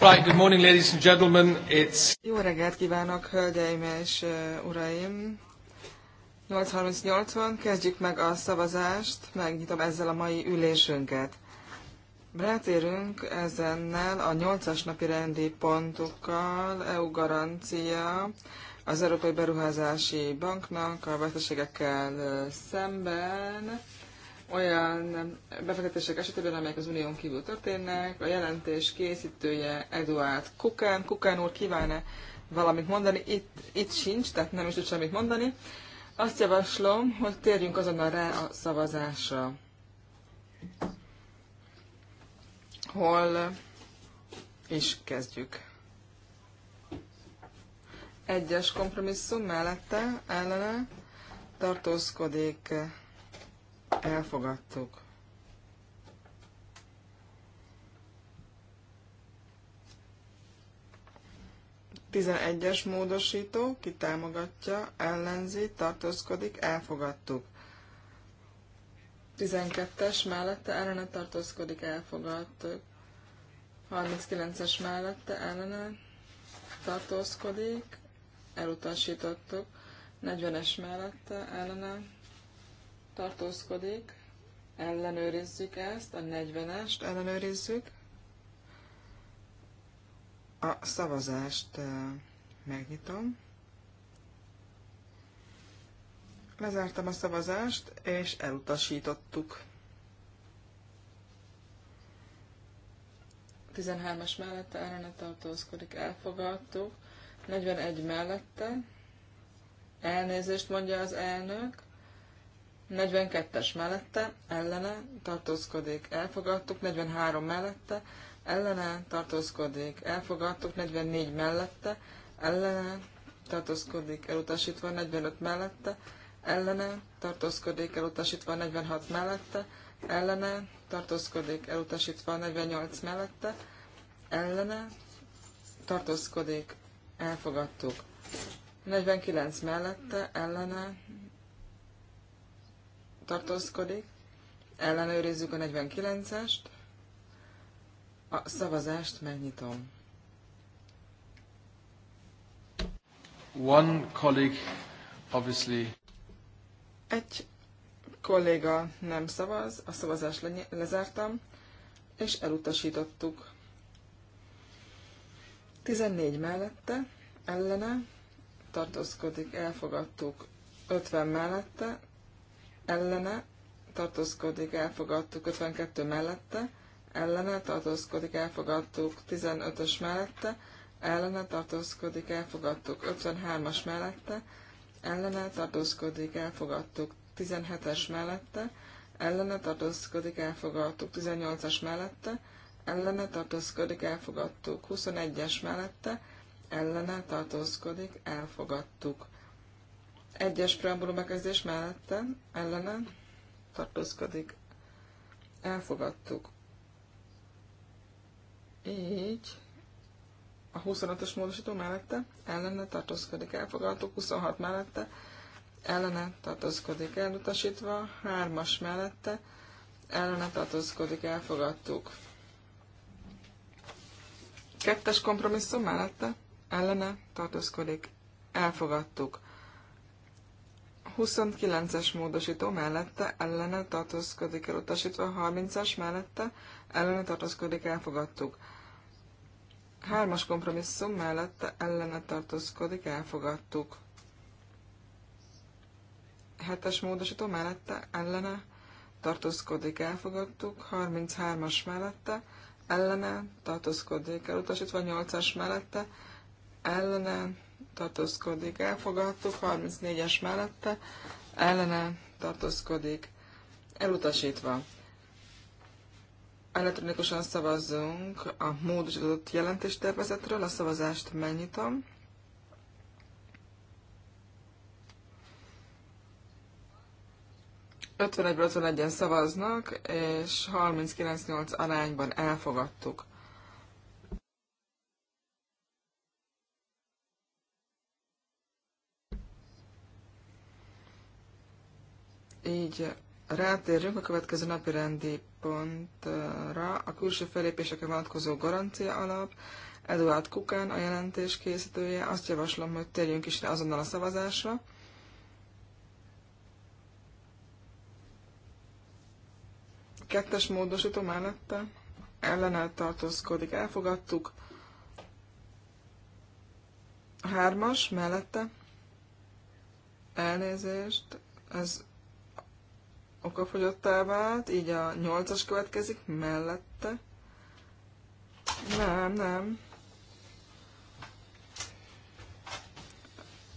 Right, good morning, ladies and gentlemen. It's... Jó reggelt kívánok, hölgyeim és uh, uraim! 8.38 van, kezdjük meg a szavazást, megnyitom ezzel a mai ülésünket. Rátérünk ezennel a 8-as napi rendi pontokkal, EU garancia, az Európai Beruházási Banknak a veszteségekkel szemben olyan befektetések esetében, amelyek az unión kívül történnek. A jelentés készítője Eduard Kukán. Kukán úr kíván-e valamit mondani? Itt, itt sincs, tehát nem is tud semmit mondani. Azt javaslom, hogy térjünk azonnal rá a szavazásra. Hol is kezdjük. Egyes kompromisszum mellette, ellene tartózkodik Elfogadtuk. Tizenegyes módosító, ki támogatja, ellenzi, tartózkodik, elfogadtuk. 12-es mellette ellene tartózkodik, elfogadtuk. 39-es mellette ellene tartózkodik, elutasítottuk. 40-es mellette ellene tartózkodik, ellenőrizzük ezt, a 40-est ellenőrizzük. A szavazást megnyitom. Lezártam a szavazást, és elutasítottuk. 13-as mellette ellene tartózkodik, elfogadtuk. 41 mellette, elnézést mondja az elnök, 42-es mellette, ellene tartózkodik, elfogadtuk, 43 mellette, ellene tartózkodik, elfogadtuk, 44 mellette, ellene tartózkodik, elutasítva, 45 mellette, ellene tartózkodik, elutasítva, 46 mellette, ellene tartózkodik, elutasítva, 48 mellette, ellene tartózkodik, elfogadtuk. 49 mellette, ellene tartózkodik. Ellenőrizzük a 49-est. A szavazást megnyitom. One colleague, obviously. Egy kolléga nem szavaz, a szavazást le- lezártam, és elutasítottuk. 14 mellette, ellene, tartózkodik, elfogadtuk 50 mellette, ellene tartózkodik, elfogadtuk 52 mellette, ellene tartózkodik, elfogadtuk 15-ös mellette, ellene tartózkodik, elfogadtuk 53-as mellette, ellene tartózkodik, elfogadtuk 17-es mellette, ellene tartózkodik, elfogadtuk 18-as mellette, ellene tartózkodik, elfogadtuk 21-es mellette, ellene tartózkodik, elfogadtuk egyes preambuló bekezdés mellette, ellene tartózkodik. Elfogadtuk. Így a 25-ös módosító mellette, ellene tartózkodik. Elfogadtuk 26 mellette, ellene tartózkodik. Elutasítva 3-as mellette, ellene tartózkodik. Elfogadtuk. Kettes kompromisszum mellette, ellene tartózkodik. Elfogadtuk. 29-es módosító mellette ellene tartózkodik elutasítva, 30-as mellette ellene tartózkodik elfogadtuk. 3-as kompromisszum mellette ellene tartózkodik elfogadtuk. 7-es módosító mellette ellene tartózkodik elfogadtuk, 33-as mellette ellene tartózkodik elutasítva, 8-as mellette ellene tartózkodik, elfogadtuk, 34-es mellette, ellene tartózkodik, elutasítva. Elektronikusan szavazzunk a módosított jelentéstervezetről, a szavazást megnyitom. en szavaznak, és 39-8 arányban elfogadtuk. így rátérünk a következő napi rendi pontra, a külső felépésekre vonatkozó garancia alap. Eduard Kukán, a jelentés készítője, azt javaslom, hogy térjünk is rá azonnal a szavazásra. Kettes módosító mellette ellene tartózkodik, elfogadtuk. Hármas mellette elnézést, ez okafogyottá vált, így a 8-as következik mellette. Nem, nem.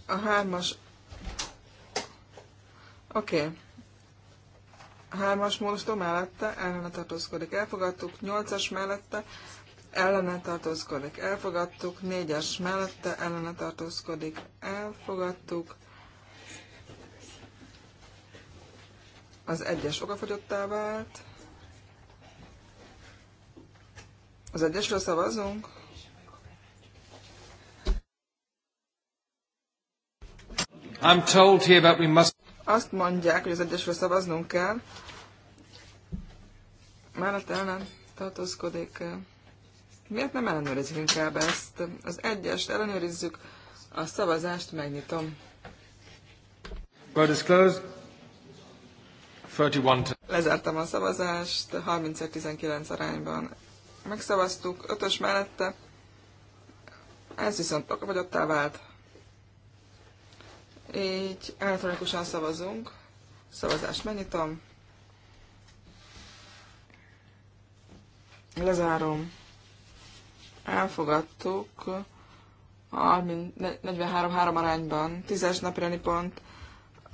A 3-as... Oké. Okay. A 3-as mellette ellene tartózkodik. Elfogadtuk. 8-as mellette ellene tartózkodik. Elfogadtuk. 4-es mellette ellene tartózkodik. Elfogadtuk. Az egyes okafogyottá vált. Az egyesről szavazunk. I'm told here that we must... Azt mondják, hogy az egyesről szavaznunk kell. Mellett el nem tartózkodik. Miért nem ellenőrizzük inkább ezt? Az egyest ellenőrizzük, a szavazást megnyitom. Vote is closed. Lezártam a szavazást 30-19 arányban. Megszavaztuk, ötös mellette. Ez viszont okavagyottá vált. Így elektronikusan szavazunk. Szavazást megnyitom. Lezárom. Elfogadtuk. 43-3 arányban. 10-es napirendi pont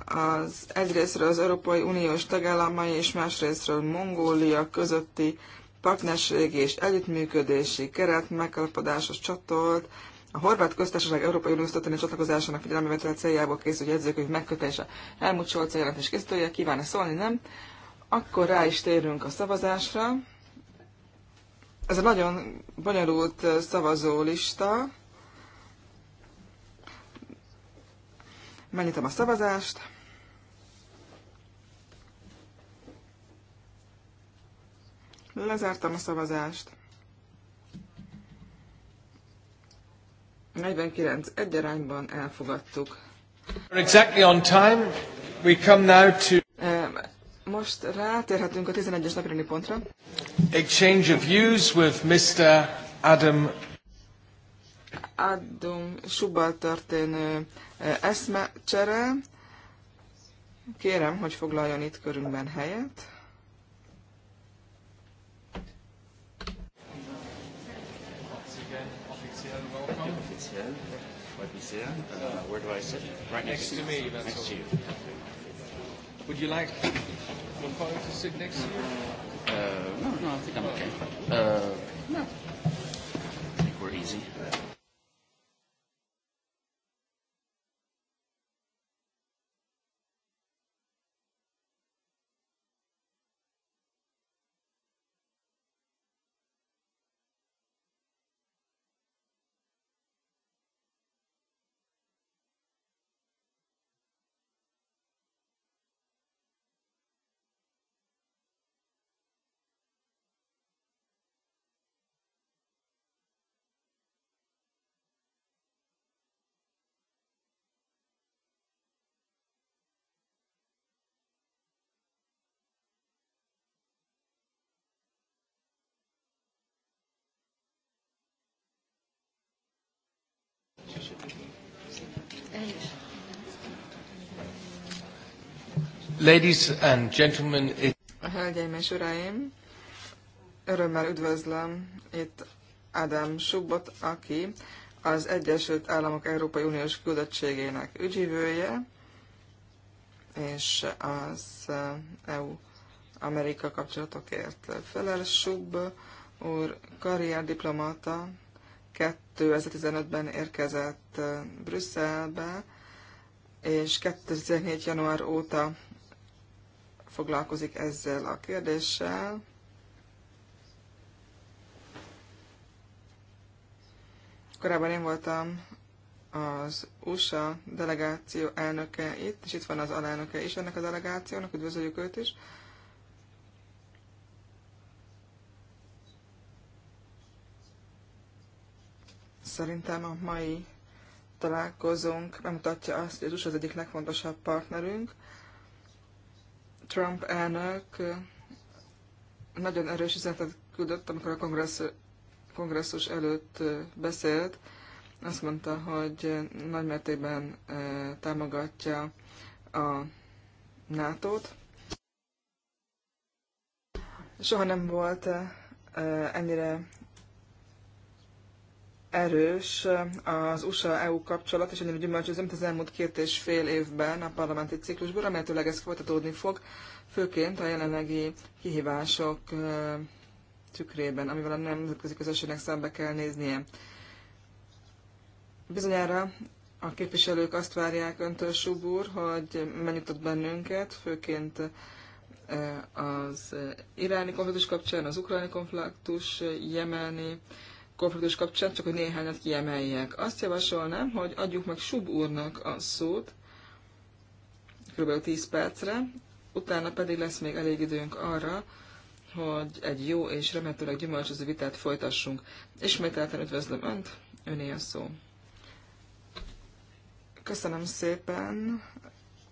az egyrésztről az Európai Uniós tagállamai és másrésztről Mongólia közötti partnerség és együttműködési keret megállapodáshoz csatolt, a horvát köztársaság Európai Uniós történet csatlakozásának figyelembevétel céljából készült jegyzőkönyv megkötése. Helmut Scholz a jelentés készítője, kíván-e szólni, nem? Akkor rá is térünk a szavazásra. Ez a nagyon bonyolult szavazólista. Megnyitom a szavazást. Lezártam a szavazást. 49 egyarányban elfogadtuk. Exactly on time. We come now to... Most rátérhetünk a 11-es napirendi pontra. Exchange of views with Mr. Adam Adam Subal történő eszmecsere. Kérem, hogy foglaljon itt körünkben helyet. See Uh, where do I sit? Right next, next to me. That's next all. to you. Would you like your colleague to sit next to you? Uh, no, no, I think I'm okay. Uh, no. I think we're easy. Ladies and gentlemen, it... Hölgyeim és uraim, örömmel üdvözlöm itt Adam Subot, aki az Egyesült Államok Európai Uniós küldöttségének ügyhívője, és az EU-Amerika eh, e kapcsolatokért felel Sub úr karrierdiplomata 2015-ben érkezett eh, Brüsszelbe, és 2014. január óta foglalkozik ezzel a kérdéssel. Korábban én voltam az USA delegáció elnöke itt, és itt van az alelnöke is ennek a delegációnak, üdvözöljük őt is. Szerintem a mai találkozónk bemutatja azt, hogy az USA az egyik legfontosabb partnerünk, Trump elnök nagyon erős üzenetet küldött, amikor a kongresszus, kongresszus előtt beszélt. Azt mondta, hogy nagymértékben támogatja a NATO-t. Soha nem volt ennyire erős az USA-EU kapcsolat, és ennyire gyümölcsöző, mint az elmúlt két és fél évben a parlamenti ciklusban, remélhetőleg ez folytatódni fog, főként a jelenlegi kihívások tükrében, amivel a nemzetközi közösségnek szembe kell néznie. Bizonyára a képviselők azt várják öntől, Subur, hogy megnyugtat bennünket, főként az iráni konfliktus kapcsán, az ukráni konfliktus, jemeni konfliktus kapcsán, csak hogy néhányat kiemeljek. Azt javasolnám, hogy adjuk meg Sub úrnak a szót, kb. 10 percre, utána pedig lesz még elég időnk arra, hogy egy jó és remetőleg gyümölcsöző vitát folytassunk. Ismételten üdvözlöm Önt, Öné a szó. Köszönöm szépen,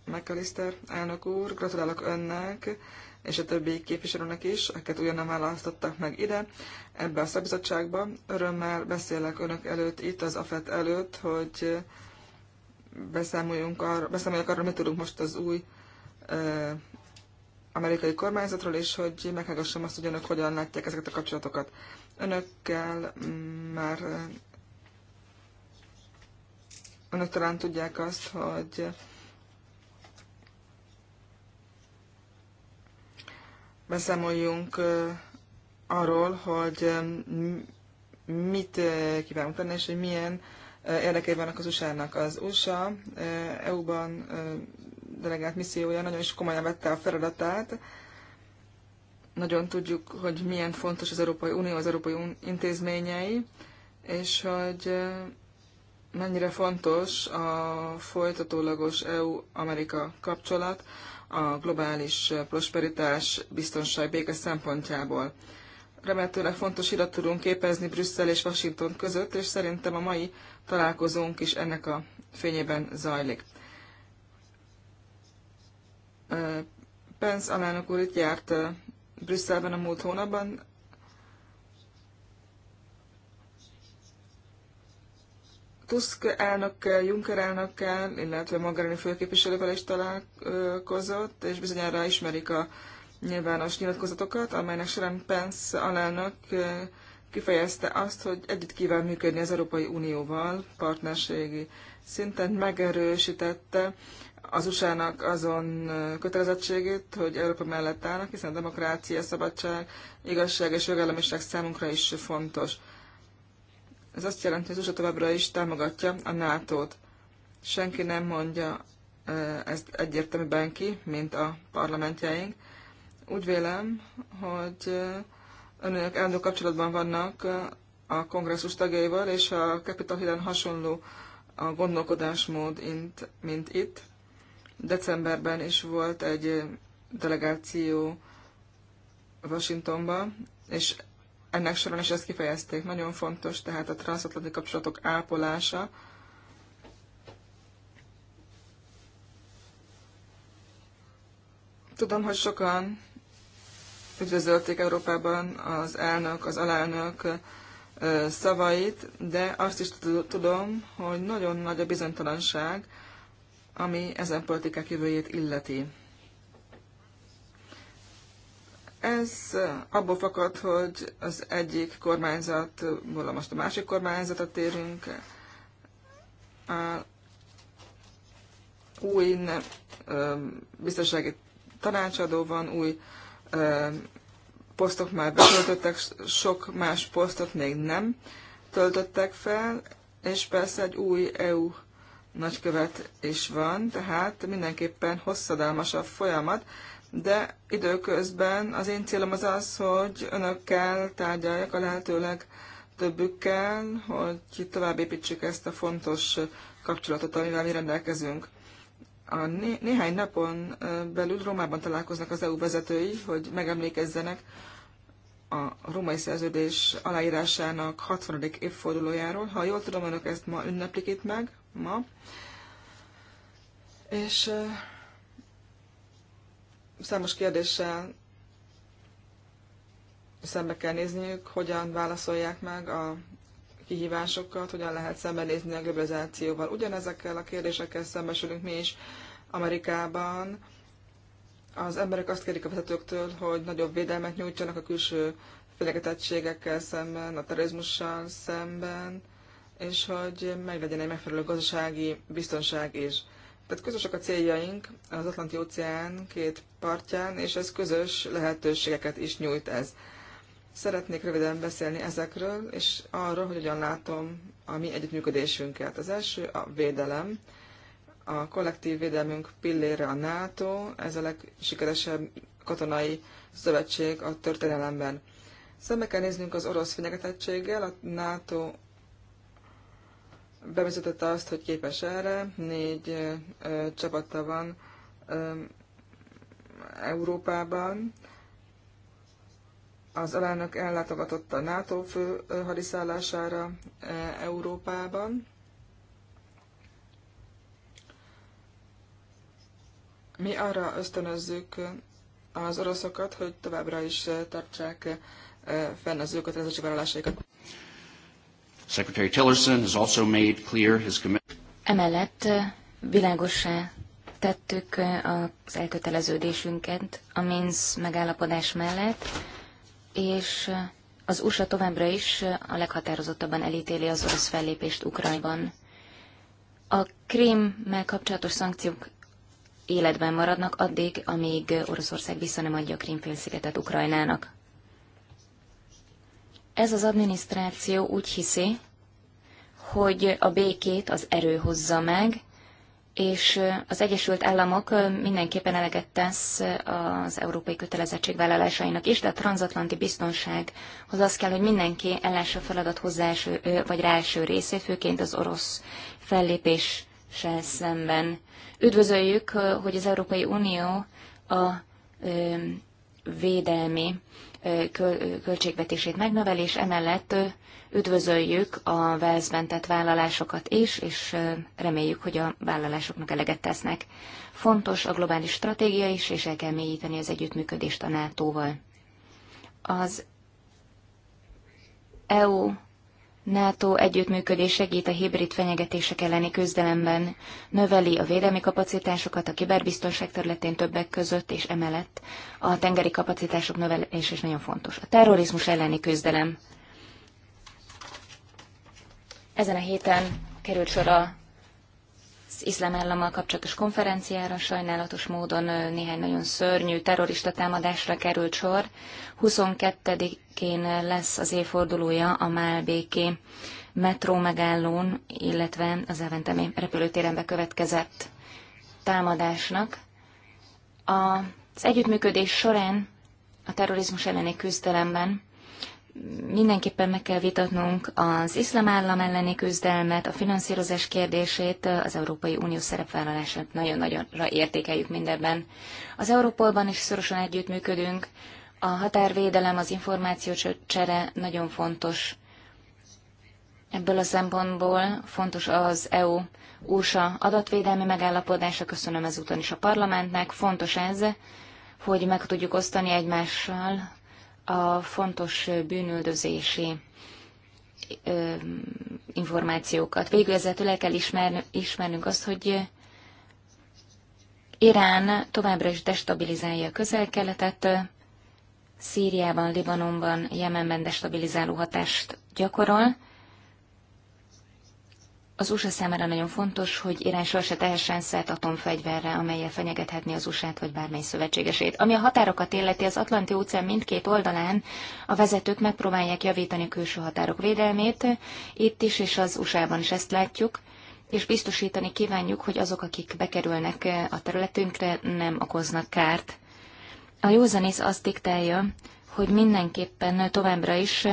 McAllister elnök úr, gratulálok Önnek és a többi képviselőnek is, akiket ugyan választottak meg ide, ebbe a szabizottságba. Örömmel beszélek önök előtt, itt az AFET előtt, hogy beszámoljunk arra, beszámoljunk arra, mit tudunk most az új amerikai kormányzatról, és hogy meghallgassam azt, hogy önök hogyan látják ezeket a kapcsolatokat. Önökkel mm, már önök talán tudják azt, hogy beszámoljunk arról, hogy mit kívánunk tenni, és hogy milyen érdekei vannak az USA-nak. Az USA EU-ban delegált missziója nagyon is komolyan vette a feladatát. Nagyon tudjuk, hogy milyen fontos az Európai Unió, az Európai intézményei, és hogy mennyire fontos a folytatólagos EU-Amerika kapcsolat a globális prosperitás, biztonság, béke szempontjából. Remélhetőleg fontos irat tudunk képezni Brüsszel és Washington között, és szerintem a mai találkozónk is ennek a fényében zajlik. Pence alelnök úr itt járt Brüsszelben a múlt hónapban, Tusk elnökkel, Juncker elnökkel, illetve Mogherini főképviselővel is találkozott, és bizonyára ismerik a nyilvános nyilatkozatokat, amelynek során Pence alelnök kifejezte azt, hogy együtt kíván működni az Európai Unióval partnerségi szinten, megerősítette az USA-nak azon kötelezettségét, hogy Európa mellett állnak, hiszen a demokrácia, szabadság, igazság és jogállamiság számunkra is fontos. Ez azt jelenti, hogy az USA továbbra is támogatja a NATO-t. Senki nem mondja ezt egyértelműen ki, mint a parlamentjeink. Úgy vélem, hogy önök állandó kapcsolatban vannak a kongresszus tagjaival, és a Capitol hill hasonló a gondolkodásmód, mint itt. Decemberben is volt egy delegáció Washingtonba, és ennek során is ezt kifejezték. Nagyon fontos tehát a transzatlanti kapcsolatok ápolása. Tudom, hogy sokan üdvözölték Európában az elnök, az alelnök szavait, de azt is tudom, hogy nagyon nagy a bizonytalanság, ami ezen politikák jövőjét illeti. Ez abból fakad, hogy az egyik kormányzatból most a másik kormányzatra térünk. A új nem, biztonsági tanácsadó van, új ö, posztok már betöltöttek, sok más posztot még nem töltöttek fel, és persze egy új EU nagykövet is van, tehát mindenképpen hosszadalmasabb folyamat, de időközben az én célom az az, hogy önökkel tárgyaljak a lehetőleg többükkel, hogy tovább építsük ezt a fontos kapcsolatot, amivel mi rendelkezünk. A né- néhány napon belül Rómában találkoznak az EU vezetői, hogy megemlékezzenek a római szerződés aláírásának 60. évfordulójáról. Ha jól tudom, önök ezt ma ünneplik itt meg, ma. És számos kérdéssel szembe kell nézniük, hogyan válaszolják meg a kihívásokat, hogyan lehet szembenézni a globalizációval. Ugyanezekkel a kérdésekkel szembesülünk mi is Amerikában. Az emberek azt kérik a vezetőktől, hogy nagyobb védelmet nyújtsanak a külső fenyegetettségekkel szemben, a terrorizmussal szemben, és hogy meglegyen egy megfelelő gazdasági biztonság is. Tehát közösek a céljaink az Atlanti-óceán két partján, és ez közös lehetőségeket is nyújt ez. Szeretnék röviden beszélni ezekről, és arról, hogy hogyan látom a mi együttműködésünket. Az első a védelem. A kollektív védelmünk pillére a NATO, ez a legsikeresebb katonai szövetség a történelemben. Szembe kell néznünk az orosz fenyegetettséggel, a NATO bevezetette azt, hogy képes erre, négy ö, csapata van ö, Európában. Az alelnök ellátogatott a NATO fő hadiszállására ö, Európában. Mi arra ösztönözzük az oroszokat, hogy továbbra is tartsák fenn az ő kötelezettségvállalásaikat. Secretary Tillerson has also made clear his Emellett eh, világosá tettük eh, az elköteleződésünket a Minsz megállapodás mellett, és eh, az USA továbbra is a leghatározottabban elítéli az orosz fellépést Ukrajnában. A Krímmel kapcsolatos szankciók életben maradnak addig, amíg Oroszország vissza nem adja a Krímfélszigetet Ukrajnának. Ez az adminisztráció úgy hiszi, hogy a békét az erő hozza meg, és az Egyesült Államok mindenképpen eleget tesz az európai kötelezettségvállalásainak is, de a transatlanti biztonsághoz az kell, hogy mindenki ellássa feladat hozzáső vagy ráeső részét, főként az orosz fellépéssel szemben. Üdvözöljük, hogy az Európai Unió a védelmi költségvetését megnövelés, emellett üdvözöljük a Velszben tett vállalásokat is, és reméljük, hogy a vállalásoknak eleget tesznek. Fontos a globális stratégia is, és el kell mélyíteni az együttműködést a NATO-val. Az EU NATO együttműködés segít a hibrid fenyegetések elleni küzdelemben, növeli a védelmi kapacitásokat a kiberbiztonság területén többek között, és emellett a tengeri kapacitások növelése is nagyon fontos. A terrorizmus elleni küzdelem. Ezen a héten került sor a iszlám állammal kapcsolatos konferenciára sajnálatos módon néhány nagyon szörnyű terrorista támadásra került sor. 22-én lesz az évfordulója a Málbéki metró megállón, illetve az Eventemi repülőtéren bekövetkezett támadásnak. Az együttműködés során a terrorizmus elleni küzdelemben Mindenképpen meg kell vitatnunk az iszlám állam elleni küzdelmet, a finanszírozás kérdését, az Európai Unió szerepvállalását nagyon-nagyonra értékeljük mindebben. Az Európolban is szorosan együttműködünk, a határvédelem, az információcsere nagyon fontos. Ebből a szempontból fontos az EU USA adatvédelmi megállapodása, köszönöm ezúton is a parlamentnek, fontos ez, hogy meg tudjuk osztani egymással a fontos bűnüldözési információkat. Végül ezzel el kell ismernünk azt, hogy Irán továbbra is destabilizálja a közel-keletet, Szíriában, Libanonban, Jemenben destabilizáló hatást gyakorol, az USA számára nagyon fontos, hogy Irán sohasem tehessen szert atomfegyverre, amelyel fenyegethetni az USA-t vagy bármely szövetségesét. Ami a határokat illeti, az Atlanti óceán mindkét oldalán a vezetők megpróbálják javítani a külső határok védelmét, itt is és az USA-ban is ezt látjuk, és biztosítani kívánjuk, hogy azok, akik bekerülnek a területünkre, nem okoznak kárt. A józanész azt diktálja, hogy mindenképpen továbbra is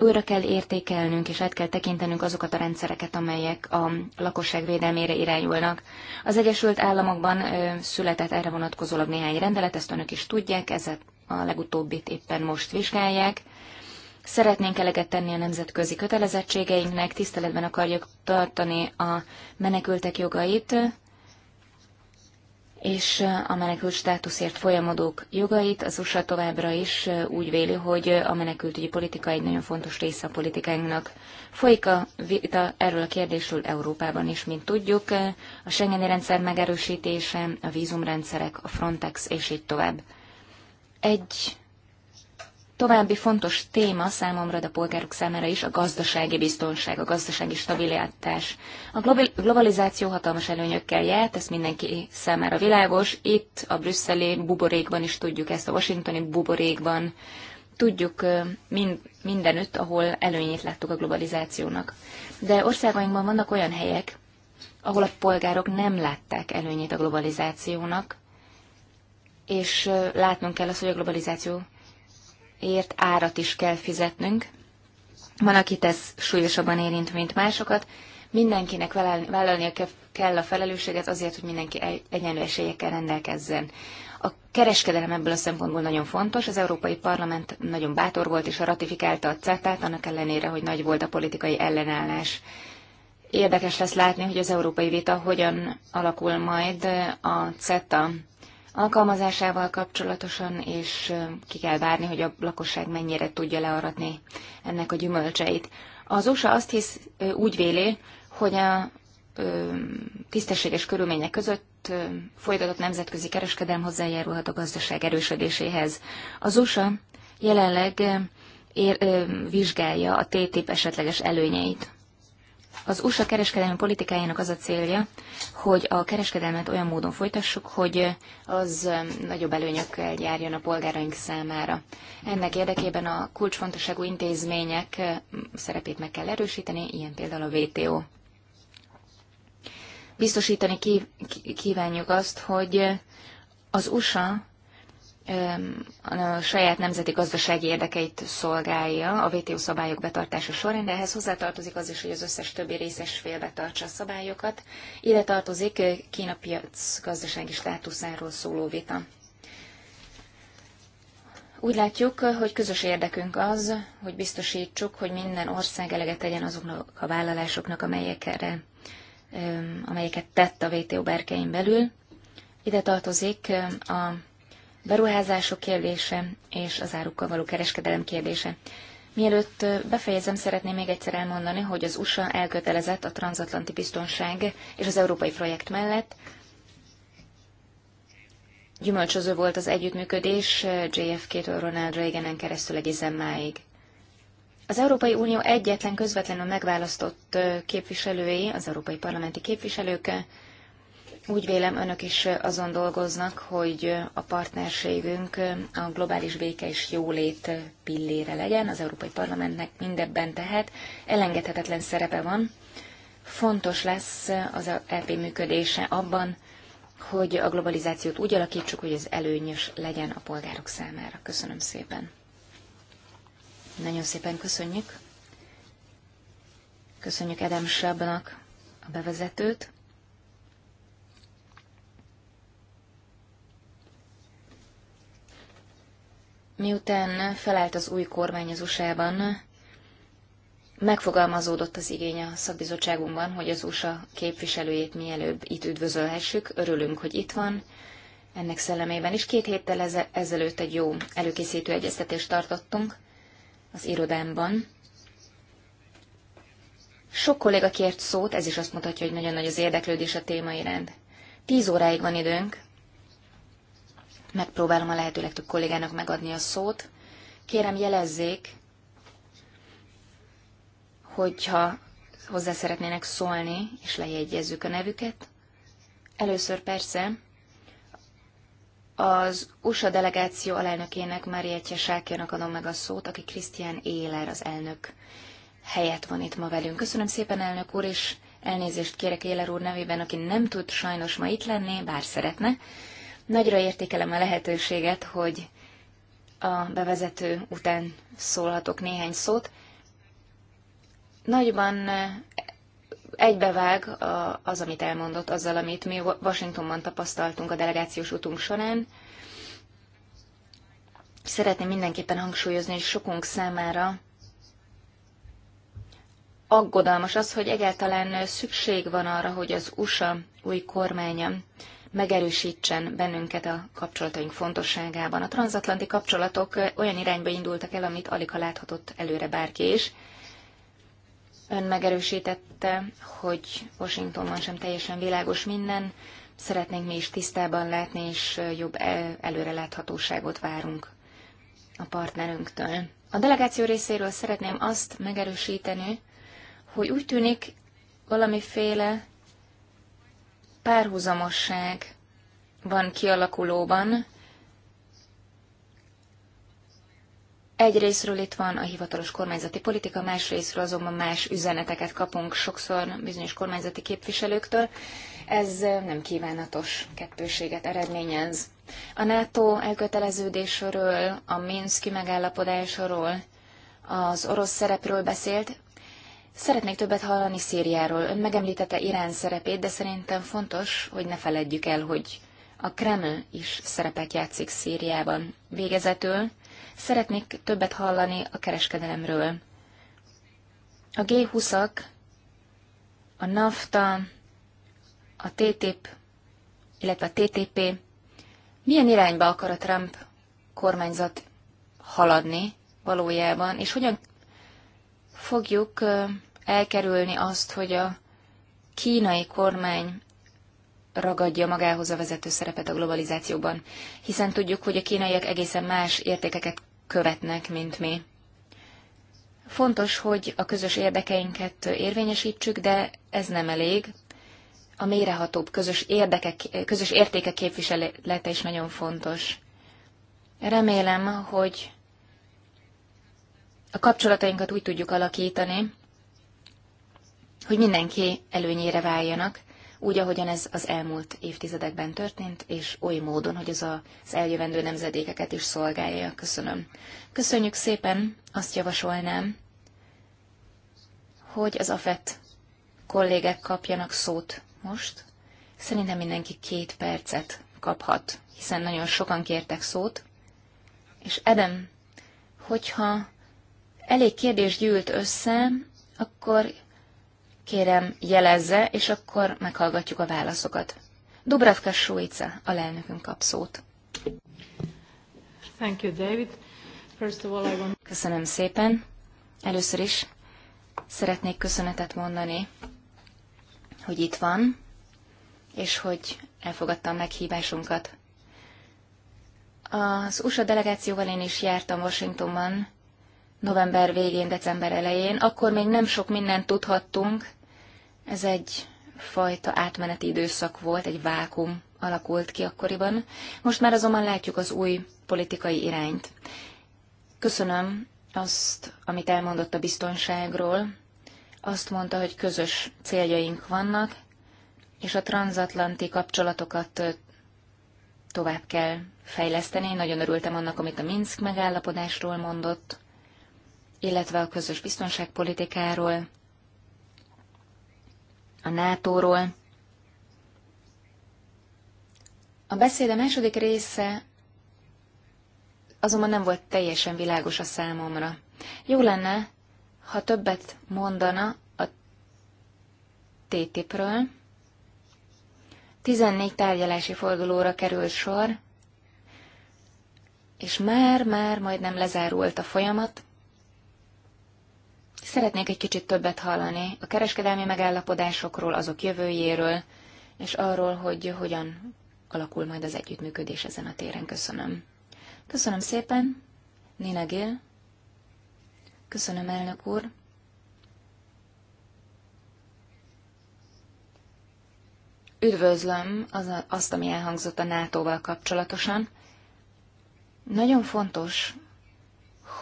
újra kell értékelnünk és át kell tekintenünk azokat a rendszereket, amelyek a lakosság védelmére irányulnak. Az Egyesült Államokban született erre vonatkozólag néhány rendelet, ezt önök is tudják, ezzel a legutóbbit éppen most vizsgálják. Szeretnénk eleget tenni a nemzetközi kötelezettségeinknek, tiszteletben akarjuk tartani a menekültek jogait, és a menekült státuszért folyamodók jogait. Az USA továbbra is úgy véli, hogy a menekültügyi politika egy nagyon fontos része a politikánknak. Folyik a vita erről a kérdésről Európában is, mint tudjuk, a Schengeni rendszer megerősítése, a vízumrendszerek, a Frontex és így tovább. Egy További fontos téma számomra, de a polgárok számára is a gazdasági biztonság, a gazdasági stabilitás. A globalizáció hatalmas előnyökkel járt, ez mindenki számára világos. Itt a brüsszeli buborékban is tudjuk ezt, a washingtoni buborékban tudjuk mind, mindenütt, ahol előnyét láttuk a globalizációnak. De országainkban vannak olyan helyek, ahol a polgárok nem látták előnyét a globalizációnak, és látnunk kell azt, hogy a globalizáció ért árat is kell fizetnünk. Van, akit ez súlyosabban érint, mint másokat. Mindenkinek vállalnia kell a felelősséget azért, hogy mindenki egyenlő esélyekkel rendelkezzen. A kereskedelem ebből a szempontból nagyon fontos. Az Európai Parlament nagyon bátor volt és ratifikálta a CETA-t, annak ellenére, hogy nagy volt a politikai ellenállás. Érdekes lesz látni, hogy az európai vita hogyan alakul majd a CETA alkalmazásával kapcsolatosan, és ki kell várni, hogy a lakosság mennyire tudja learatni ennek a gyümölcseit. Az USA azt hisz, úgy véli, hogy a tisztességes körülmények között folytatott nemzetközi kereskedelm hozzájárulhat a gazdaság erősödéséhez. Az USA jelenleg ér, ö, vizsgálja a TTIP esetleges előnyeit. Az USA kereskedelmi politikájának az a célja, hogy a kereskedelmet olyan módon folytassuk, hogy az nagyobb előnyökkel járjon a polgáraink számára. Ennek érdekében a kulcsfontosságú intézmények szerepét meg kell erősíteni, ilyen például a WTO. Biztosítani kívánjuk azt, hogy az USA a saját nemzeti gazdasági érdekeit szolgálja a WTO szabályok betartása során, de ehhez hozzátartozik az is, hogy az összes többi részes fél betartsa a szabályokat. Ide tartozik Kína piac gazdasági státuszáról szóló vita. Úgy látjuk, hogy közös érdekünk az, hogy biztosítsuk, hogy minden ország eleget tegyen azoknak a vállalásoknak, erre, amelyeket tett a WTO berkein belül. Ide tartozik a beruházások kérdése és az árukkal való kereskedelem kérdése. Mielőtt befejezem, szeretném még egyszer elmondani, hogy az USA elkötelezett a transatlanti biztonság és az európai projekt mellett. Gyümölcsöző volt az együttműködés JFK-től Ronald Reaganen keresztül egészen máig. Az Európai Unió egyetlen közvetlenül megválasztott képviselői, az európai parlamenti képviselők úgy vélem, önök is azon dolgoznak, hogy a partnerségünk a globális béke és jólét pillére legyen. Az Európai Parlamentnek mindebben tehát elengedhetetlen szerepe van. Fontos lesz az EP működése abban, hogy a globalizációt úgy alakítsuk, hogy ez előnyös legyen a polgárok számára. Köszönöm szépen. Nagyon szépen köszönjük. Köszönjük Edem Sabnak a bevezetőt. Miután felállt az új kormány az USA-ban, megfogalmazódott az igény a szakbizottságunkban, hogy az USA képviselőjét mielőbb itt üdvözölhessük. Örülünk, hogy itt van. Ennek szellemében is két héttel ezelőtt egy jó előkészítő egyeztetést tartottunk az irodámban. Sok kolléga kért szót, ez is azt mutatja, hogy nagyon nagy az érdeklődés a téma iránt. Tíz óráig van időnk, Megpróbálom a lehető legtöbb kollégának megadni a szót. Kérem jelezzék, hogyha hozzá szeretnének szólni, és lejegyezzük a nevüket. Először persze az USA delegáció alelnökének, Marietje Sákjának adom meg a szót, aki Krisztián Éler az elnök helyett van itt ma velünk. Köszönöm szépen, elnök úr, és elnézést kérek Éler úr nevében, aki nem tud sajnos ma itt lenni, bár szeretne. Nagyra értékelem a lehetőséget, hogy a bevezető után szólhatok néhány szót. Nagyban eh, egybevág az, amit elmondott, azzal, amit mi Washingtonban tapasztaltunk a delegációs utunk során. Szeretném mindenképpen hangsúlyozni, hogy sokunk számára aggodalmas az, hogy egyáltalán szükség van arra, hogy az USA új kormánya megerősítsen bennünket a kapcsolataink fontosságában. A transatlanti kapcsolatok olyan irányba indultak el, amit alig ha láthatott előre bárki is. Ön megerősítette, hogy Washingtonban sem teljesen világos minden, szeretnénk mi is tisztában látni, és jobb előreláthatóságot várunk a partnerünktől. A delegáció részéről szeretném azt megerősíteni, hogy úgy tűnik valamiféle párhuzamosság van kialakulóban. Egyrésztről itt van a hivatalos kormányzati politika, másrésztről azonban más üzeneteket kapunk sokszor bizonyos kormányzati képviselőktől. Ez nem kívánatos kettőséget eredményez. A NATO elköteleződésről, a Minszki megállapodásról, az orosz szerepről beszélt, Szeretnék többet hallani Szíriáról. Ön megemlítette Irán szerepét, de szerintem fontos, hogy ne feledjük el, hogy a Kreml is szerepet játszik Szíriában. Végezetül szeretnék többet hallani a kereskedelemről. A G20-ak, a NAFTA, a TTIP, illetve a TTP milyen irányba akar a Trump kormányzat haladni valójában, és hogyan fogjuk elkerülni azt, hogy a kínai kormány ragadja magához a vezető szerepet a globalizációban, hiszen tudjuk, hogy a kínaiak egészen más értékeket követnek, mint mi. Fontos, hogy a közös érdekeinket érvényesítsük, de ez nem elég. A mélyrehatóbb közös, érdekek, közös értékek képviselete is nagyon fontos. Remélem, hogy a kapcsolatainkat úgy tudjuk alakítani, hogy mindenki előnyére váljanak, úgy, ahogyan ez az elmúlt évtizedekben történt, és oly módon, hogy ez az eljövendő nemzedékeket is szolgálja. Köszönöm. Köszönjük szépen, azt javasolnám, hogy az AFET kollégek kapjanak szót most. Szerintem mindenki két percet kaphat, hiszen nagyon sokan kértek szót. És Edem, hogyha elég kérdés gyűlt össze, akkor kérem jelezze, és akkor meghallgatjuk a válaszokat. Dubravka Suica, lelnökünk kap szót. Thank you, David. First of all, I want... Köszönöm szépen. Először is szeretnék köszönetet mondani, hogy itt van, és hogy elfogadta a meghívásunkat. Az USA delegációval én is jártam Washingtonban november végén, december elején. Akkor még nem sok mindent tudhattunk ez egy fajta átmeneti időszak volt, egy vákum alakult ki akkoriban. Most már azonban látjuk az új politikai irányt. Köszönöm azt, amit elmondott a biztonságról. Azt mondta, hogy közös céljaink vannak, és a transatlanti kapcsolatokat tovább kell fejleszteni. Én nagyon örültem annak, amit a Minsk megállapodásról mondott, illetve a közös biztonságpolitikáról a NATO-ról. A beszéde második része azonban nem volt teljesen világos a számomra. Jó lenne, ha többet mondana a TTIP-ről. 14 tárgyalási fordulóra került sor, és már-már majdnem lezárult a folyamat, Szeretnék egy kicsit többet hallani a kereskedelmi megállapodásokról, azok jövőjéről, és arról, hogy hogyan alakul majd az együttműködés ezen a téren. Köszönöm. Köszönöm szépen, Nina Gill. Köszönöm, elnök úr. Üdvözlöm az, azt, ami elhangzott a NATO-val kapcsolatosan. Nagyon fontos,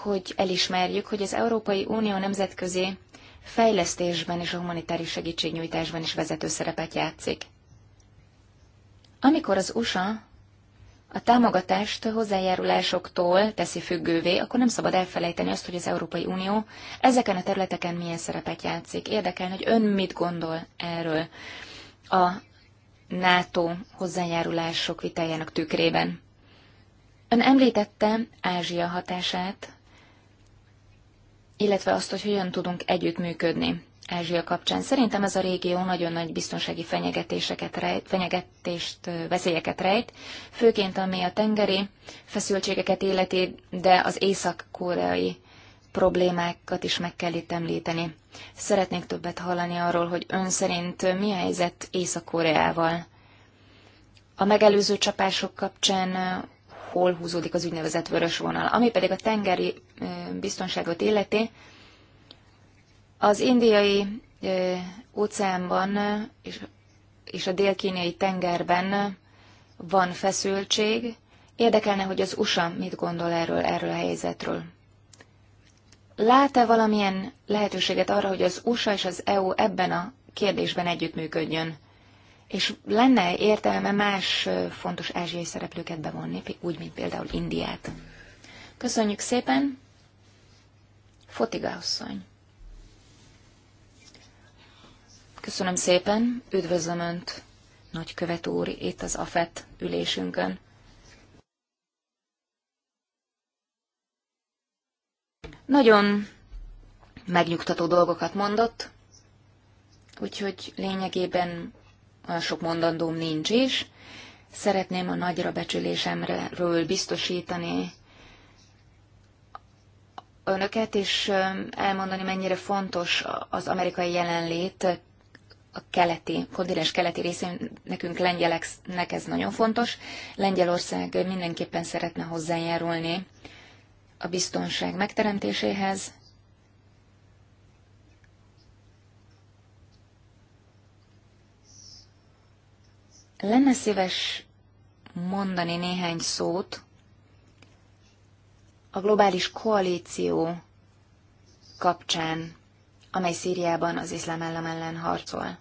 hogy elismerjük, hogy az Európai Unió nemzetközi fejlesztésben és a humanitárius segítségnyújtásban is vezető szerepet játszik. Amikor az USA a támogatást hozzájárulásoktól teszi függővé, akkor nem szabad elfelejteni azt, hogy az Európai Unió ezeken a területeken milyen szerepet játszik. Érdekel, hogy ön mit gondol erről a NATO hozzájárulások vitájának tükrében. Ön említette Ázsia hatását illetve azt, hogy hogyan tudunk együttműködni Ázsia kapcsán. Szerintem ez a régió nagyon nagy biztonsági fenyegetéseket rejt, fenyegetést, veszélyeket rejt, főként ami a tengeri feszültségeket életi, de az észak-koreai problémákat is meg kell itt említeni. Szeretnék többet hallani arról, hogy ön szerint mi a helyzet Észak-Koreával. A megelőző csapások kapcsán hol húzódik az úgynevezett vörös vonal. Ami pedig a tengeri biztonságot illeti, az indiai óceánban és, a dél-kínai tengerben van feszültség. Érdekelne, hogy az USA mit gondol erről, erről a helyzetről. Lát-e valamilyen lehetőséget arra, hogy az USA és az EU ebben a kérdésben együttműködjön? és lenne értelme más fontos ázsiai szereplőket bevonni, úgy, mint például Indiát. Köszönjük szépen! Fotiga asszony. Köszönöm szépen, üdvözlöm Önt, nagykövet úr, itt az AFET ülésünkön. Nagyon megnyugtató dolgokat mondott, úgyhogy lényegében olyan sok mondandóm nincs is. Szeretném a nagyra becsülésemről biztosítani önöket, és elmondani, mennyire fontos az amerikai jelenlét a keleti, kontinens keleti részén nekünk lengyeleknek ez nagyon fontos. Lengyelország mindenképpen szeretne hozzájárulni a biztonság megteremtéséhez, Lenne szíves mondani néhány szót a globális koalíció kapcsán, amely Szíriában az iszlám állam ellen harcol.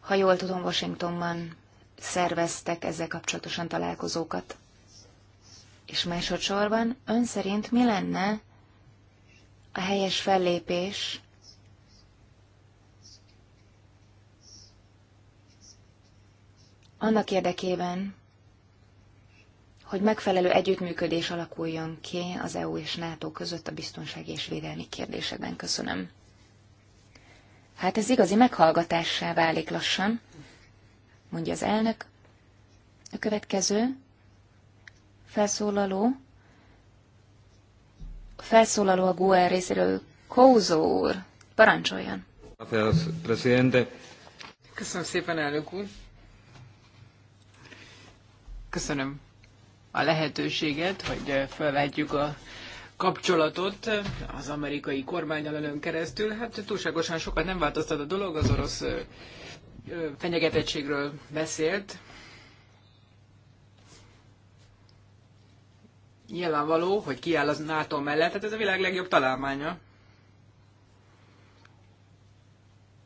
Ha jól tudom, Washingtonban szerveztek ezzel kapcsolatosan találkozókat. És másodszorban ön szerint mi lenne a helyes fellépés annak érdekében, hogy megfelelő együttműködés alakuljon ki az EU és NATO között a biztonsági és védelmi kérdésekben. Köszönöm. Hát ez igazi meghallgatássá válik lassan, mondja az elnök. A következő felszólaló, felszólaló a GUE részéről, Kózó úr, parancsoljon. Köszönöm szépen, elnök úr. Köszönöm a lehetőséget, hogy eh, felvehetjük a kapcsolatot az amerikai kormányal önön keresztül. Hát túlságosan sokat nem változtat a dolog, az orosz eh, eh, fenyegetettségről beszélt. Nyilvánvaló, hogy kiáll az NATO mellett, tehát ez a világ legjobb találmánya.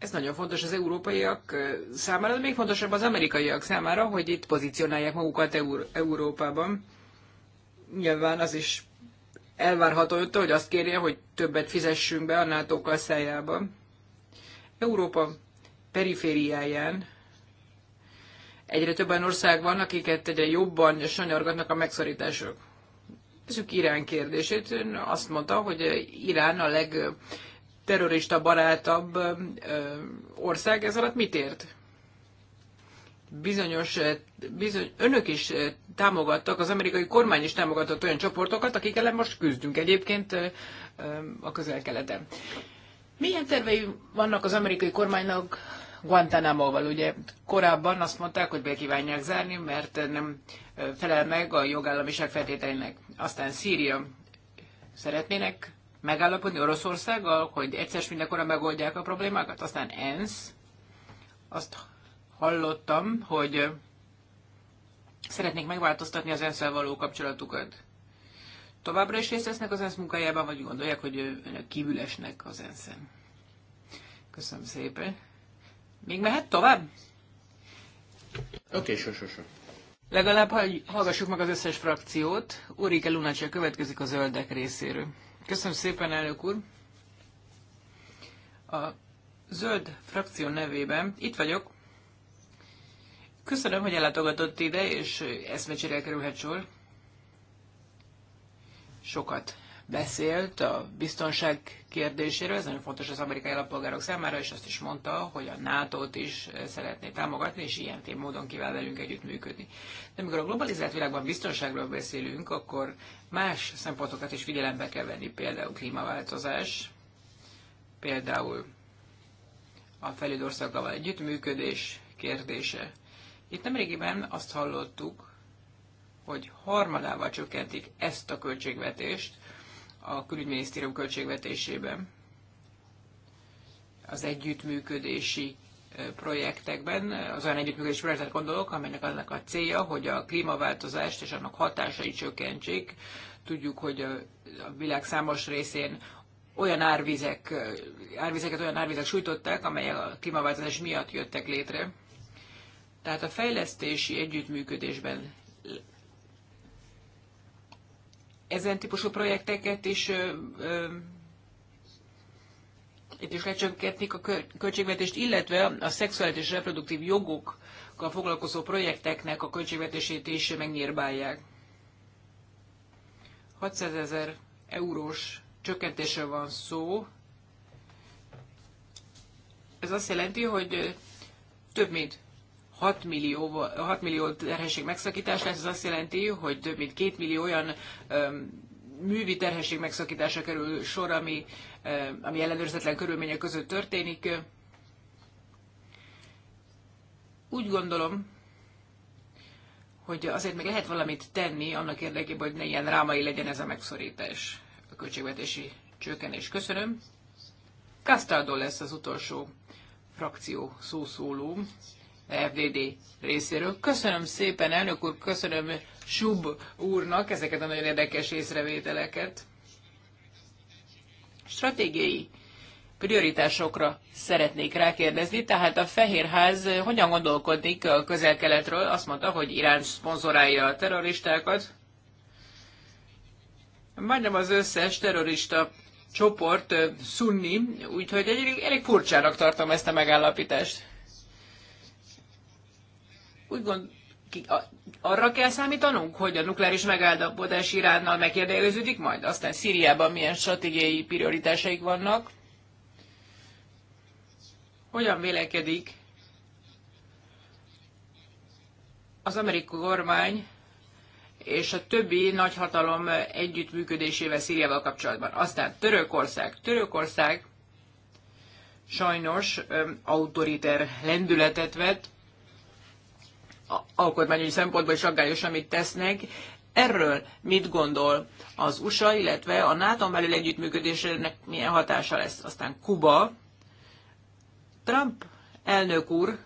Ez nagyon fontos az európaiak számára, de még fontosabb az amerikaiak számára, hogy itt pozícionálják magukat Eur- Európában. Nyilván az is elvárható hogy azt kérje, hogy többet fizessünk be a NATO kasszájába. Európa perifériáján egyre több olyan ország van, akiket egyre jobban sanyargatnak a megszorítások. Ezük Irán kérdését. Ön azt mondta, hogy Irán a leg terrorista barátabb ország, ez alatt mit ért? Bizonyos, bizony, önök is támogattak, az amerikai kormány is támogatott olyan csoportokat, akik ellen most küzdünk egyébként a közel-keleten. Milyen tervei vannak az amerikai kormánynak Guantánamo-val? Ugye korábban azt mondták, hogy be kívánják zárni, mert nem felel meg a jogállamiság feltételének. Aztán Szíria szeretnének megállapodni Oroszországgal, hogy egyszer mindenkorra megoldják a problémákat? Aztán ENSZ, azt hallottam, hogy szeretnék megváltoztatni az ensz való kapcsolatukat. Továbbra is részt vesznek az ENSZ munkájában, vagy gondolják, hogy önök esnek az ensz -en? Köszönöm szépen. Még mehet tovább? Oké, okay, so, Legalább hallgassuk meg az összes frakciót. Urike Lunácsia következik a zöldek részéről. Köszönöm szépen, elnök úr. A zöld frakció nevében itt vagyok. Köszönöm, hogy ellátogatott ide, és eszmecsére kerülhet sor. Sokat beszélt a biztonság kérdéséről, ez nagyon fontos az amerikai állampolgárok számára, és azt is mondta, hogy a NATO-t is szeretné támogatni, és ilyen módon kíván velünk együttműködni. De amikor a globalizált világban biztonságról beszélünk, akkor más szempontokat is figyelembe kell venni, például klímaváltozás, például a fejlődő együttműködés kérdése. Itt nemrégiben azt hallottuk, hogy harmadával csökkentik ezt a költségvetést, a külügyminisztérium költségvetésében az együttműködési projektekben, az olyan együttműködési projektet gondolok, amelynek annak a célja, hogy a klímaváltozást és annak hatásait csökkentsék. Tudjuk, hogy a világ számos részén olyan árvizek, árvizeket olyan árvizek sújtották, amelyek a klímaváltozás miatt jöttek létre. Tehát a fejlesztési együttműködésben ezen típusú projekteket is itt is lecsökkentnék a költségvetést, illetve a szexuális és reproduktív jogokkal foglalkozó projekteknek a költségvetését is megnyírbálják. 600 ezer eurós csökkentése van szó. Ez azt jelenti, hogy több mint 6 millió, 6 millió terhesség megszakítás lesz, ez azt jelenti, hogy több mint 2 millió olyan öm, művi terhesség megszakítása kerül sor, ami, öm, ami ellenőrzetlen körülmények között történik. Úgy gondolom, hogy azért még lehet valamit tenni annak érdekében, hogy ne ilyen rámai legyen ez a megszorítás, a költségvetési csökkenés. Köszönöm. Castaldo lesz az utolsó frakció szószóló. FDD részéről. Köszönöm szépen, elnök úr, köszönöm Sub úrnak ezeket a nagyon érdekes észrevételeket. Stratégiai prioritásokra szeretnék rákérdezni, tehát a Fehérház hogyan gondolkodik a közel-keletről? Azt mondta, hogy Irán szponzorálja a terroristákat. Majdnem az összes terrorista csoport szunni, úgyhogy elég, elég furcsának tartom ezt a megállapítást. Úgy gond, ki, a, arra kell számítanunk, hogy a nukleáris megállapodás Iránnal megkérdeződik majd? Aztán Szíriában milyen stratégiai prioritásaik vannak? Hogyan vélekedik az amerikai kormány és a többi nagyhatalom együttműködésével Szíriával kapcsolatban. Aztán Törökország. Törökország sajnos autoriter lendületet vett, alkotmányi szempontból is aggályos, amit tesznek. Erről mit gondol az USA, illetve a NATO belül együttműködésének milyen hatása lesz? Aztán Kuba. Trump elnök úr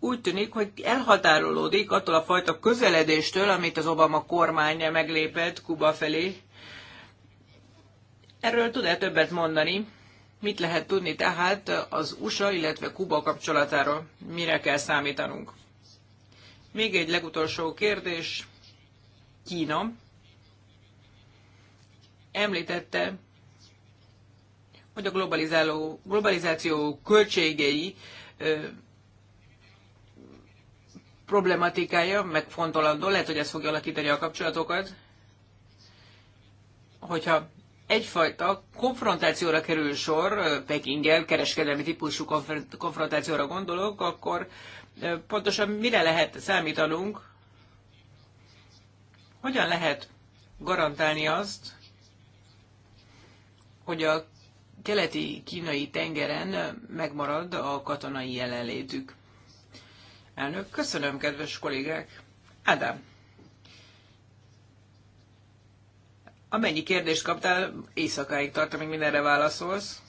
úgy tűnik, hogy elhatárolódik attól a fajta közeledéstől, amit az Obama kormány meglépett Kuba felé. Erről tud-e többet mondani? Mit lehet tudni tehát az USA, illetve Kuba kapcsolatára? Mire kell számítanunk? Még egy legutolsó kérdés. Kína említette, hogy a globalizáló, globalizáció költségei ö, problematikája megfontolandó, lehet, hogy ez fogja alakítani a kapcsolatokat, hogyha egyfajta konfrontációra kerül sor, Pekinggel kereskedelmi típusú konfrontációra gondolok, akkor pontosan mire lehet számítanunk, hogyan lehet garantálni azt, hogy a keleti kínai tengeren megmarad a katonai jelenlétük. Elnök, köszönöm, kedves kollégák! Ádám! Amennyi kérdést kaptál, éjszakáig tart, amíg mindenre válaszolsz.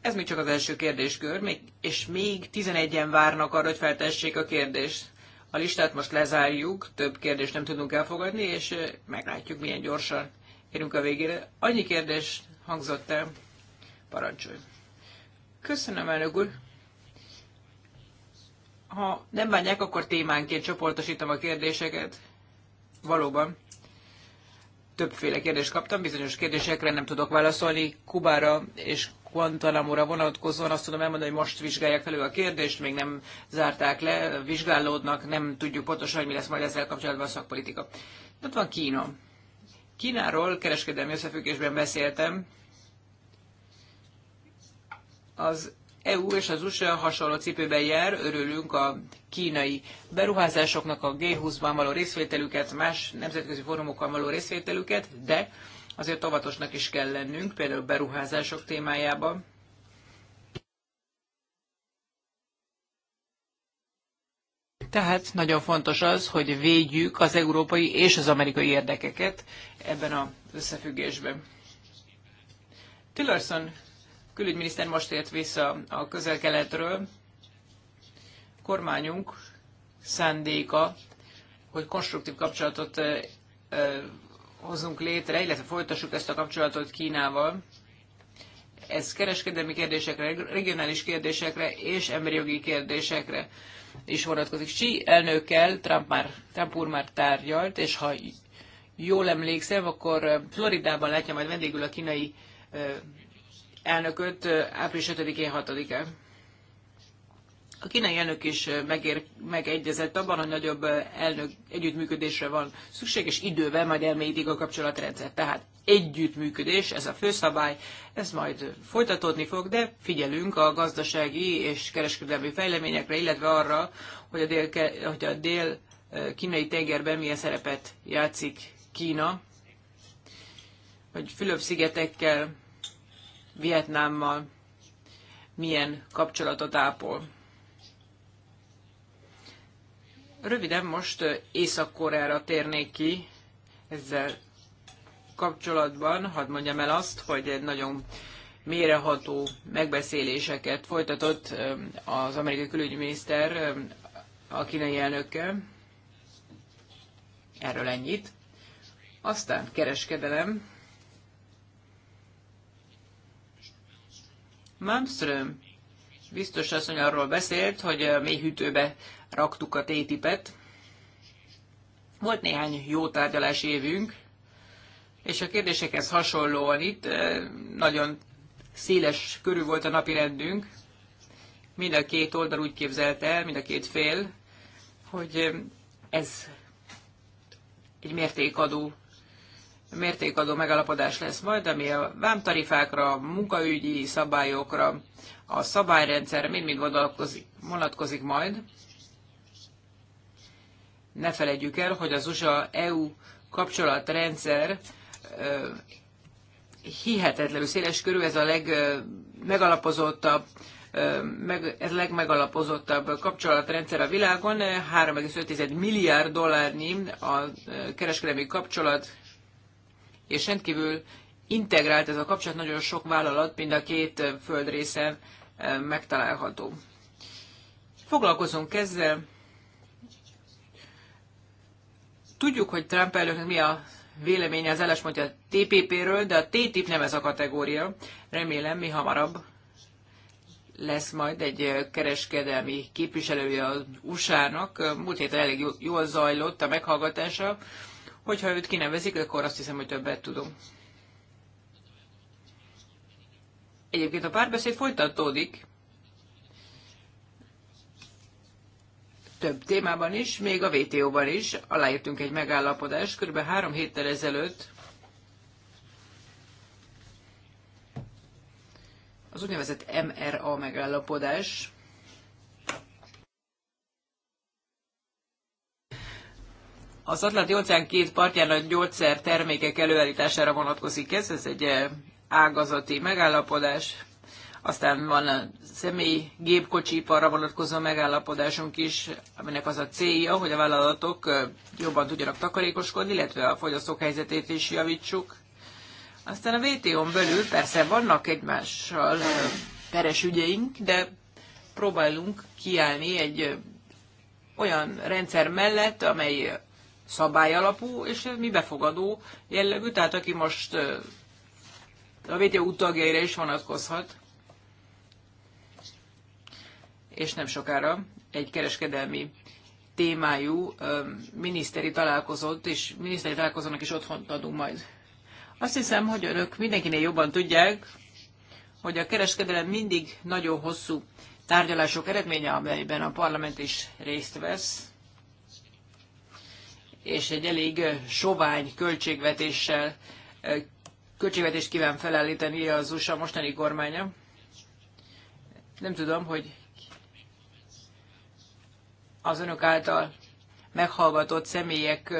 Ez még csak az első kérdéskör, még, és még 11-en várnak arra, hogy feltessék a kérdést. A listát most lezárjuk, több kérdést nem tudunk elfogadni, és meglátjuk, milyen gyorsan érünk a végére. Annyi kérdés hangzott el, parancsolj. Köszönöm, elnök úr. Ha nem bánják, akkor témánként csoportosítom a kérdéseket. Valóban többféle kérdést kaptam, bizonyos kérdésekre nem tudok válaszolni. Kubára és Guantanamo-ra vonatkozóan azt tudom elmondani, hogy most vizsgálják fel a kérdést, még nem zárták le, vizsgálódnak, nem tudjuk pontosan, hogy mi lesz majd ezzel kapcsolatban a szakpolitika. Ott van Kína. Kínáról kereskedelmi összefüggésben beszéltem. Az EU és az USA hasonló cipőben jár, örülünk a kínai beruházásoknak, a G20-ban való részvételüket, más nemzetközi fórumokkal való részvételüket, de azért óvatosnak is kell lennünk, például beruházások témájában. Tehát nagyon fontos az, hogy védjük az európai és az amerikai érdekeket ebben az összefüggésben. Tillerson külügyminiszter most ért vissza a közel-keletről. Kormányunk szándéka, hogy konstruktív kapcsolatot hozzunk létre, illetve folytassuk ezt a kapcsolatot Kínával. Ez kereskedelmi kérdésekre, regionális kérdésekre és emberi jogi kérdésekre is vonatkozik. Xi elnökkel Trump, már, Trump úr már tárgyalt, és ha jól emlékszem, akkor Floridában látja majd vendégül a kínai elnököt április 5-én, 6-án. A kínai elnök is megér, megegyezett abban, hogy nagyobb elnök együttműködésre van szükség, és idővel majd elmélyítik a kapcsolatrendszer. Tehát együttműködés, ez a főszabály, ez majd folytatódni fog, de figyelünk a gazdasági és kereskedelmi fejleményekre, illetve arra, hogy a dél, hogy a dél kínai tengerben milyen szerepet játszik Kína, hogy Fülöp-szigetekkel Vietnámmal milyen kapcsolatot ápol. Röviden most Észak-Koreára térnék ki ezzel kapcsolatban. Hadd mondjam el azt, hogy egy nagyon méreható megbeszéléseket folytatott az amerikai külügyminiszter a kínai elnöke. Erről ennyit. Aztán kereskedelem. Malmström biztos asszony arról beszélt, hogy a mély hűtőbe raktuk a tétipet. Volt néhány jó tárgyalási évünk, és a kérdésekhez hasonlóan itt nagyon széles körül volt a napi rendünk. Mind a két oldal úgy képzelte el, mind a két fél, hogy ez egy mértékadó mértékadó megalapodás lesz majd, ami a vámtarifákra, a munkaügyi szabályokra, a szabályrendszer mind-mind vonatkozik, vonatkozik majd. Ne felejtjük el, hogy az USA-EU kapcsolatrendszer hihetetlenül széles körül, ez a legmegalapozottabb meg, ez legmegalapozottabb kapcsolatrendszer a világon, 3,5 milliárd dollárnyi a kereskedelmi kapcsolat és rendkívül integrált ez a kapcsolat, nagyon sok vállalat mind a két földrészen megtalálható. Foglalkozunk ezzel. Tudjuk, hogy Trump elnöknek mi a véleménye az álláspontja a TPP-ről, de a TTIP nem ez a kategória. Remélem, mi hamarabb lesz majd egy kereskedelmi képviselője az USA-nak. Múlt héten elég jól zajlott a meghallgatása. Hogyha őt kinevezik, akkor azt hiszem, hogy többet tudunk. Egyébként a párbeszéd folytatódik, több témában is, még a vto ban is aláírtunk egy megállapodást, kb. három héttel ezelőtt az úgynevezett MRA megállapodás Az Atlanti óceán két partján a gyógyszer termékek előállítására vonatkozik ez, ez egy eh, ágazati megállapodás. Aztán van a személy gépkocsiparra vonatkozó megállapodásunk is, aminek az a célja, hogy a vállalatok eh, jobban tudjanak takarékoskodni, illetve a fogyasztók helyzetét is javítsuk. Aztán a WTO-n belül persze vannak egymással eh, peres ügyeink, de próbálunk kiállni egy olyan rendszer mellett, amely szabályalapú, és mi befogadó jellegű, tehát aki most a VTO tagjaira is vonatkozhat, és nem sokára egy kereskedelmi témájú miniszteri találkozott és miniszteri találkozónak is otthon adunk majd. Azt hiszem, hogy önök mindenkinél jobban tudják, hogy a kereskedelem mindig nagyon hosszú tárgyalások eredménye, amelyben a parlament is részt vesz és egy elég sovány költségvetéssel költségvetést kíván felállítani az USA mostani kormánya. Nem tudom, hogy az önök által meghallgatott személyek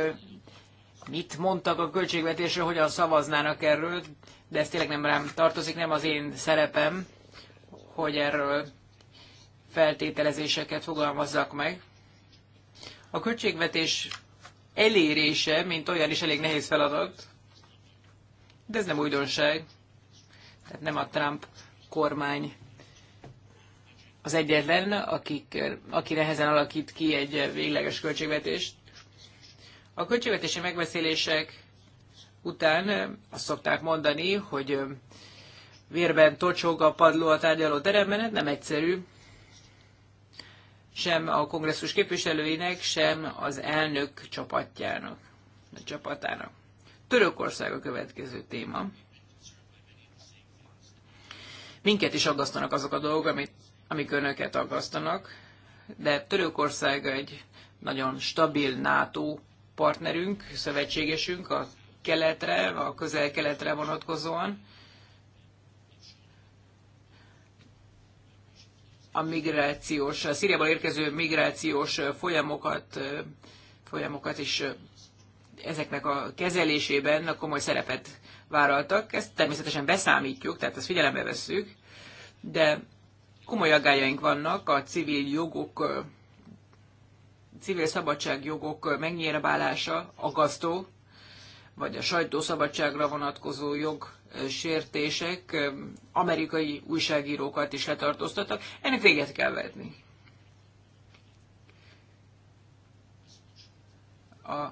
mit mondtak a költségvetésről, hogyan szavaznának erről, de ez tényleg nem rám tartozik, nem az én szerepem, hogy erről feltételezéseket fogalmazzak meg. A költségvetés elérése, mint olyan is elég nehéz feladat, de ez nem újdonság. Tehát nem a Trump kormány az egyetlen, akik, aki nehezen alakít ki egy végleges költségvetést. A költségvetési megbeszélések után azt szokták mondani, hogy vérben tocsog a padló a tárgyaló teremben, hát nem egyszerű sem a kongresszus képviselőinek, sem az elnök csapatjának, a csapatának. Törökország a következő téma. Minket is aggasztanak azok a dolgok, amit, amik önöket aggasztanak, de Törökország egy nagyon stabil NATO partnerünk, szövetségesünk a keletre, a közel-keletre vonatkozóan. a migrációs, a Szíriából érkező migrációs folyamokat, folyamokat is ezeknek a kezelésében a komoly szerepet vállaltak. Ezt természetesen beszámítjuk, tehát ezt figyelembe vesszük, de komoly aggájaink vannak a civil jogok, civil szabadságjogok megnyírbálása, agasztó, vagy a sajtószabadságra vonatkozó jog sértések amerikai újságírókat is letartóztattak. Ennek véget kell vetni. A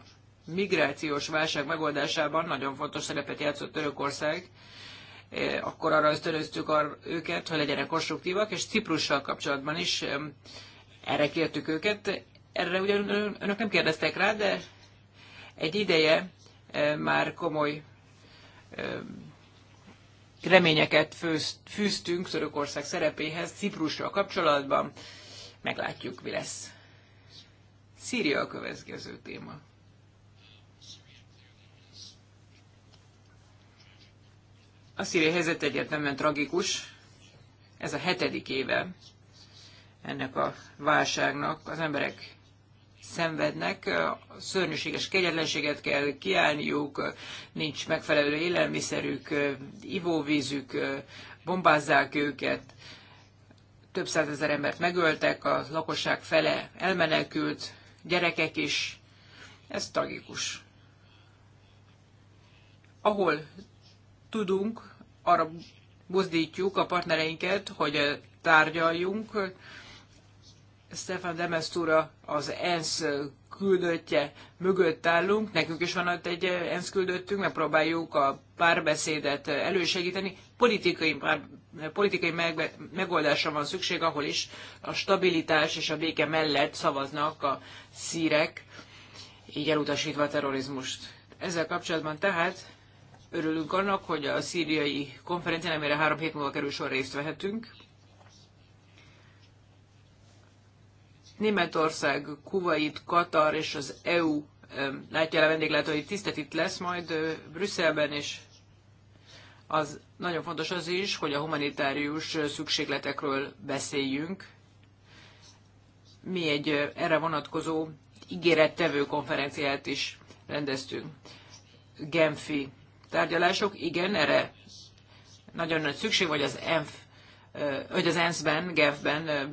migrációs válság megoldásában nagyon fontos szerepet játszott Törökország, akkor arra ösztönöztük őket, hogy legyenek konstruktívak, és Ciprussal kapcsolatban is erre kértük őket. Erre ugyan önök nem kérdeztek rá, de egy ideje már komoly reményeket főz, fűztünk Törökország szerepéhez Ciprusra kapcsolatban. Meglátjuk, mi lesz. Szíria a következő téma. A szíriai helyzet egyértelműen tragikus. Ez a hetedik éve ennek a válságnak. Az emberek szenvednek, szörnyűséges kegyetlenséget kell kiállniuk, nincs megfelelő élelmiszerük, ivóvízük, bombázzák őket, több százezer embert megöltek, a lakosság fele elmenekült, gyerekek is. Ez tragikus. Ahol tudunk, arra buzdítjuk a partnereinket, hogy tárgyaljunk, Stefan Demestura az ENSZ küldöttje mögött állunk, nekünk is van ott egy eh, ENSZ küldöttünk, próbáljuk a párbeszédet eh, elősegíteni. Politikai, pár, eh, politikai meg, megoldásra van szükség, ahol is a stabilitás és a béke mellett szavaznak a szírek, így elutasítva a terrorizmust. Ezzel kapcsolatban tehát örülünk annak, hogy a szíriai konferencián, amire három hét múlva kerül sor részt vehetünk, Németország, Kuwait, Katar és az EU látja a vendéglátó, hogy tisztet itt lesz majd Brüsszelben, és az nagyon fontos az is, hogy a humanitárius szükségletekről beszéljünk. Mi egy erre vonatkozó ígérettevő konferenciát is rendeztünk. Genfi tárgyalások, igen, erre nagyon nagy szükség, hogy az ENF, hogy az ENSZ-ben, Genfben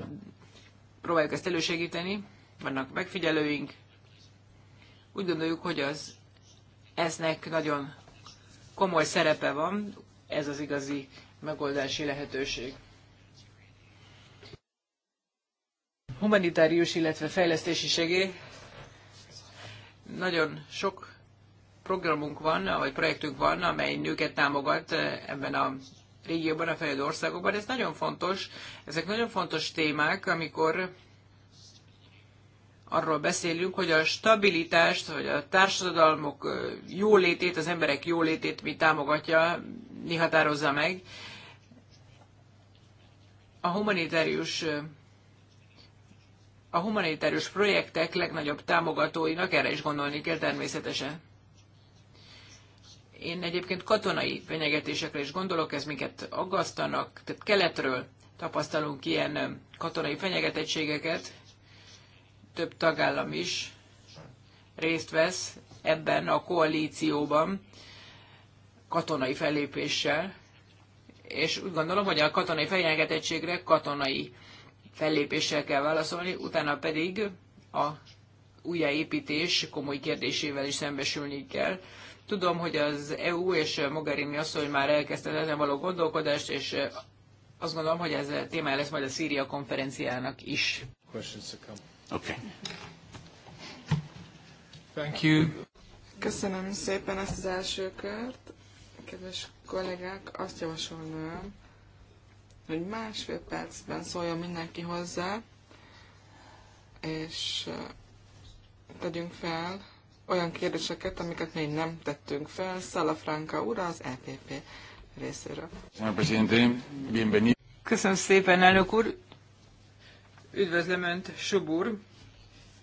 próbáljuk ezt elősegíteni, vannak megfigyelőink. Úgy gondoljuk, hogy az eznek nagyon komoly szerepe van, ez az igazi megoldási lehetőség. Humanitárius, illetve fejlesztési segély. Nagyon sok programunk van, vagy projektünk van, amely nőket támogat ebben a régióban, a fejlődő országokban. Ez nagyon fontos, ezek nagyon fontos témák, amikor arról beszélünk, hogy a stabilitást, vagy a társadalmok jólétét, az emberek jólétét mi támogatja, mi határozza meg. A humanitárius a humanitárius projektek legnagyobb támogatóinak erre is gondolni kell természetesen. Én egyébként katonai fenyegetésekre is gondolok, ez minket aggasztanak, tehát keletről tapasztalunk ilyen katonai fenyegetettségeket, több tagállam is részt vesz ebben a koalícióban katonai fellépéssel, és úgy gondolom, hogy a katonai fenyegetettségre katonai fellépéssel kell válaszolni, utána pedig a újjáépítés komoly kérdésével is szembesülni kell. Tudom, hogy az EU és Mogherini asszony már elkezdte ezen való gondolkodást, és azt gondolom, hogy ez a lesz majd a Szíria konferenciának is. Okay. Thank you. Köszönöm szépen ezt az első kört. Kedves kollégák, azt javasolnám, hogy másfél percben szóljon mindenki hozzá, és tegyünk fel olyan kérdéseket, amiket még nem tettünk fel. Salafranca ura az EPP részéről. Köszönöm szépen, elnök úr! Üdvözlöm Önt, Subur!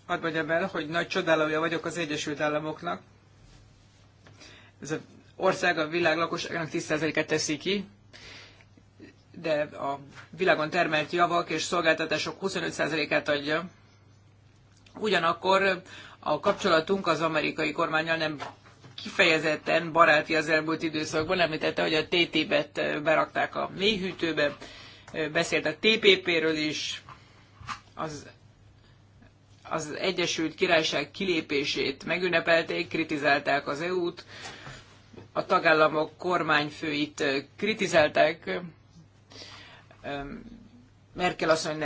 Hadd mondjam el, hogy nagy csodálója vagyok az Egyesült Államoknak. Ez az ország a világ lakosságának 10%-et teszi ki, de a világon termelt javak és szolgáltatások 25%-át adja. Ugyanakkor a kapcsolatunk az amerikai kormányjal nem kifejezetten baráti az elmúlt időszakban. Említette, hogy a TTIP-et berakták a mélyhűtőbe, beszélt a TPP-ről is, az, az Egyesült Királyság kilépését megünnepelték, kritizálták az EU-t, a tagállamok kormányfőit kritizálták, Merkel asszony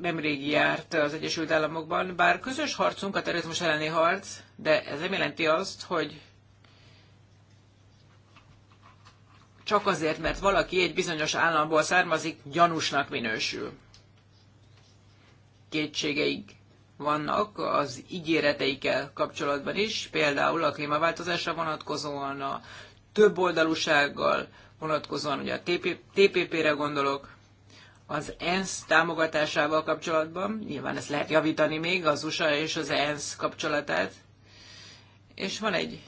nem, régi járt az Egyesült Államokban, bár közös harcunk a terrorizmus elleni harc, de ez nem jelenti azt, hogy csak azért, mert valaki egy bizonyos államból származik, gyanúsnak minősül. Kétségeik vannak az ígéreteikkel kapcsolatban is, például a klímaváltozásra vonatkozóan, a több oldalúsággal vonatkozóan, ugye a TPP-re gondolok, az ENSZ támogatásával kapcsolatban. Nyilván ezt lehet javítani még, az USA és az ENSZ kapcsolatát. És van egy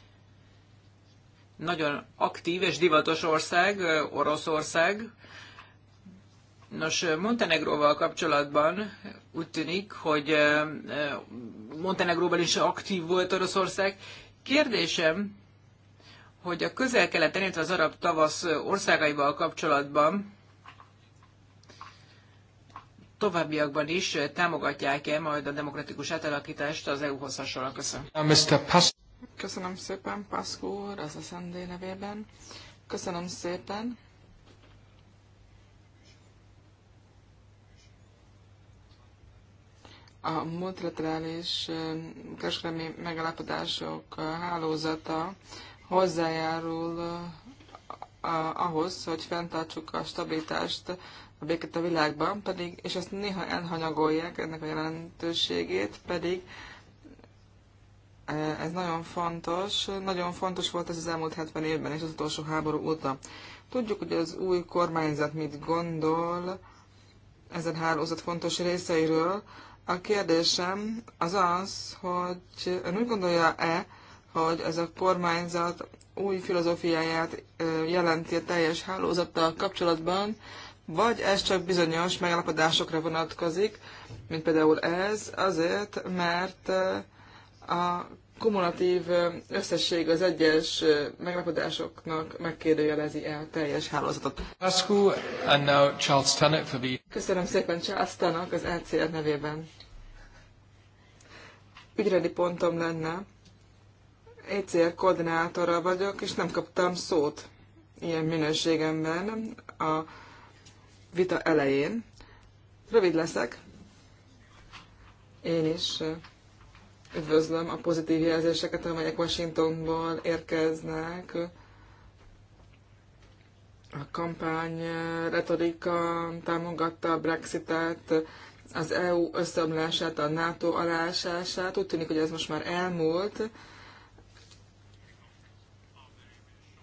nagyon aktív és divatos ország, Oroszország. Nos, Montenegróval kapcsolatban úgy tűnik, hogy Montenegróban is aktív volt Oroszország. Kérdésem, hogy a közel-keleten, illetve az arab tavasz országaival kapcsolatban továbbiakban is eh, támogatják-e majd a demokratikus átalakítást az EU-hoz hasonlóan. Köszönöm. Köszönöm szépen, Pászkó úr, az SZND nevében. Köszönöm szépen. a multilaterális eh, kereskedelmi megalapodások eh, hálózata hozzájárul ahhoz, hogy fenntartsuk a stabilitást a békét a világban, pedig, és ezt néha elhanyagolják ennek a jelentőségét, pedig eh, ez nagyon fontos, nagyon fontos volt ez az elmúlt 70 évben és az utolsó háború óta. Tudjuk, hogy az új kormányzat mit gondol ezen hálózat fontos részeiről. A kérdésem az az, hogy ön úgy gondolja-e, hogy ez a kormányzat új filozófiáját eh, jelenti a teljes hálózattal kapcsolatban, vagy ez csak bizonyos megállapodásokra vonatkozik, mint például ez, azért, mert eh, a kumulatív eh, összesség az egyes eh, megállapodásoknak megkérdőjelezi el teljes hálózatot. Köszönöm szépen Charles Tannock az ECR nevében. Ügyrendi pontom lenne. ECR koordinátora vagyok, és nem kaptam szót ilyen minőségemben a vita elején. Rövid leszek. Én is üdvözlöm a pozitív jelzéseket, amelyek Washingtonból érkeznek. A kampány retorika támogatta a Brexitet, az EU összeomlását, a NATO alásását. Úgy tűnik, hogy ez most már elmúlt.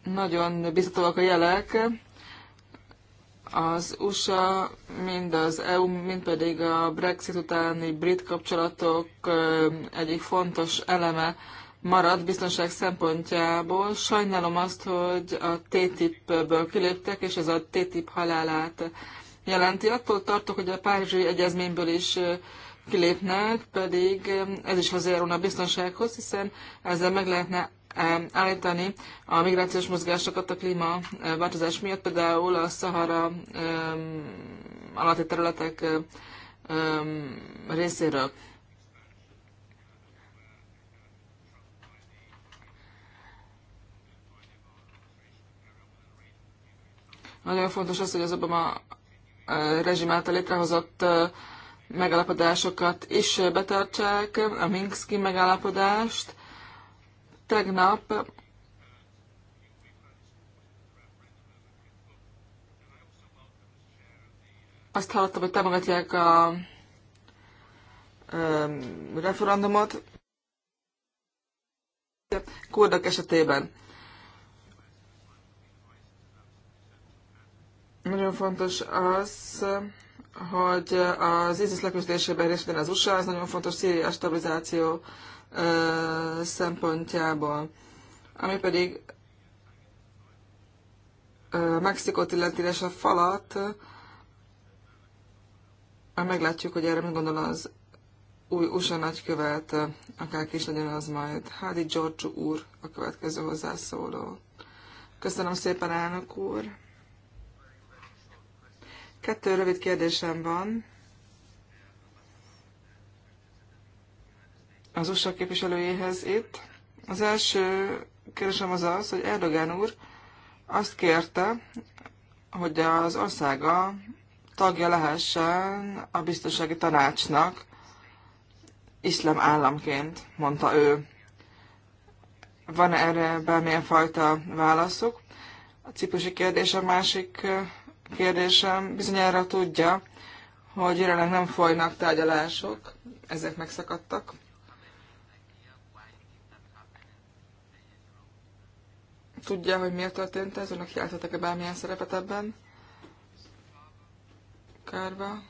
Nagyon biztatóak a jelek. Az USA, mind az EU, mind pedig a Brexit utáni brit kapcsolatok egyik fontos eleme marad biztonság szempontjából. Sajnálom azt, hogy a TTIP-ből kiléptek, és ez a TTIP halálát jelenti. Attól tartok, hogy a Párizsi Egyezményből is kilépnek, pedig ez is hozzájárulna a biztonsághoz, hiszen ezzel meg lehetne állítani a migrációs mozgásokat a klímaváltozás miatt, például a Szahara alatti területek részéről. Nagyon fontos az, hogy az Obama rezsim által létrehozott megállapodásokat is betartsák, a Minszki megállapodást, Tegnap azt hallottam, hogy támogatják a referendumot kurdok esetében. Nagyon fontos az, hogy az ISIS leküzdésében részben az USA, az nagyon fontos Szíria stabilizáció szempontjából. Ami pedig Mexikót illeti, a falat, meglátjuk, hogy erre mi gondol az új USA nagykövet, akár kis legyen az majd. Hádi George úr a következő hozzászóló. Köszönöm szépen, elnök úr! Kettő rövid kérdésem van. az USA képviselőjéhez itt. Az első kérdésem az az, hogy Erdogan úr azt kérte, hogy az országa tagja lehessen a biztonsági tanácsnak, iszlám államként, mondta ő. Van -e erre bármilyen fajta válaszuk? A cipusi kérdés a másik kérdésem. Bizonyára tudja, hogy jelenleg nem folynak tárgyalások, ezek megszakadtak. tudja, hogy miért történt ez? Önök játszottak-e bármilyen szerepet ebben? Kárva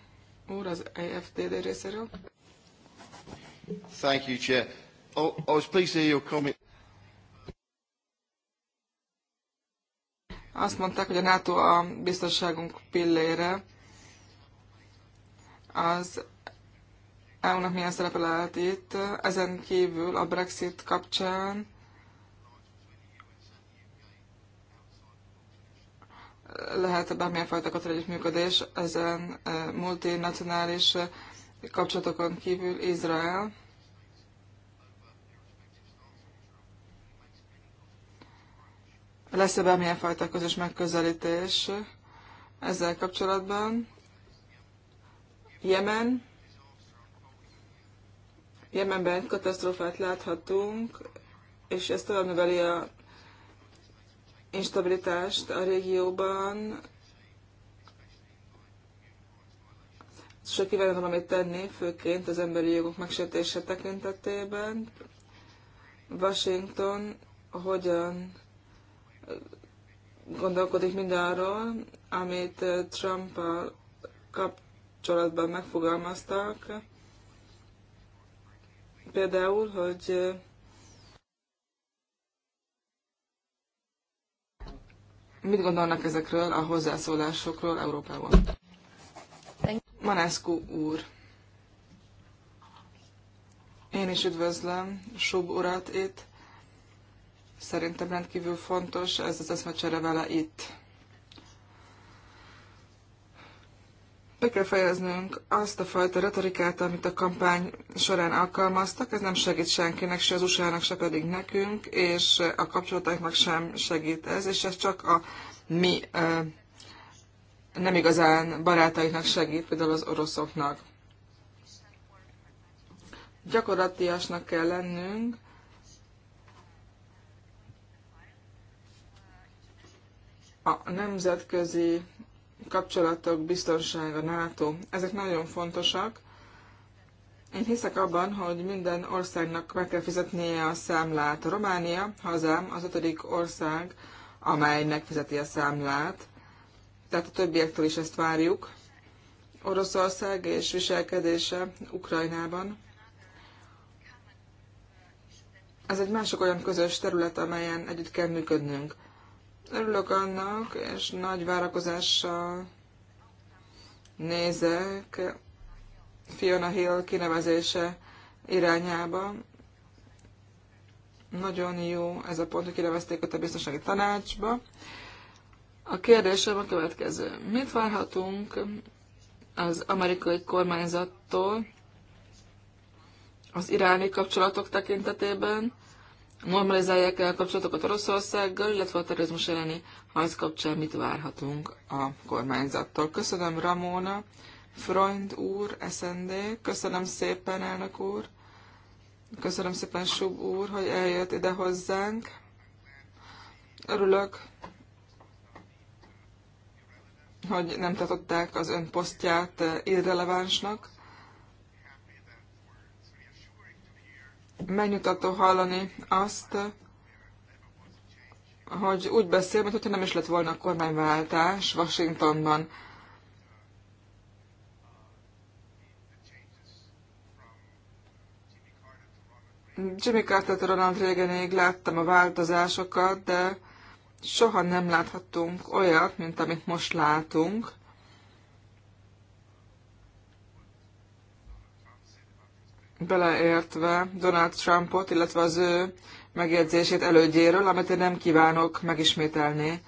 úr az AFTD e részéről. Thank you, Chair. Oh, I was pleased to hear your comment. Azt mondták, hogy a NATO a biztonságunk pillére. Az EU-nak milyen szerepe lehet itt? Ezen kívül a Brexit kapcsán lehet bármilyen fajta katonai együttműködés ezen multinacionális kapcsolatokon kívül Izrael. Lesz-e bármilyen fajta közös megközelítés ezzel kapcsolatban? Jemen. Jemenben katasztrófát láthatunk, és ez tovább növeli a instabilitást a régióban, se kívánok valamit tenni, főként az emberi jogok megsértése tekintetében. Washington hogyan gondolkodik mindarról, amit trump kapcsolatban megfogalmaztak, például, hogy Mit gondolnak ezekről a hozzászólásokról Európában? Manászkó úr. Én is üdvözlöm Sub urat itt. Szerintem rendkívül fontos ez az eszmecsere vele itt. Be kell fejeznünk azt a fajta retorikát, amit a kampány során alkalmaztak, ez nem segít senkinek, se az USA-nak, se pedig nekünk, és a kapcsolatainknak sem segít ez, és ez csak a mi nem igazán barátainknak segít, például az oroszoknak. Gyakorlatiasnak kell lennünk, a nemzetközi kapcsolatok biztonsága, NATO, ezek nagyon fontosak. Én hiszek abban, hogy minden országnak meg kell fizetnie a számlát. A Románia, hazám, az ötödik ország, amely megfizeti a számlát. Tehát a többiektől is ezt várjuk. Oroszország és viselkedése Ukrajnában. Ez egy másik olyan közös terület, amelyen együtt kell működnünk. Örülök annak, és nagy várakozással nézek Fiona Hill kinevezése irányába. Nagyon jó ez a pont, hogy kinevezték ott a biztonsági tanácsba. A kérdésem a következő. Mit várhatunk az amerikai kormányzattól az iráni kapcsolatok tekintetében, normalizálják el a kapcsolatokat Oroszországgal, illetve a terrorizmus elleni harc kapcsán mit várhatunk a kormányzattól. Köszönöm Ramona, Freund úr, SND, köszönöm szépen elnök úr, köszönöm szépen Sub úr, hogy eljött ide hozzánk. Örülök, hogy nem tartották az ön posztját irrelevánsnak. megnyugtató hallani azt, hogy úgy beszél, mintha nem is lett volna kormányváltás Washingtonban. Jimmy Carter-től Ronald Reaganig láttam a változásokat, de soha nem láthattunk olyat, mint amit most látunk. beleértve Donald Trumpot, illetve az ő megjegyzését elődjéről, amit én nem kívánok megismételni.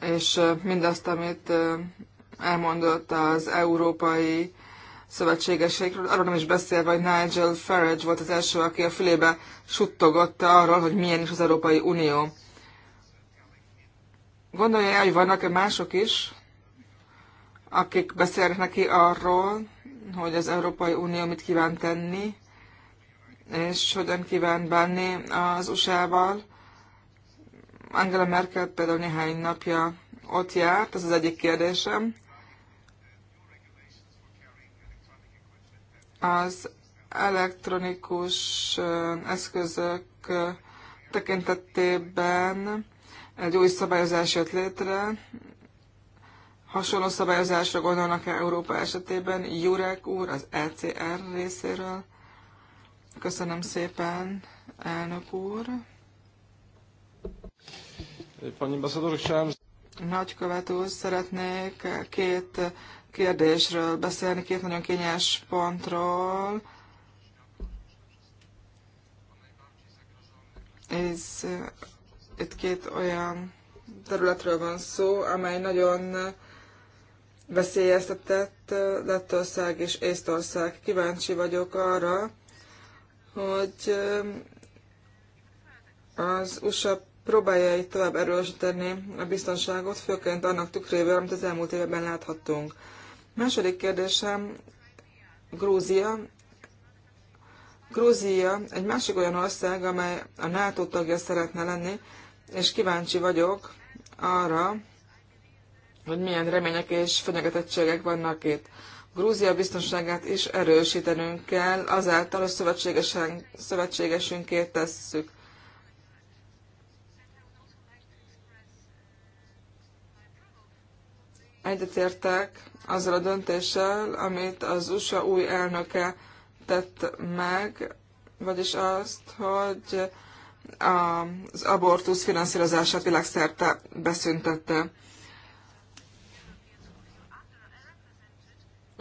És mindazt, amit elmondott az európai Szövetségeségről, arról nem is beszélve, hogy Nigel Farage volt az első, aki a fülébe suttogotta arról, hogy milyen is az Európai Unió. Gondolja el, hogy vannak-e mások is, akik beszélnek neki arról, hogy az Európai Unió mit kíván tenni, és hogyan kíván bánni az USA-val. Angela Merkel például néhány napja ott járt, ez az egyik kérdésem. Az elektronikus eszközök tekintetében egy új szabályozás jött létre, Hasonló szabályozásra gondolnak-e Európa esetében? Jurek úr az ECR részéről. Köszönöm szépen, elnök úr. Pani ambasador, Nagykövet úr, szeretnék két kérdésről beszélni, két nagyon kényes pontról. Ez, itt két olyan területről van szó, amely nagyon veszélyeztetett Lettország és Észtország. Kíváncsi vagyok arra, hogy az USA próbálja itt tovább erősíteni a biztonságot, főként annak tükrében, amit az elmúlt években láthattunk. Második kérdésem, Grúzia. Grúzia egy másik olyan ország, amely a NATO tagja szeretne lenni, és kíváncsi vagyok arra, hogy milyen remények és fenyegetettségek vannak itt. Grúzia biztonságát is erősítenünk kell, azáltal, hogy szövetségesen, szövetségesünké tesszük. Egyetértek azzal a döntéssel, amit az USA új elnöke tett meg, vagyis azt, hogy az abortusz finanszírozását világszerte beszüntette.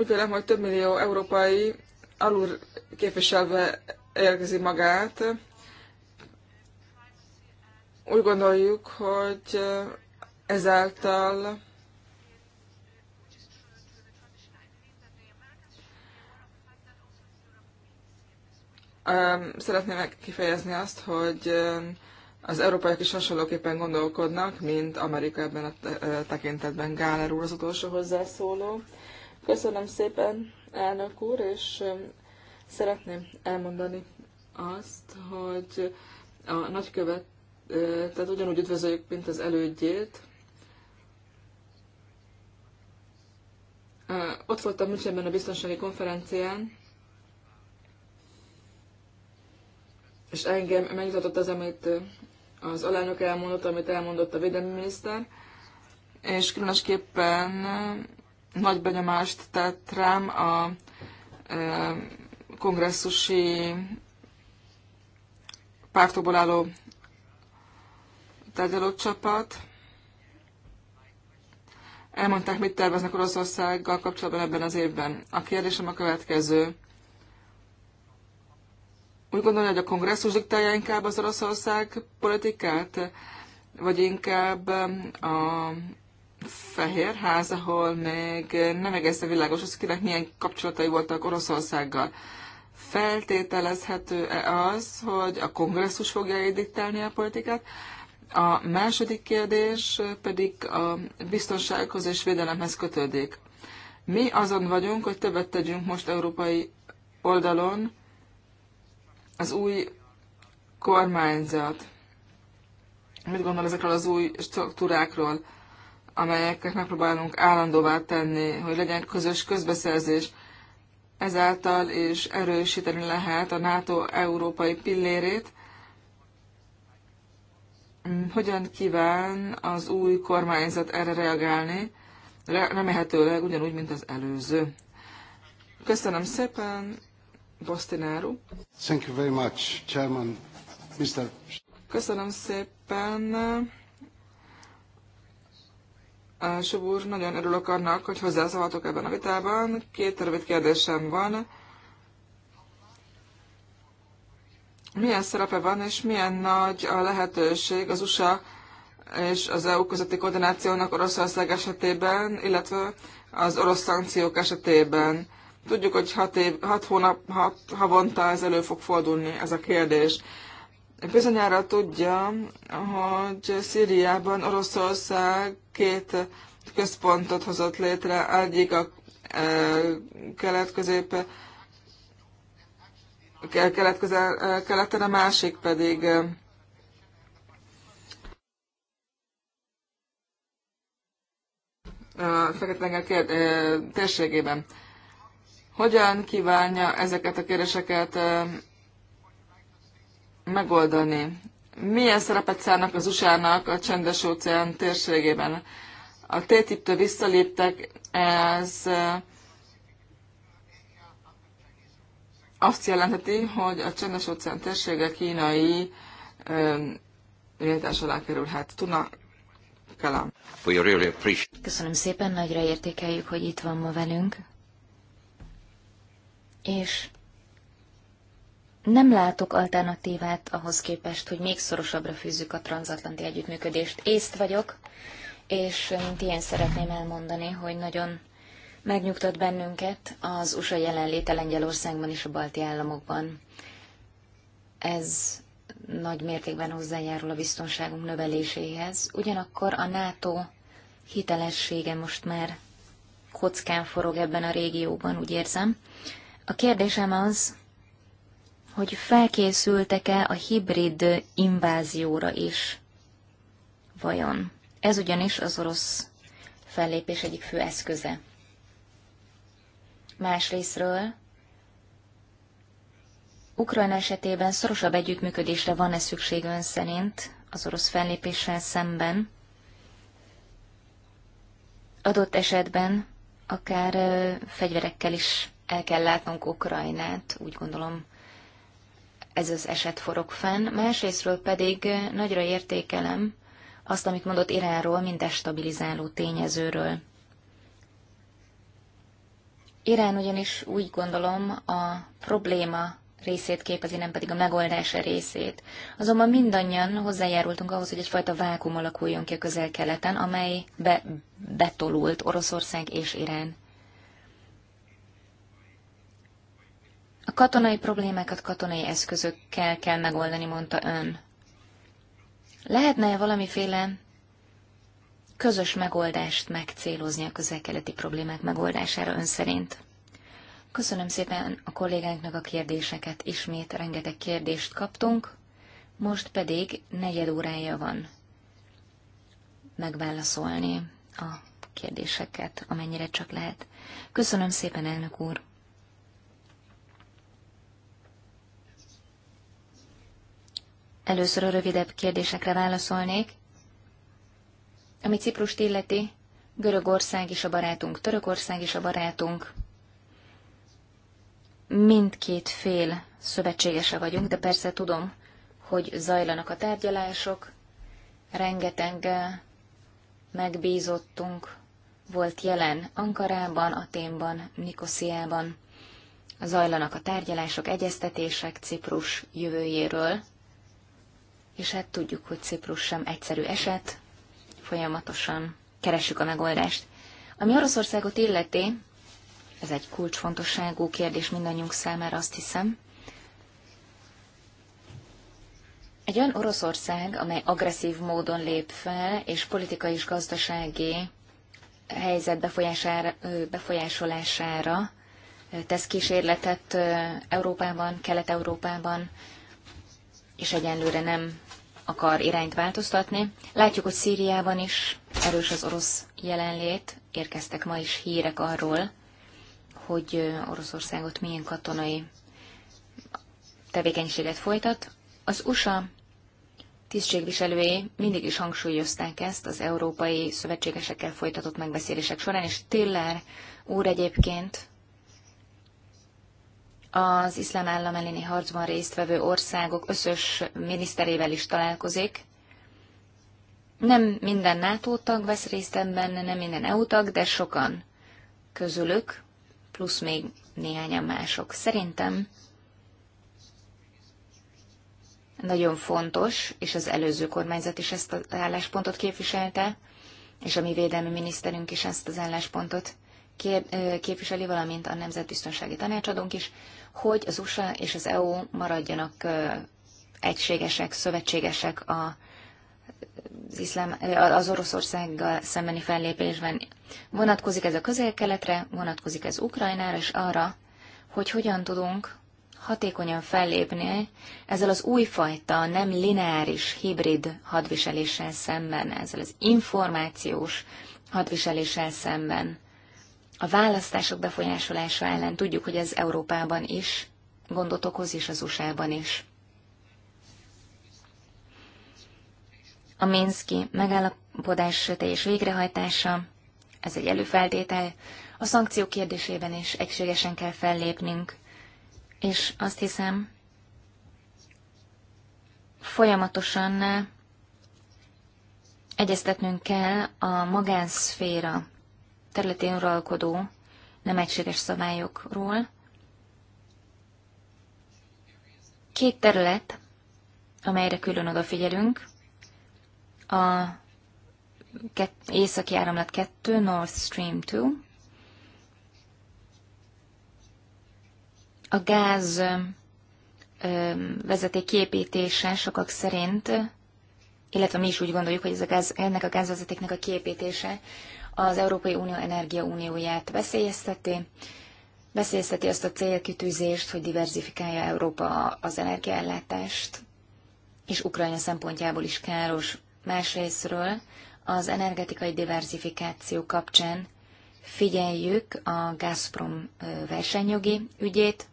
Úgy vélem, hogy több millió európai alul képviselve érzi magát. Úgy gondoljuk, hogy ezáltal szeretném kifejezni azt, hogy az európaiak is hasonlóképpen gondolkodnak, mint Amerika ebben a tekintetben. Gáler úr az utolsó hozzászóló. Köszönöm szépen, elnök úr, és um, szeretném elmondani azt, hogy a nagykövet, tehát ugyanúgy üdvözöljük, mint az elődjét. Ott voltam Münchenben a biztonsági konferencián, és engem megnyitott az, amit az alelnök elmondott, amit elmondott a védelmi miniszter, és különösképpen nagy benyomást tett rám a ö, kongresszusi pártokból álló tárgyalócsapat. Elmondták, mit terveznek Oroszországgal kapcsolatban ebben az évben. A kérdésem a következő. Úgy gondolja, hogy a kongresszus diktálja inkább az Oroszország politikát, vagy inkább a fehér ház, ahol még nem egészen világos az, kinek milyen kapcsolatai voltak Oroszországgal. Feltételezhető -e az, hogy a kongresszus fogja diktálni a politikát? A második kérdés pedig a biztonsághoz és védelemhez kötődik. Mi azon vagyunk, hogy többet tegyünk most európai oldalon az új kormányzat. Mit gondol ezekről az új struktúrákról? amelyeket megpróbálunk állandóvá tenni, hogy legyen közös közbeszerzés. Ezáltal is erősíteni lehet a NATO európai pillérét. Hogyan kíván az új kormányzat erre reagálni? Remélhetőleg ugyanúgy, mint az előző. Köszönöm szépen, Bostináru. Thank you very much, Chairman, Mr. Köszönöm szépen. Sob úr, nagyon örülök annak, hogy hozzászólhatok ebben a vitában. Két rövid kérdésem van. Milyen szerepe van, és milyen nagy a lehetőség az USA és az EU közötti koordinációnak Oroszország esetében, illetve az orosz szankciók esetében? Tudjuk, hogy hat, év, hat hónap, hat havonta ez elő fog fordulni, ez a kérdés. Bizonyára tudja, hogy Szíriában Oroszország két központot hozott létre, egyik a e, kelet-közép e, e, keleten, a másik pedig a Fekete-tenger térségében. Hogyan kívánja ezeket a kérdéseket megoldani. Milyen szerepet szállnak az USA-nak a csendes óceán térségében? A TTIP-től visszaléptek, ez azt jelenteti, hogy a csendes óceán térsége kínai irányítás alá kerülhet. Tuna Kalam. Köszönöm szépen, nagyra értékeljük, hogy itt van ma velünk. És nem látok alternatívát ahhoz képest, hogy még szorosabbra fűzzük a transatlanti együttműködést. Észt vagyok, és mint ilyen szeretném elmondani, hogy nagyon megnyugtat bennünket az USA jelenléte Lengyelországban és a balti államokban. Ez nagy mértékben hozzájárul a biztonságunk növeléséhez. Ugyanakkor a NATO hitelessége most már kockán forog ebben a régióban, úgy érzem. A kérdésem az, hogy felkészültek-e a hibrid invázióra is. Vajon? Ez ugyanis az orosz fellépés egyik fő eszköze. Másrésztről Ukrajna esetében szorosabb együttműködésre van-e szükség ön szerint az orosz fellépéssel szemben? Adott esetben akár fegyverekkel is el kell látnunk Ukrajnát, úgy gondolom ez az eset forog fenn, másrésztről pedig nagyra értékelem azt, amit mondott Iránról, mint destabilizáló tényezőről. Irán ugyanis úgy gondolom a probléma részét képezi, nem pedig a megoldása részét. Azonban mindannyian hozzájárultunk ahhoz, hogy egyfajta vákum alakuljon ki a közel-keleten, amelybe betolult Oroszország és Irán. A katonai problémákat katonai eszközökkel kell megoldani, mondta ön. Lehetne -e valamiféle közös megoldást megcélozni a közelkeleti problémák megoldására ön szerint? Köszönöm szépen a kollégánknak a kérdéseket. Ismét rengeteg kérdést kaptunk, most pedig negyed órája van megválaszolni a kérdéseket, amennyire csak lehet. Köszönöm szépen, elnök úr! Először a rövidebb kérdésekre válaszolnék. Ami Ciprust illeti, Görögország is a barátunk, Törökország is a barátunk. Mindkét fél szövetségese vagyunk, de persze tudom, hogy zajlanak a tárgyalások, rengeteg eh, megbízottunk volt jelen Ankarában, Aténban, Nikosziában. Zajlanak a tárgyalások, egyeztetések Ciprus jövőjéről és hát tudjuk, hogy Ciprus sem egyszerű eset, folyamatosan keressük a megoldást. Ami Oroszországot illeti, ez egy kulcsfontosságú kérdés mindannyiunk számára, azt hiszem. Egy olyan Oroszország, amely agresszív módon lép fel, és politikai és gazdasági helyzet befolyásolására tesz kísérletet Európában, Kelet-Európában, és egyenlőre nem akar irányt változtatni. Látjuk, hogy Szíriában is erős az orosz jelenlét, érkeztek ma is hírek arról, hogy Oroszországot milyen katonai tevékenységet folytat. Az USA tisztségviselői mindig is hangsúlyozták ezt az európai szövetségesekkel folytatott megbeszélések során, és Tiller úr egyébként az iszlám állam elleni harcban résztvevő országok összes miniszterével is találkozik. Nem minden NATO tag vesz részt ebben, nem minden EU tag, de sokan közülük, plusz még néhányan mások. Szerintem nagyon fontos, és az előző kormányzat is ezt az álláspontot képviselte, és a mi védelmi miniszterünk is ezt az álláspontot képviseli, valamint a Nemzetbiztonsági Tanácsadónk is, hogy az USA és az EU maradjanak egységesek, szövetségesek a az, iszlám, az Oroszországgal szembeni fellépésben. Vonatkozik ez a közel-keletre, vonatkozik ez Ukrajnára, és arra, hogy hogyan tudunk hatékonyan fellépni ezzel az újfajta, nem lineáris, hibrid hadviseléssel szemben, ezzel az információs hadviseléssel szemben, a választások befolyásolása ellen tudjuk, hogy ez Európában is gondot okoz, és az USA-ban is. A Minszki megállapodás teljes végrehajtása, ez egy előfeltétel, a szankciók kérdésében is egységesen kell fellépnünk, és azt hiszem, folyamatosan egyeztetnünk kell a magánszféra területén uralkodó nem egységes szabályokról. Két terület, amelyre külön odafigyelünk, a északi áramlat 2, North Stream 2, a gáz vezeték kiépítése sokak szerint, illetve mi is úgy gondoljuk, hogy ez a gáz, ennek a gázvezetéknek a kiépítése az Európai Unió energia unióját veszélyezteti, veszélyezteti azt a célkitűzést, hogy diversifikálja Európa az energiaellátást, és Ukrajna szempontjából is káros. Másrésztről az energetikai diversifikáció kapcsán figyeljük a Gazprom versenyjogi ügyét,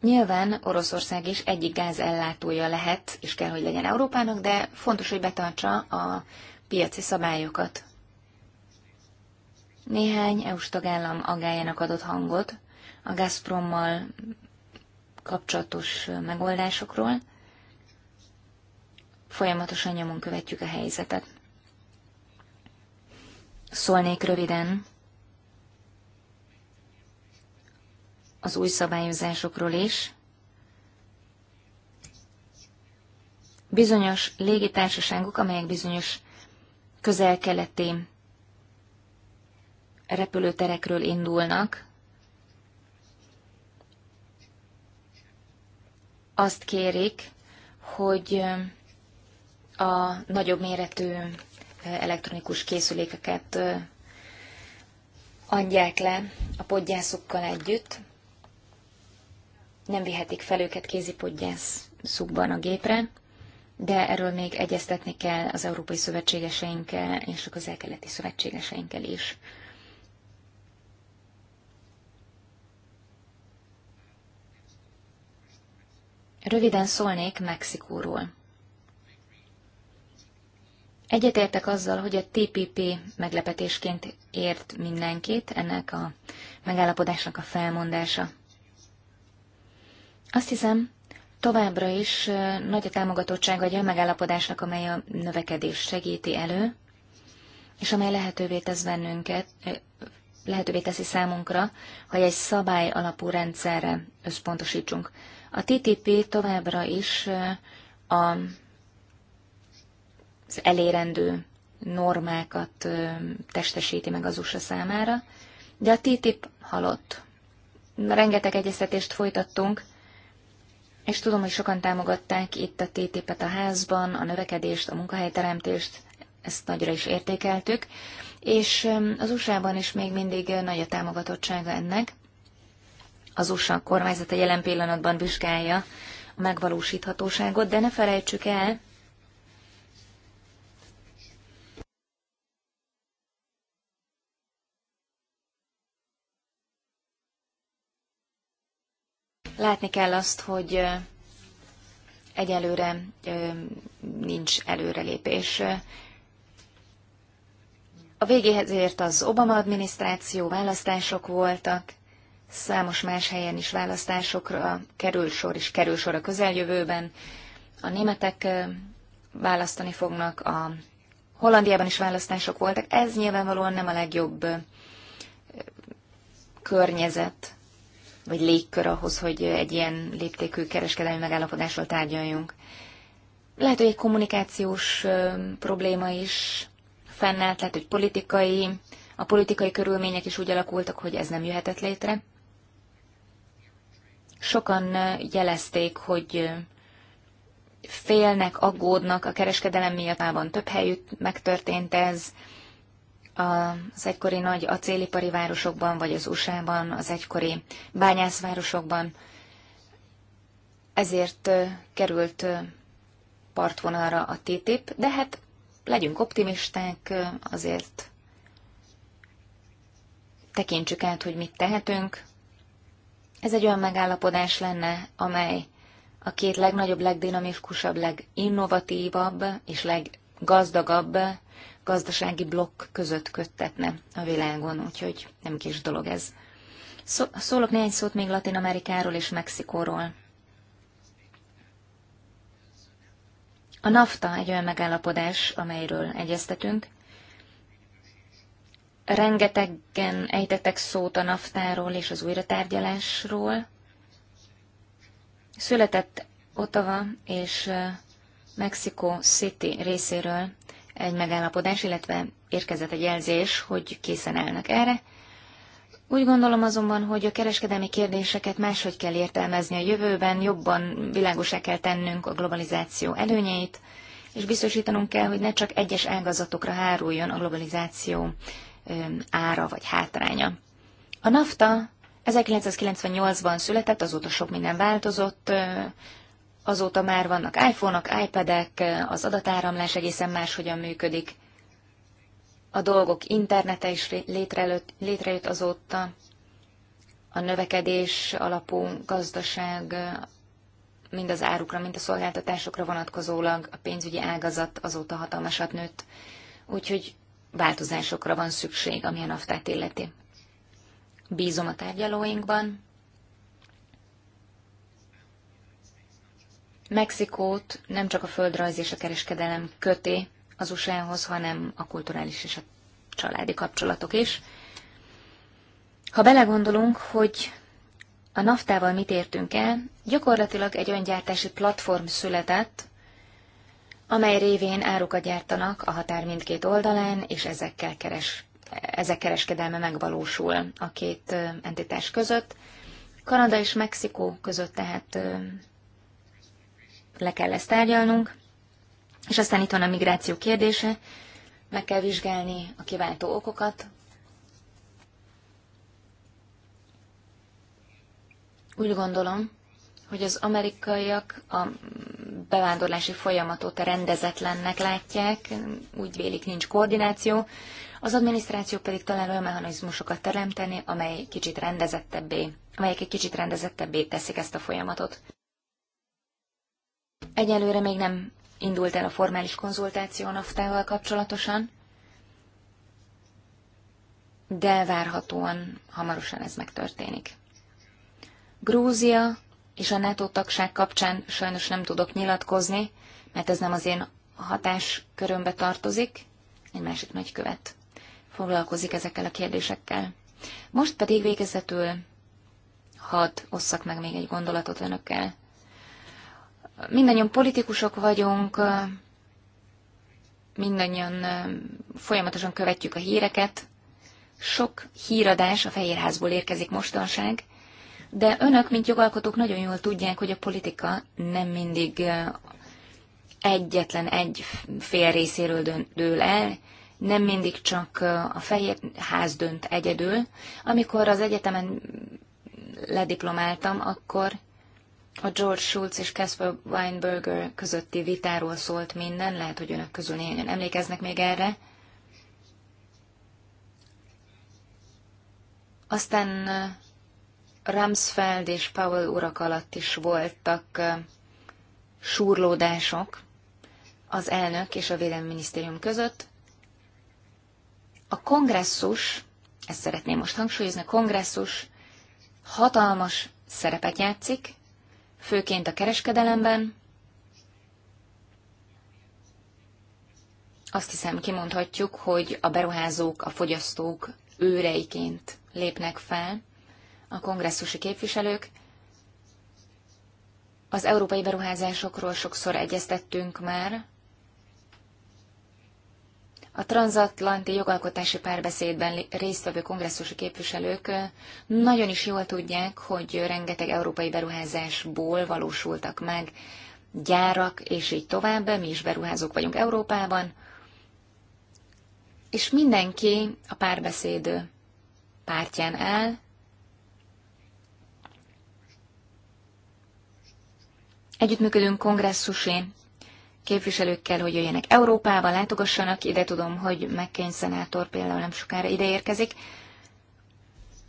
Nyilván Oroszország is egyik ellátója lehet, és kell, hogy legyen Európának, de fontos, hogy betartsa a piaci szabályokat. Néhány EU-s tagállam agájának adott hangot a Gazprommal kapcsolatos megoldásokról. Folyamatosan nyomon követjük a helyzetet. Szólnék röviden az új szabályozásokról is. Bizonyos légitársaságok, amelyek bizonyos közel-keleti repülőterekről indulnak, azt kérik, hogy a nagyobb méretű elektronikus készülékeket adják le a podgyászokkal együtt nem vihetik fel őket kézipodgyász szukban a gépre, de erről még egyeztetni kell az európai szövetségeseinkkel és a közel-keleti szövetségeseinkkel is. Röviden szólnék Mexikóról. Egyetértek azzal, hogy a TPP meglepetésként ért mindenkit ennek a megállapodásnak a felmondása. Azt hiszem, továbbra is nagy a támogatottság vagy a megállapodásnak, amely a növekedés segíti elő, és amely lehetővé tesz bennünket, lehetővé teszi számunkra, hogy egy szabály alapú rendszerre összpontosítsunk. A TTP továbbra is a, az elérendő normákat testesíti meg az USA számára, de a TTIP halott. Rengeteg egyeztetést folytattunk, és tudom, hogy sokan támogatták itt a TTIP-et a házban, a növekedést, a munkahelyteremtést, ezt nagyra is értékeltük, és az USA-ban is még mindig nagy a támogatottsága ennek. Az USA kormányzata jelen pillanatban vizsgálja a megvalósíthatóságot, de ne felejtsük el, Látni kell azt, hogy egyelőre nincs előrelépés. A végéhez ért az Obama adminisztráció, választások voltak, számos más helyen is választásokra kerül sor, és kerül sor a közeljövőben. A németek választani fognak, a Hollandiában is választások voltak. Ez nyilvánvalóan nem a legjobb környezet vagy légkör ahhoz, hogy egy ilyen léptékű kereskedelmi megállapodásról tárgyaljunk. Lehet, hogy egy kommunikációs probléma is fennállt, lehet, hogy politikai, a politikai körülmények is úgy alakultak, hogy ez nem jöhetett létre. Sokan jelezték, hogy félnek, aggódnak a kereskedelem miatt, több helyütt megtörtént ez, az egykori nagy acélipari városokban, vagy az USA-ban, az egykori bányászvárosokban. Ezért került partvonalra a TTIP, de hát legyünk optimisták, azért tekintsük át, hogy mit tehetünk. Ez egy olyan megállapodás lenne, amely a két legnagyobb, legdinamikusabb, leginnovatívabb és leggazdagabb gazdasági blokk között köttetne a világon, úgyhogy nem kis dolog ez. Szólok néhány szót még Latin Amerikáról és Mexikóról. A NAFTA egy olyan megállapodás, amelyről egyeztetünk. Rengetegen ejtettek szót a ról és az újratárgyalásról. Született Ottawa és eh, Mexico City részéről egy megállapodás, illetve érkezett egy jelzés, hogy készen állnak erre. Úgy gondolom azonban, hogy a kereskedelmi kérdéseket máshogy kell értelmezni a jövőben, jobban világosá kell tennünk a globalizáció előnyeit, és biztosítanunk kell, hogy ne csak egyes ágazatokra háruljon a globalizáció ára vagy hátránya. A NAFTA 1998-ban született, azóta sok minden változott, azóta már vannak iPhone-ok, iPad-ek, az adatáramlás egészen máshogyan működik. A dolgok internete is létrejött, létrejött azóta. A növekedés alapú gazdaság mind az árukra, mind a szolgáltatásokra vonatkozólag a pénzügyi ágazat azóta hatalmasat nőtt. Úgyhogy változásokra van szükség, ami a naftát illeti. Bízom a tárgyalóinkban, Mexikót nem csak a földrajz és a kereskedelem köti az usa hanem a kulturális és a családi kapcsolatok is. Ha belegondolunk, hogy a naftával mit értünk el, gyakorlatilag egy olyan gyártási platform született, amely révén árukat gyártanak a határ mindkét oldalán, és ezekkel keres, ezek kereskedelme megvalósul a két entitás között. Kanada és Mexikó között tehát le kell ezt tárgyalnunk, és aztán itt van a migráció kérdése, meg kell vizsgálni a kiváltó okokat. Úgy gondolom, hogy az amerikaiak a bevándorlási folyamatot rendezetlennek látják, úgy vélik nincs koordináció, az adminisztráció pedig talán olyan mechanizmusokat teremteni, amely kicsit rendezettebbé, amelyek egy kicsit rendezettebbé teszik ezt a folyamatot. Egyelőre még nem indult el a formális konzultáció a naftával kapcsolatosan, de várhatóan hamarosan ez megtörténik. Grúzia és a NATO tagság kapcsán sajnos nem tudok nyilatkozni, mert ez nem az én hatás körömbe tartozik, egy másik nagykövet foglalkozik ezekkel a kérdésekkel. Most pedig végezetül hadd osszak meg még egy gondolatot önökkel. Mindannyian politikusok vagyunk, mindannyian folyamatosan követjük a híreket. Sok híradás a Fehérházból érkezik mostanság, de önök, mint jogalkotók nagyon jól tudják, hogy a politika nem mindig egyetlen egy fél részéről dől el, nem mindig csak a fehér ház dönt egyedül. Amikor az egyetemen lediplomáltam, akkor a George Schulz és Casper Weinberger közötti vitáról szólt minden, lehet, hogy önök közül néhányan emlékeznek még erre. Aztán uh, Ramsfeld és Powell urak alatt is voltak uh, súrlódások az elnök és a védelminisztérium között. A kongresszus, ezt szeretném most hangsúlyozni, a kongresszus hatalmas szerepet játszik, főként a kereskedelemben. Azt hiszem, kimondhatjuk, hogy a beruházók, a fogyasztók őreiként lépnek fel, a kongresszusi képviselők. Az európai beruházásokról sokszor egyeztettünk már, a transatlanti jogalkotási párbeszédben résztvevő kongresszusi képviselők nagyon is jól tudják, hogy rengeteg európai beruházásból valósultak meg gyárak, és így tovább, mi is beruházók vagyunk Európában, és mindenki a párbeszéd pártján áll, Együttműködünk kongresszusi Képviselőkkel, hogy jöjjenek Európába, látogassanak, ide tudom, hogy McCain szenátor például nem sokára ide érkezik.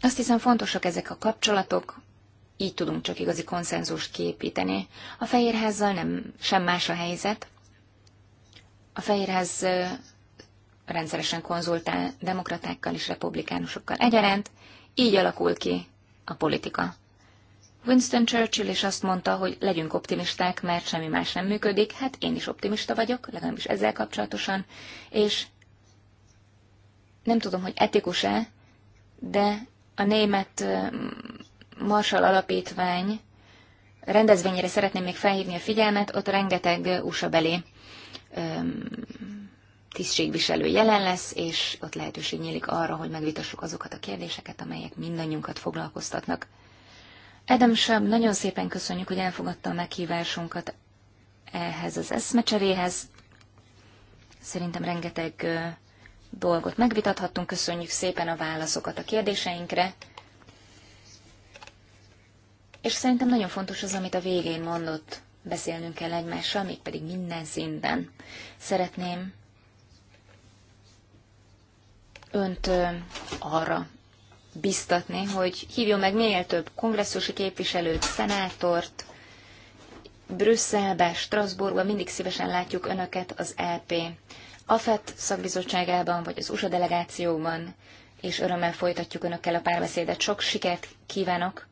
Azt hiszem fontosak ezek a kapcsolatok, így tudunk csak igazi konszenzust képíteni. A Fehérházzal nem sem más a helyzet. A Fehérház rendszeresen konzultál demokratákkal és republikánusokkal egyaránt, így alakul ki a politika. Winston Churchill is azt mondta, hogy legyünk optimisták, mert semmi más nem működik. Hát én is optimista vagyok, legalábbis ezzel kapcsolatosan, és nem tudom, hogy etikus-e, de a német Marshall Alapítvány rendezvényére szeretném még felhívni a figyelmet, ott rengeteg USA belé tisztségviselő jelen lesz, és ott lehetőség nyílik arra, hogy megvitassuk azokat a kérdéseket, amelyek mindannyiunkat foglalkoztatnak. Edem Sab, nagyon szépen köszönjük, hogy elfogadta a meghívásunkat ehhez az eszmecseréhez. Szerintem rengeteg dolgot megvitathattunk, köszönjük szépen a válaszokat a kérdéseinkre. És szerintem nagyon fontos az, amit a végén mondott, beszélnünk kell egymással, mégpedig minden szinten. Szeretném önt arra biztatni, hogy hívjon meg minél több kongresszusi képviselőt, szenátort, Brüsszelbe, Strasbourgba mindig szívesen látjuk Önöket az LP e AFET szakbizottságában, vagy az USA delegációban, és örömmel folytatjuk Önökkel a párbeszédet. Sok sikert kívánok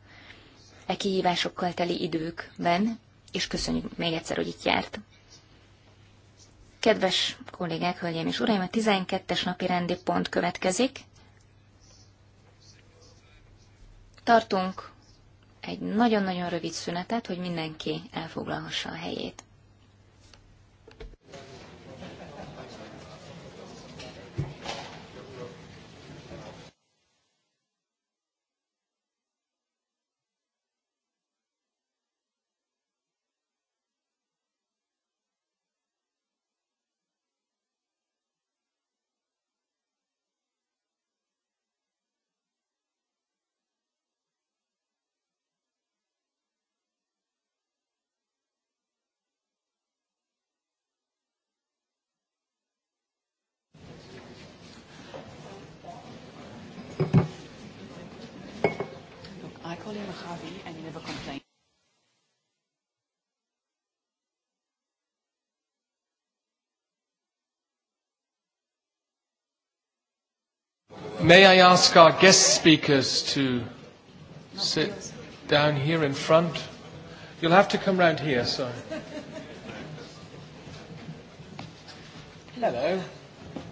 e kihívásokkal teli időkben, és köszönjük még egyszer, hogy itt járt. Kedves kollégák, hölgyeim és uraim, a 12-es napi rendi pont következik. Tartunk egy nagyon-nagyon rövid szünetet, hogy mindenki elfoglalhassa a helyét. May I ask our guest speakers to sit down here in front? You'll have to come round here, sorry. Hello.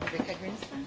Rebecca Greenspan.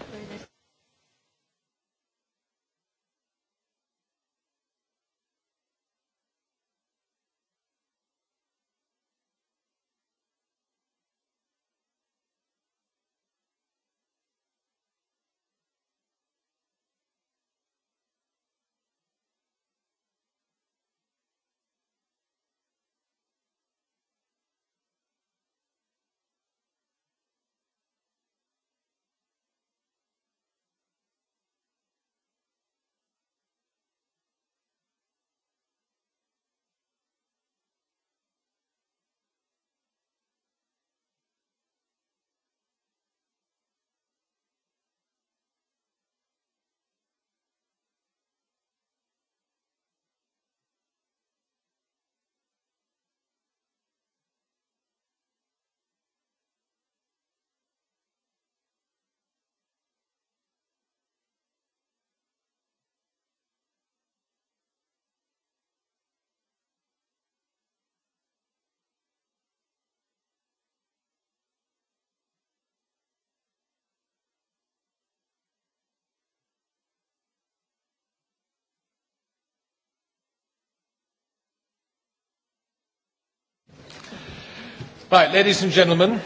Right, ladies and gentlemen.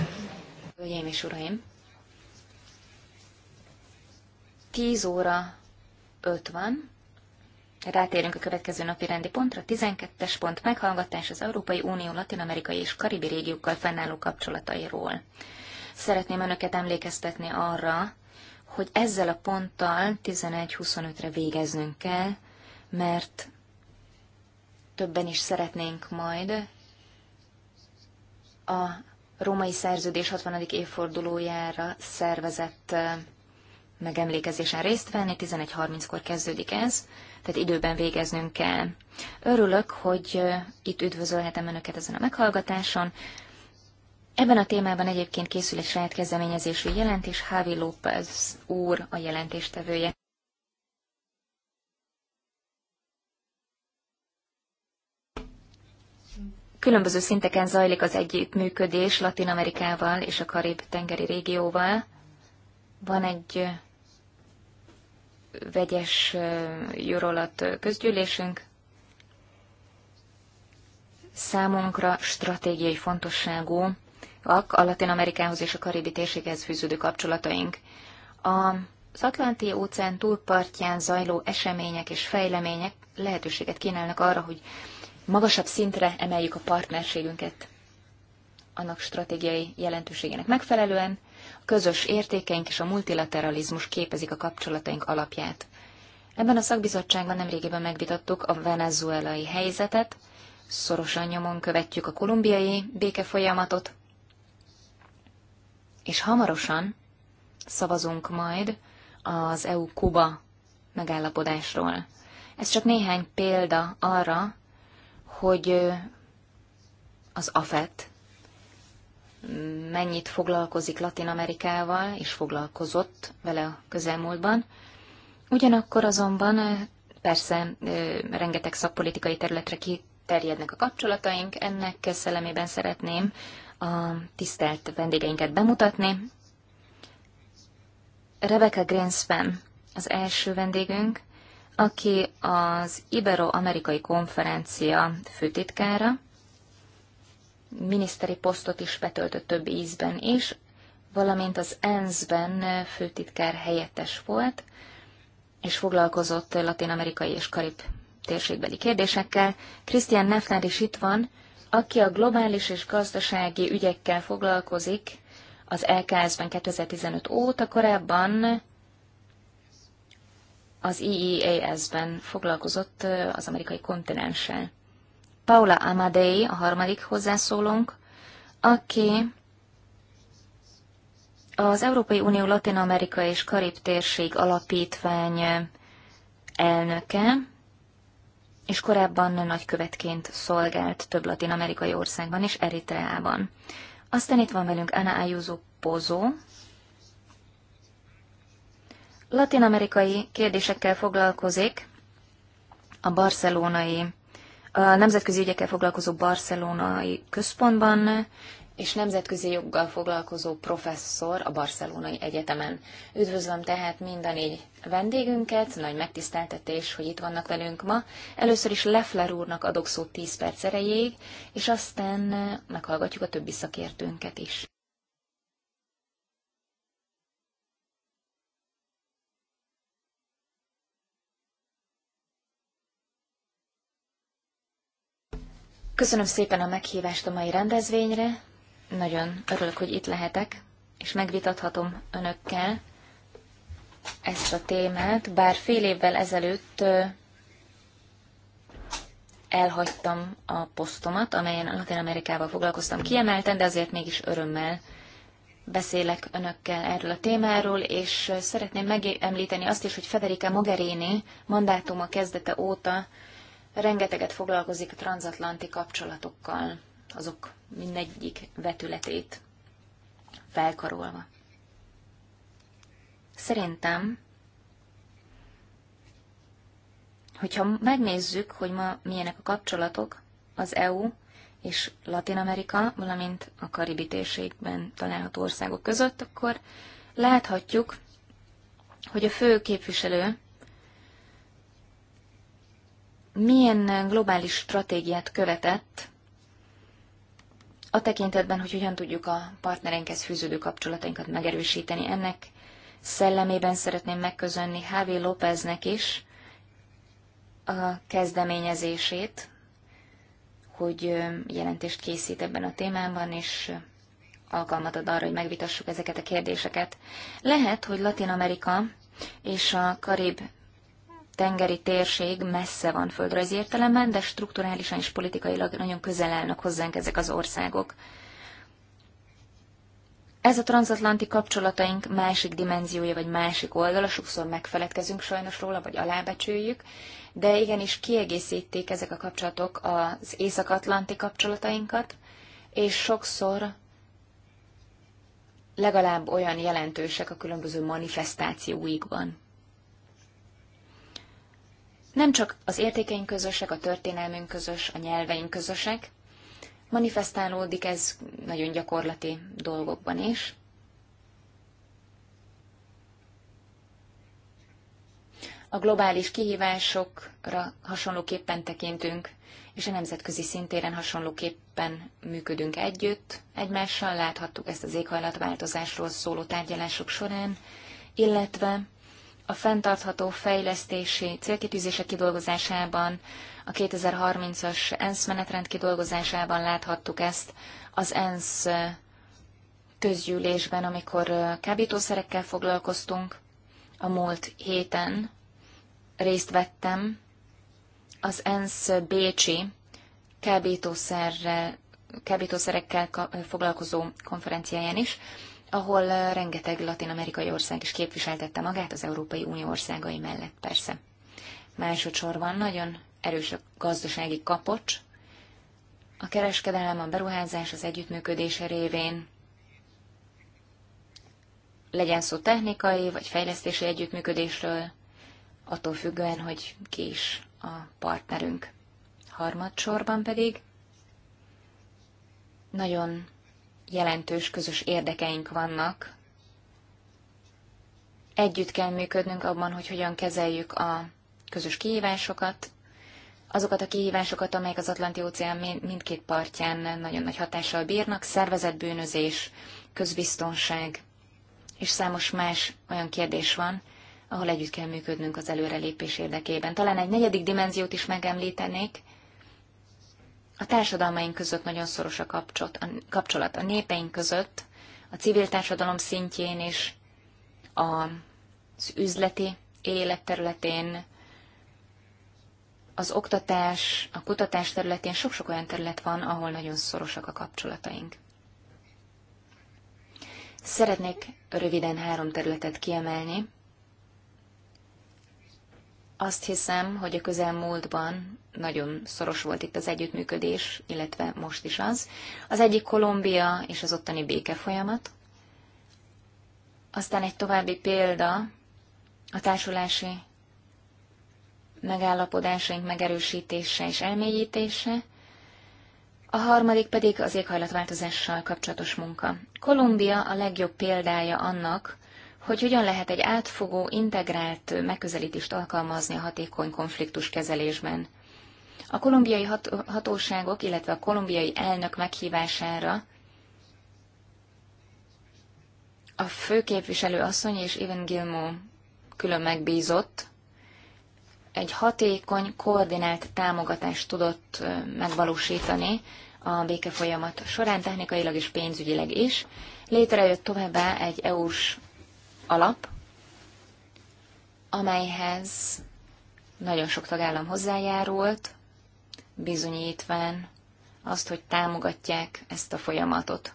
Hölgyeim és uraim. 10 óra 50. Rátérünk a következő napi rendi pontra. 12-es pont meghallgatás az Európai Unió, Latin-Amerikai és Karibi régiókkal fennálló kapcsolatairól. Szeretném önöket emlékeztetni arra, hogy ezzel a ponttal 11.25-re végeznünk kell, mert többen is szeretnénk majd a római szerződés 60. évfordulójára szervezett megemlékezésen részt venni, 11.30-kor kezdődik ez, tehát időben végeznünk kell. Örülök, hogy itt üdvözölhetem Önöket ezen a meghallgatáson. Ebben a témában egyébként készül egy saját kezdeményezésű jelentés, Hávi López úr a jelentéstevője. Különböző szinteken zajlik az együttműködés Latin Amerikával és a Karib-tengeri régióval. Van egy vegyes jurolat közgyűlésünk. Számunkra stratégiai fontosságú a Latin Amerikához és a Karibi térséghez fűződő kapcsolataink. A az Atlanti óceán túlpartján zajló események és fejlemények lehetőséget kínálnak arra, hogy magasabb szintre emeljük a partnerségünket annak stratégiai jelentőségének megfelelően, a közös értékeink és a multilateralizmus képezik a kapcsolataink alapját. Ebben a szakbizottságban nemrégiben megvitattuk a venezuelai helyzetet, szorosan nyomon követjük a kolumbiai békefolyamatot, és hamarosan szavazunk majd az EU-Kuba megállapodásról. Ez csak néhány példa arra, hogy az AFET mennyit foglalkozik Latin Amerikával, és foglalkozott vele a közelmúltban. Ugyanakkor azonban persze rengeteg szakpolitikai területre kiterjednek a kapcsolataink, ennek szellemében szeretném a tisztelt vendégeinket bemutatni. Rebecca Greenspan az első vendégünk, aki az Ibero-amerikai konferencia főtitkára, miniszteri posztot is betöltött több ízben is, valamint az ENSZ-ben főtitkár helyettes volt, és foglalkozott latin-amerikai és karib térségbeli kérdésekkel. Christian Neffner is itt van, aki a globális és gazdasági ügyekkel foglalkozik az LKS-ben 2015 óta, korábban az ieas ben foglalkozott az amerikai kontinenssel. Paula Amadei, a harmadik hozzászólónk, aki az Európai Unió Latin-Amerika és Karib térség alapítvány elnöke, és korábban nagykövetként szolgált több latin-amerikai országban és Eritreában. Aztán itt van velünk Ana Ayuso Pozo, latinamerikai kérdésekkel foglalkozik a barcelonai, a nemzetközi ügyekkel foglalkozó barcelonai központban, és nemzetközi joggal foglalkozó professzor a Barcelonai Egyetemen. Üdvözlöm tehát mind a négy vendégünket, nagy megtiszteltetés, hogy itt vannak velünk ma. Először is Leffler úrnak adok szót 10 perc erejéig, és aztán meghallgatjuk a többi szakértőnket is. Köszönöm szépen a meghívást a mai rendezvényre. Nagyon örülök, hogy itt lehetek, és megvitathatom önökkel ezt a témát, bár fél évvel ezelőtt elhagytam a posztomat, amelyen a Latin Amerikával foglalkoztam kiemelten, de azért mégis örömmel beszélek önökkel erről a témáról, és szeretném megemlíteni azt is, hogy Federica Mogherini mandátuma kezdete óta rengeteget foglalkozik a transatlanti kapcsolatokkal, azok mindegyik vetületét felkarolva. Szerintem, hogyha megnézzük, hogy ma milyenek a kapcsolatok az EU és Latin Amerika, valamint a Karibi térségben található országok között, akkor láthatjuk, hogy a fő képviselő milyen globális stratégiát követett a tekintetben, hogy hogyan tudjuk a partnereinkhez fűződő kapcsolatainkat megerősíteni. Ennek szellemében szeretném megközönni H.V. Lópeznek is a kezdeményezését, hogy jelentést készít ebben a témában, és alkalmat ad arra, hogy megvitassuk ezeket a kérdéseket. Lehet, hogy Latin Amerika és a Karib tengeri térség messze van földrajzi értelemben, de strukturálisan és politikailag nagyon közel állnak hozzánk ezek az országok. Ez a transatlanti kapcsolataink másik dimenziója, vagy másik oldala, sokszor megfeledkezünk sajnos róla, vagy alábecsüljük, de igenis kiegészítik ezek a kapcsolatok az észak-atlanti kapcsolatainkat, és sokszor legalább olyan jelentősek a különböző manifestációikban, nem csak az értékeink közösek, a történelmünk közös, a nyelveink közösek, manifestálódik ez nagyon gyakorlati dolgokban is. A globális kihívásokra hasonlóképpen tekintünk, és a nemzetközi szintéren hasonlóképpen működünk együtt. Egymással láthattuk ezt az éghajlatváltozásról szóló tárgyalások során, illetve a fenntartható fejlesztési célkitűzések kidolgozásában, a 2030-as ENSZ menetrend kidolgozásában láthattuk ezt az ENSZ közgyűlésben, amikor kábítószerekkel foglalkoztunk. A múlt héten részt vettem az ENSZ Bécsi kábítószerrel, kábítószerekkel foglalkozó konferenciáján is, ahol eh, rengeteg latin-amerikai ország is képviseltette magát az Európai Unió országai mellett, persze. Másodszorban nagyon erős a gazdasági kapocs, a kereskedelem, a beruházás, az együttműködése révén, legyen szó technikai vagy fejlesztési együttműködésről, attól függően, hogy ki is a partnerünk. Harmadsorban pedig nagyon jelentős közös érdekeink vannak. Együtt kell működnünk abban, hogy hogyan kezeljük a közös kihívásokat, azokat a kihívásokat, amelyek az Atlanti-óceán mindkét partján nagyon nagy hatással bírnak, szervezetbűnözés, közbiztonság és számos más olyan kérdés van, ahol együtt kell működnünk az előrelépés érdekében. Talán egy negyedik dimenziót is megemlítenék, a társadalmaink között nagyon szoros a kapcsolat, a, népeink között, a civil társadalom szintjén és a, az üzleti élet területén, az oktatás, a kutatás területén sok-sok olyan terület van, ahol nagyon szorosak a kapcsolataink. Szeretnék röviden három területet kiemelni, azt hiszem, hogy a közelmúltban nagyon szoros volt itt az együttműködés, illetve most is az. Az egyik Kolumbia és az ottani béke folyamat. Aztán egy további példa a társulási megállapodásaink megerősítése és elmélyítése, a harmadik pedig az éghajlatváltozással kapcsolatos munka. Kolumbia a legjobb példája annak, hogy hogyan lehet egy átfogó, integrált megközelítést alkalmazni a hatékony konfliktus kezelésben. A kolumbiai hat- hatóságok, illetve a kolumbiai elnök meghívására a főképviselő asszony és Even Gilmore külön megbízott, egy hatékony, koordinált támogatást tudott megvalósítani a békefolyamat során, technikailag és pénzügyileg is. Létrejött továbbá egy EU-s alap, amelyhez nagyon sok tagállam hozzájárult, bizonyítván azt, hogy támogatják ezt a folyamatot.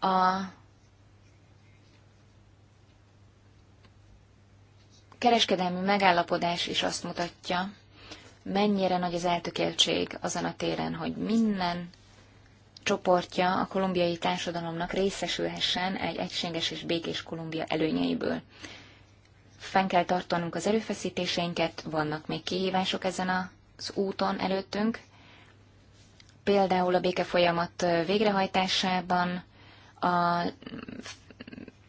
A kereskedelmi megállapodás is azt mutatja, mennyire nagy az eltökéltség azon a téren, hogy minden csoportja a kolumbiai társadalomnak részesülhessen egy egységes és békés Kolumbia előnyeiből. Fenn kell tartanunk az erőfeszítéseinket, vannak még kihívások ezen az úton előttünk, például a béke folyamat végrehajtásában, a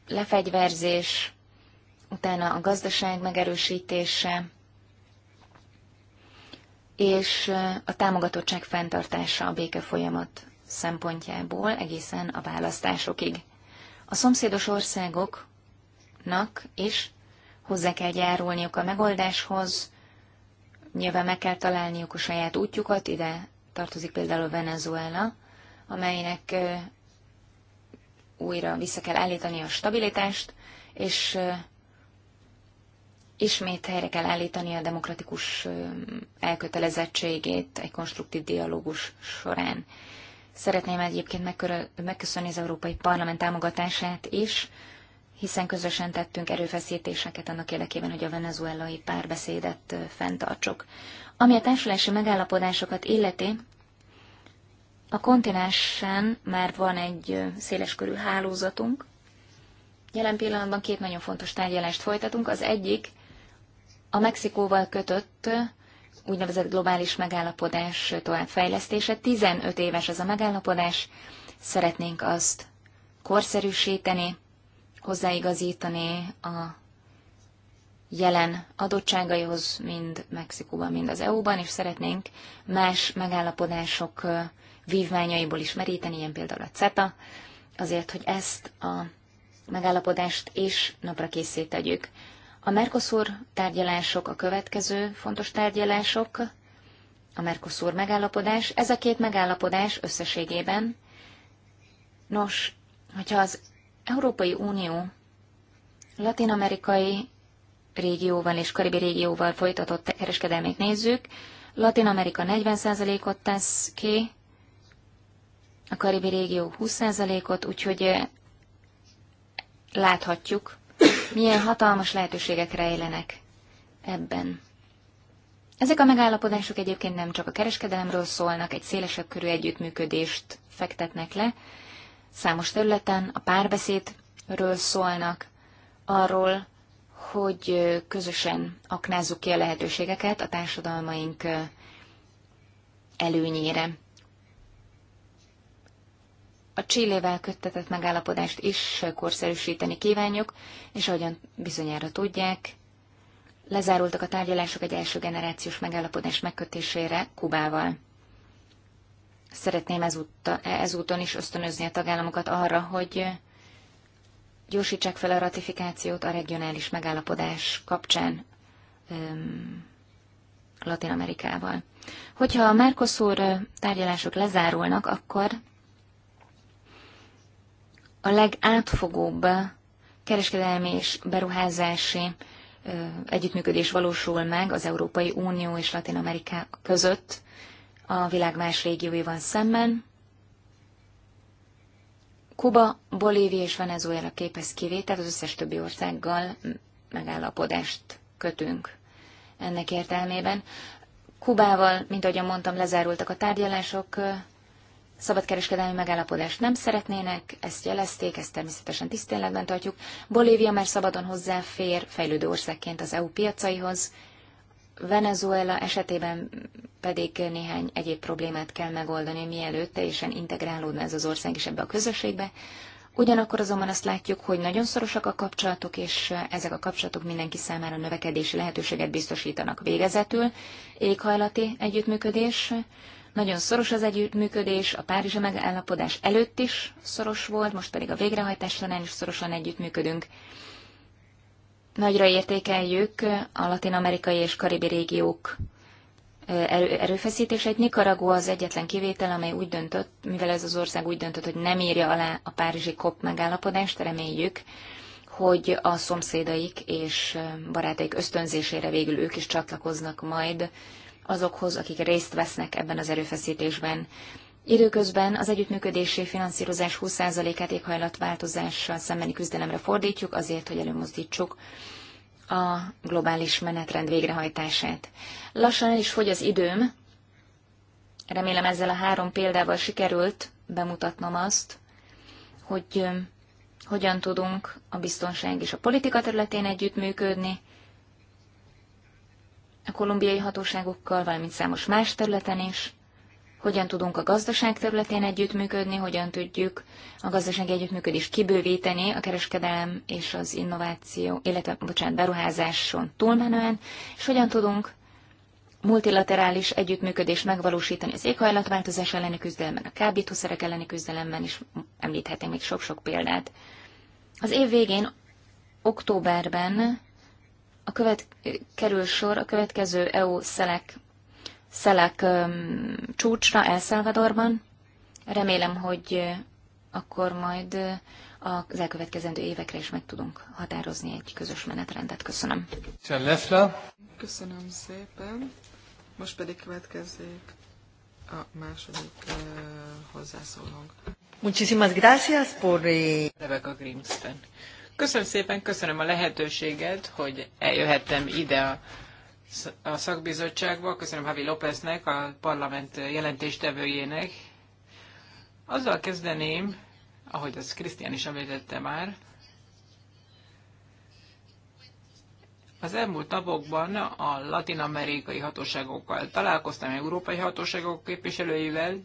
lefegyverzés, utána a gazdaság megerősítése, és a támogatottság fenntartása a béke folyamat szempontjából egészen a választásokig. A szomszédos országoknak is hozzá kell járulniuk a megoldáshoz, nyilván meg kell találniuk a saját útjukat, ide tartozik például a Venezuela, amelynek újra vissza kell állítani a stabilitást, és ismét helyre kell állítani a demokratikus elkötelezettségét egy konstruktív dialógus során. Szeretném egyébként megköszönni az Európai Parlament támogatását is, hiszen közösen tettünk erőfeszítéseket annak érdekében, hogy a venezuelai párbeszédet fenntartsuk. Ami a társulási megállapodásokat illeti, a kontinensen már van egy széleskörű hálózatunk. Jelen pillanatban két nagyon fontos tárgyalást folytatunk. Az egyik a Mexikóval kötött úgynevezett globális megállapodás továbbfejlesztése. 15 éves ez a megállapodás, szeretnénk azt korszerűsíteni, hozzáigazítani a jelen adottságaihoz, mind Mexikóban, mind az EU-ban, és szeretnénk más megállapodások vívmányaiból is meríteni, ilyen például a CETA, azért, hogy ezt a megállapodást is napra készítegyük. A Mercosur tárgyalások a következő fontos tárgyalások, a Mercosur megállapodás. Ez a két megállapodás összességében. Nos, hogyha az Európai Unió latin-amerikai régióval és karibi régióval folytatott kereskedelmét nézzük, Latin Amerika 40%-ot tesz ki, a karibi régió 20%-ot, úgyhogy eh, láthatjuk, milyen hatalmas lehetőségek rejlenek ebben. Ezek a megállapodások egyébként nem csak a kereskedelemről szólnak, egy szélesebb körű együttműködést fektetnek le, számos területen a párbeszédről szólnak, arról, hogy közösen aknázzuk ki a lehetőségeket a társadalmaink előnyére a Csillével köttetett megállapodást is korszerűsíteni kívánjuk, és ahogyan bizonyára tudják, lezárultak a tárgyalások egy első generációs megállapodás megkötésére Kubával. Szeretném ezúton is ösztönözni a tagállamokat arra, hogy gyorsítsák fel a ratifikációt a regionális megállapodás kapcsán um, Latin Amerikával. Hogyha a Mercosur tárgyalások lezárulnak, akkor a legátfogóbb kereskedelmi és beruházási együttműködés valósul meg az Európai Unió és Latin Amerika között a világ más régióival szemben. Kuba, Bolívia és Venezuela képez kivételt, az összes többi országgal megállapodást kötünk ennek értelmében. Kubával, mint ahogy mondtam, lezárultak a tárgyalások, szabadkereskedelmi megállapodást nem szeretnének, ezt jelezték, ezt természetesen tiszteletben tartjuk. Bolívia már szabadon hozzáfér fejlődő országként az EU piacaihoz, Venezuela esetében pedig néhány egyéb problémát kell megoldani, mielőtt teljesen integrálódna ez az ország is ebbe a közösségbe. Ugyanakkor azonban azt látjuk, hogy nagyon szorosak a kapcsolatok, és ezek a kapcsolatok mindenki számára növekedési lehetőséget biztosítanak végezetül. Éghajlati együttműködés. Nagyon szoros az együttműködés, a Párizsi megállapodás előtt is szoros volt, most pedig a végrehajtás során is szorosan együttműködünk. Nagyra értékeljük a latin-amerikai és karibi régiók erőfeszítéseit. Nicaragua az egyetlen kivétel, amely úgy döntött, mivel ez az ország úgy döntött, hogy nem írja alá a Párizsi COP megállapodást, reméljük, hogy a szomszédaik és barátaik ösztönzésére végül ők is csatlakoznak majd azokhoz, akik részt vesznek ebben az erőfeszítésben. Időközben az együttműködési finanszírozás 20%-át éghajlatváltozással szembeni küzdelemre fordítjuk azért, hogy előmozdítsuk a globális menetrend végrehajtását. Lassan el is fogy az időm. Remélem ezzel a három példával sikerült bemutatnom azt, hogy hogyan tudunk a biztonság és a politika területén együttműködni, a kolumbiai hatóságokkal, valamint számos más területen is, hogyan tudunk a gazdaság területén együttműködni, hogyan tudjuk a gazdasági együttműködést kibővíteni a kereskedelem és az innováció, illetve, bocsánat, beruházáson túlmenően, és hogyan tudunk multilaterális együttműködést megvalósítani az éghajlatváltozás elleni küzdelemben, a kábítószerek elleni küzdelemben, és említhetem még sok-sok példát. Az év végén, októberben a követ, kerül sor a következő EU szelek, szelek um, csúcsra El Salvadorban. Remélem, hogy akkor majd az elkövetkezendő évekre is meg tudunk határozni egy közös menetrendet. Köszönöm. Köszönöm szépen. Most pedig következzék a második uh, hozzászólónk. Muchísimas gracias por... Eh, Rebecca Grimston. Köszönöm szépen, köszönöm a lehetőséget, hogy eljöhettem ide a a szakbizottságba, köszönöm Havi Lópeznek, a parlament jelentéstevőjének. Azzal kezdeném, ahogy az Krisztián is említette már, az elmúlt napokban a latin-amerikai hatóságokkal találkoztam, európai hatóságok képviselőivel,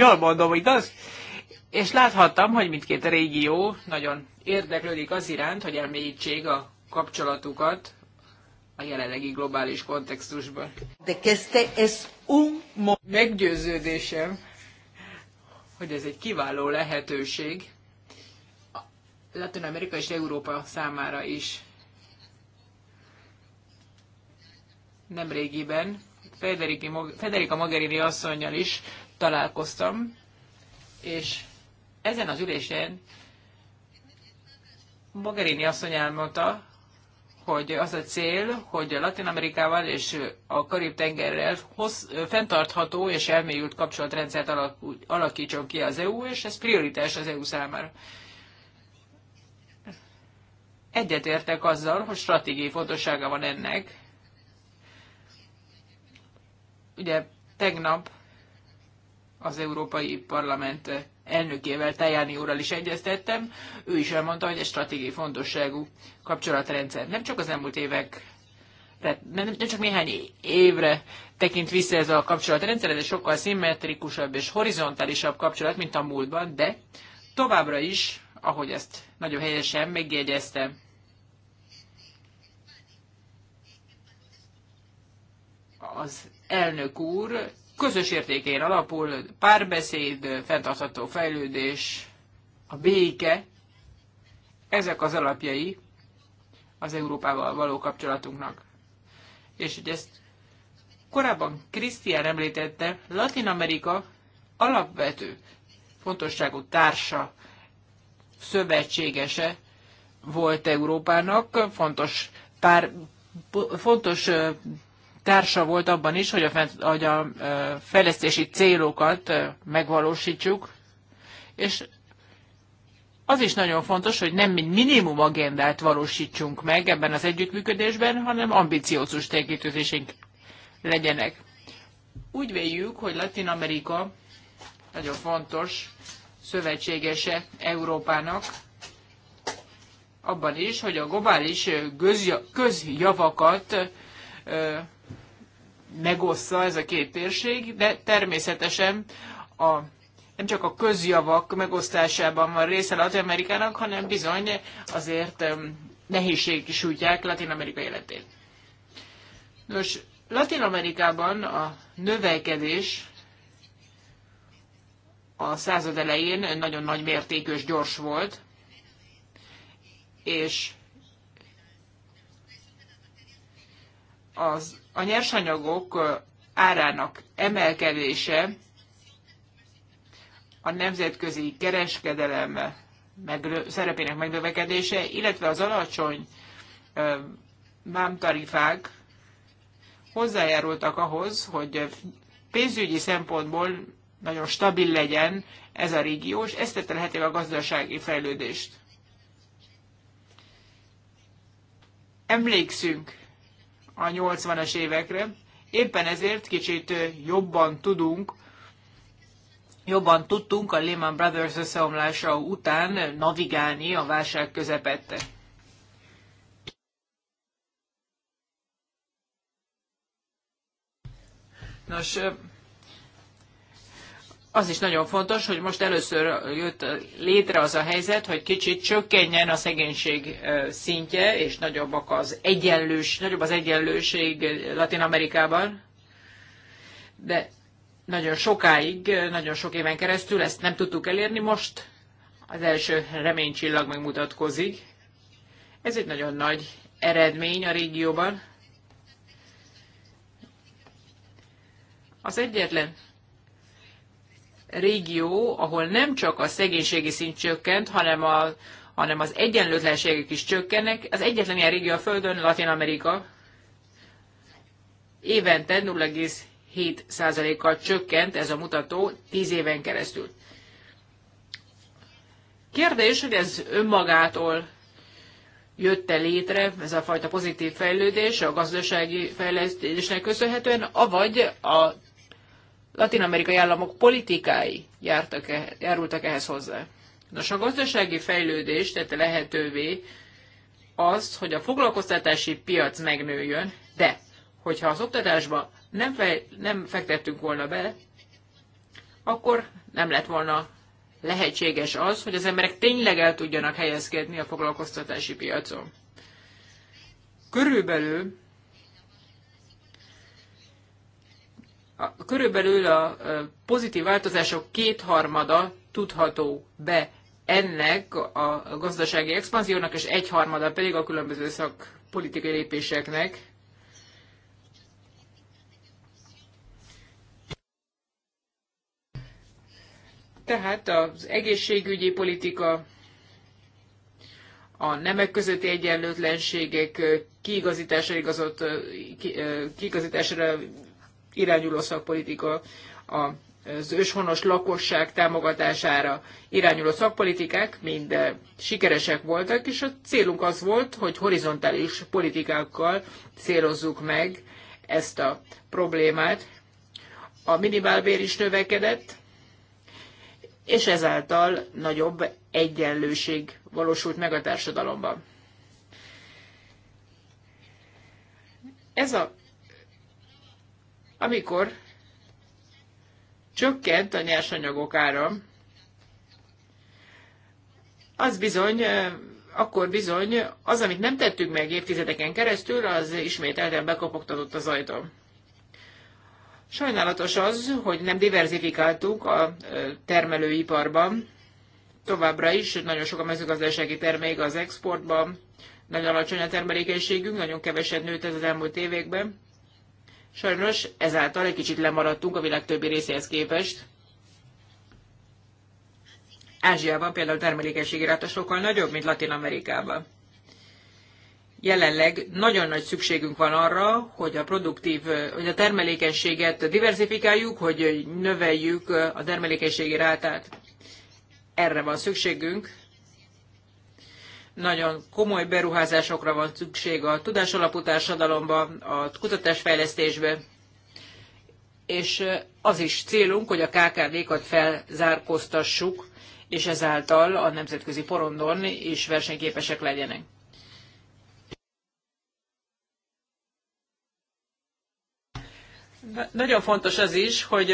Jól mondom, igaz? És láthattam, hogy mindkét régió nagyon érdeklődik az iránt, hogy elmélyítsék a kapcsolatukat a jelenlegi globális kontextusban. De kezdte ez un... Meggyőződésem, hogy ez egy kiváló lehetőség Latin Amerika és Európa számára is. Nemrégiben Federica Mogherini asszonynal is találkoztam, és ezen az ülésen Mogherini asszony elmondta, hogy az a cél, hogy a Latin Amerikával és a Karib-tengerrel fenntartható és elmélyült kapcsolatrendszert alakítson ki az EU, és ez prioritás az EU számára. Egyetértek azzal, hogy stratégiai fontossága van ennek. Ugye tegnap az Európai Parlament elnökével, Tajani úrral is egyeztettem, ő is elmondta, hogy egy stratégiai fontosságú kapcsolatrendszer. Nem csak az elmúlt évek, nem csak néhány évre tekint vissza ez a kapcsolatrendszer, ez egy sokkal szimmetrikusabb és horizontálisabb kapcsolat, mint a múltban, de továbbra is, ahogy ezt nagyon helyesen megjegyeztem, az elnök úr közös értékén alapul, párbeszéd, fenntartható fejlődés, a béke, ezek az alapjai az Európával való kapcsolatunknak. És hogy ezt korábban Krisztián említette, Latin Amerika alapvető fontosságú társa, szövetségese volt Európának, fontos pár, fontos társa volt abban is, hogy a, hogy a fejlesztési célokat megvalósítsuk, és az is nagyon fontos, hogy nem mint minimum agendát valósítsunk meg ebben az együttműködésben, hanem ambiciózus tégítőzésünk legyenek. Úgy véljük, hogy Latin Amerika nagyon fontos szövetségese Európának, abban is, hogy a globális közjavakat megoszza ez a két térség, de természetesen a, nem csak a közjavak megosztásában van része Latin-Amerikának, hanem bizony azért nehézségek is sújtják Latin-Amerika életét. Nos, Latin-Amerikában a növekedés a század elején nagyon nagy mértékű és gyors volt, és az a nyersanyagok árának emelkedése a nemzetközi kereskedelem meg szerepének megnövekedése, illetve az alacsony vámtarifák hozzájárultak ahhoz, hogy pénzügyi szempontból nagyon stabil legyen ez a régió, és ezt tette lehetővé a gazdasági fejlődést. Emlékszünk a 80-as évekre. Éppen ezért kicsit jobban tudunk, jobban tudtunk a Lehman Brothers összeomlása után navigálni a válság közepette. Nos, az is nagyon fontos, hogy most először jött létre az a helyzet, hogy kicsit csökkenjen a szegénység szintje, és nagyobbak az egyenlős, nagyobb az egyenlőség Latin Amerikában. De nagyon sokáig, nagyon sok éven keresztül ezt nem tudtuk elérni, most az első reménycsillag megmutatkozik. Ez egy nagyon nagy eredmény a régióban. Az egyetlen régió, ahol nem csak a szegénységi szint csökkent, hanem, a, hanem az egyenlőtlenségek is csökkennek. Az egyetlen ilyen régió a Földön, Latin Amerika, évente 0,7%-kal csökkent ez a mutató 10 éven keresztül. Kérdés, hogy ez önmagától jött-e létre ez a fajta pozitív fejlődés a gazdasági fejlesztésnek köszönhetően, avagy a latin-amerikai államok politikái jártak -e, járultak ehhez hozzá. Nos, a gazdasági fejlődés tette lehetővé azt, hogy a foglalkoztatási piac megnőjön, de hogyha az oktatásba nem, fej, nem fektettünk volna bele, akkor nem lett volna lehetséges az, hogy az emberek tényleg el tudjanak helyezkedni a foglalkoztatási piacon. Körülbelül A, körülbelül a pozitív változások kétharmada tudható be ennek a gazdasági expanziónak, és egyharmada pedig a különböző szakpolitikai lépéseknek. Tehát az egészségügyi politika, a nemek közötti egyenlőtlenségek kiigazítására, igazott, kiigazítására irányuló szakpolitika, az őshonos lakosság támogatására irányuló szakpolitikák mind sikeresek voltak, és a célunk az volt, hogy horizontális politikákkal célozzuk meg ezt a problémát. A minimálbér is növekedett, és ezáltal nagyobb egyenlőség valósult meg a társadalomban. Ez a amikor csökkent a nyersanyagok ára, az bizony, akkor bizony az, amit nem tettük meg évtizedeken keresztül, az ismételten bekopogtatott az ajtón. Sajnálatos az, hogy nem diverzifikáltuk a termelőiparban. Továbbra is nagyon sok a mezőgazdasági termék az exportban, nagyon alacsony a termelékenységünk, nagyon keveset nőtt ez az elmúlt években. Sajnos ezáltal egy kicsit lemaradtunk a világ többi részéhez képest. Ázsiában például termelékenységi ráta sokkal nagyobb, mint Latin Amerikában. Jelenleg nagyon nagy szükségünk van arra, hogy a produktív, hogy a termelékenységet diversifikáljuk, hogy növeljük a termelékenységi rátát. Erre van szükségünk, nagyon komoly beruházásokra van szükség a tudásalapú társadalomba, a kutatásfejlesztésbe, és az is célunk, hogy a KKV-kat felzárkóztassuk, és ezáltal a nemzetközi porondon is versenyképesek legyenek. Nagyon fontos az is, hogy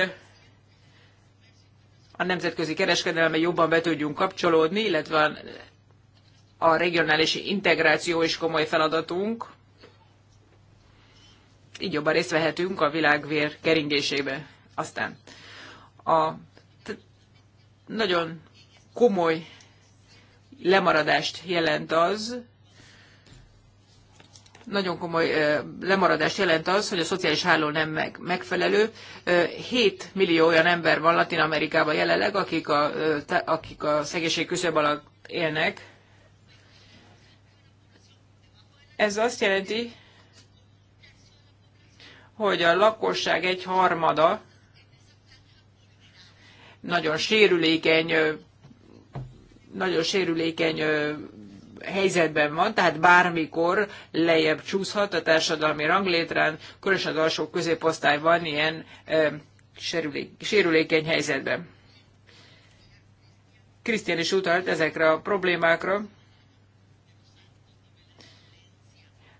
a nemzetközi kereskedelme jobban be tudjunk kapcsolódni, illetve a regionális integráció is komoly feladatunk. Így jobban részt vehetünk a világvér keringésébe. Aztán a nagyon komoly lemaradást jelent az, nagyon komoly lemaradást jelent az, hogy a szociális háló nem meg, megfelelő. 7 millió olyan ember van Latin Amerikában jelenleg, akik a, akik a szegénység küszöb alatt élnek. Ez azt jelenti, hogy a lakosság egy harmada nagyon sérülékeny, nagyon sérülékeny helyzetben van, tehát bármikor lejjebb csúszhat a társadalmi ranglétrán, különösen az alsó középosztály van ilyen sérülékeny helyzetben. Krisztián is utalt ezekre a problémákra.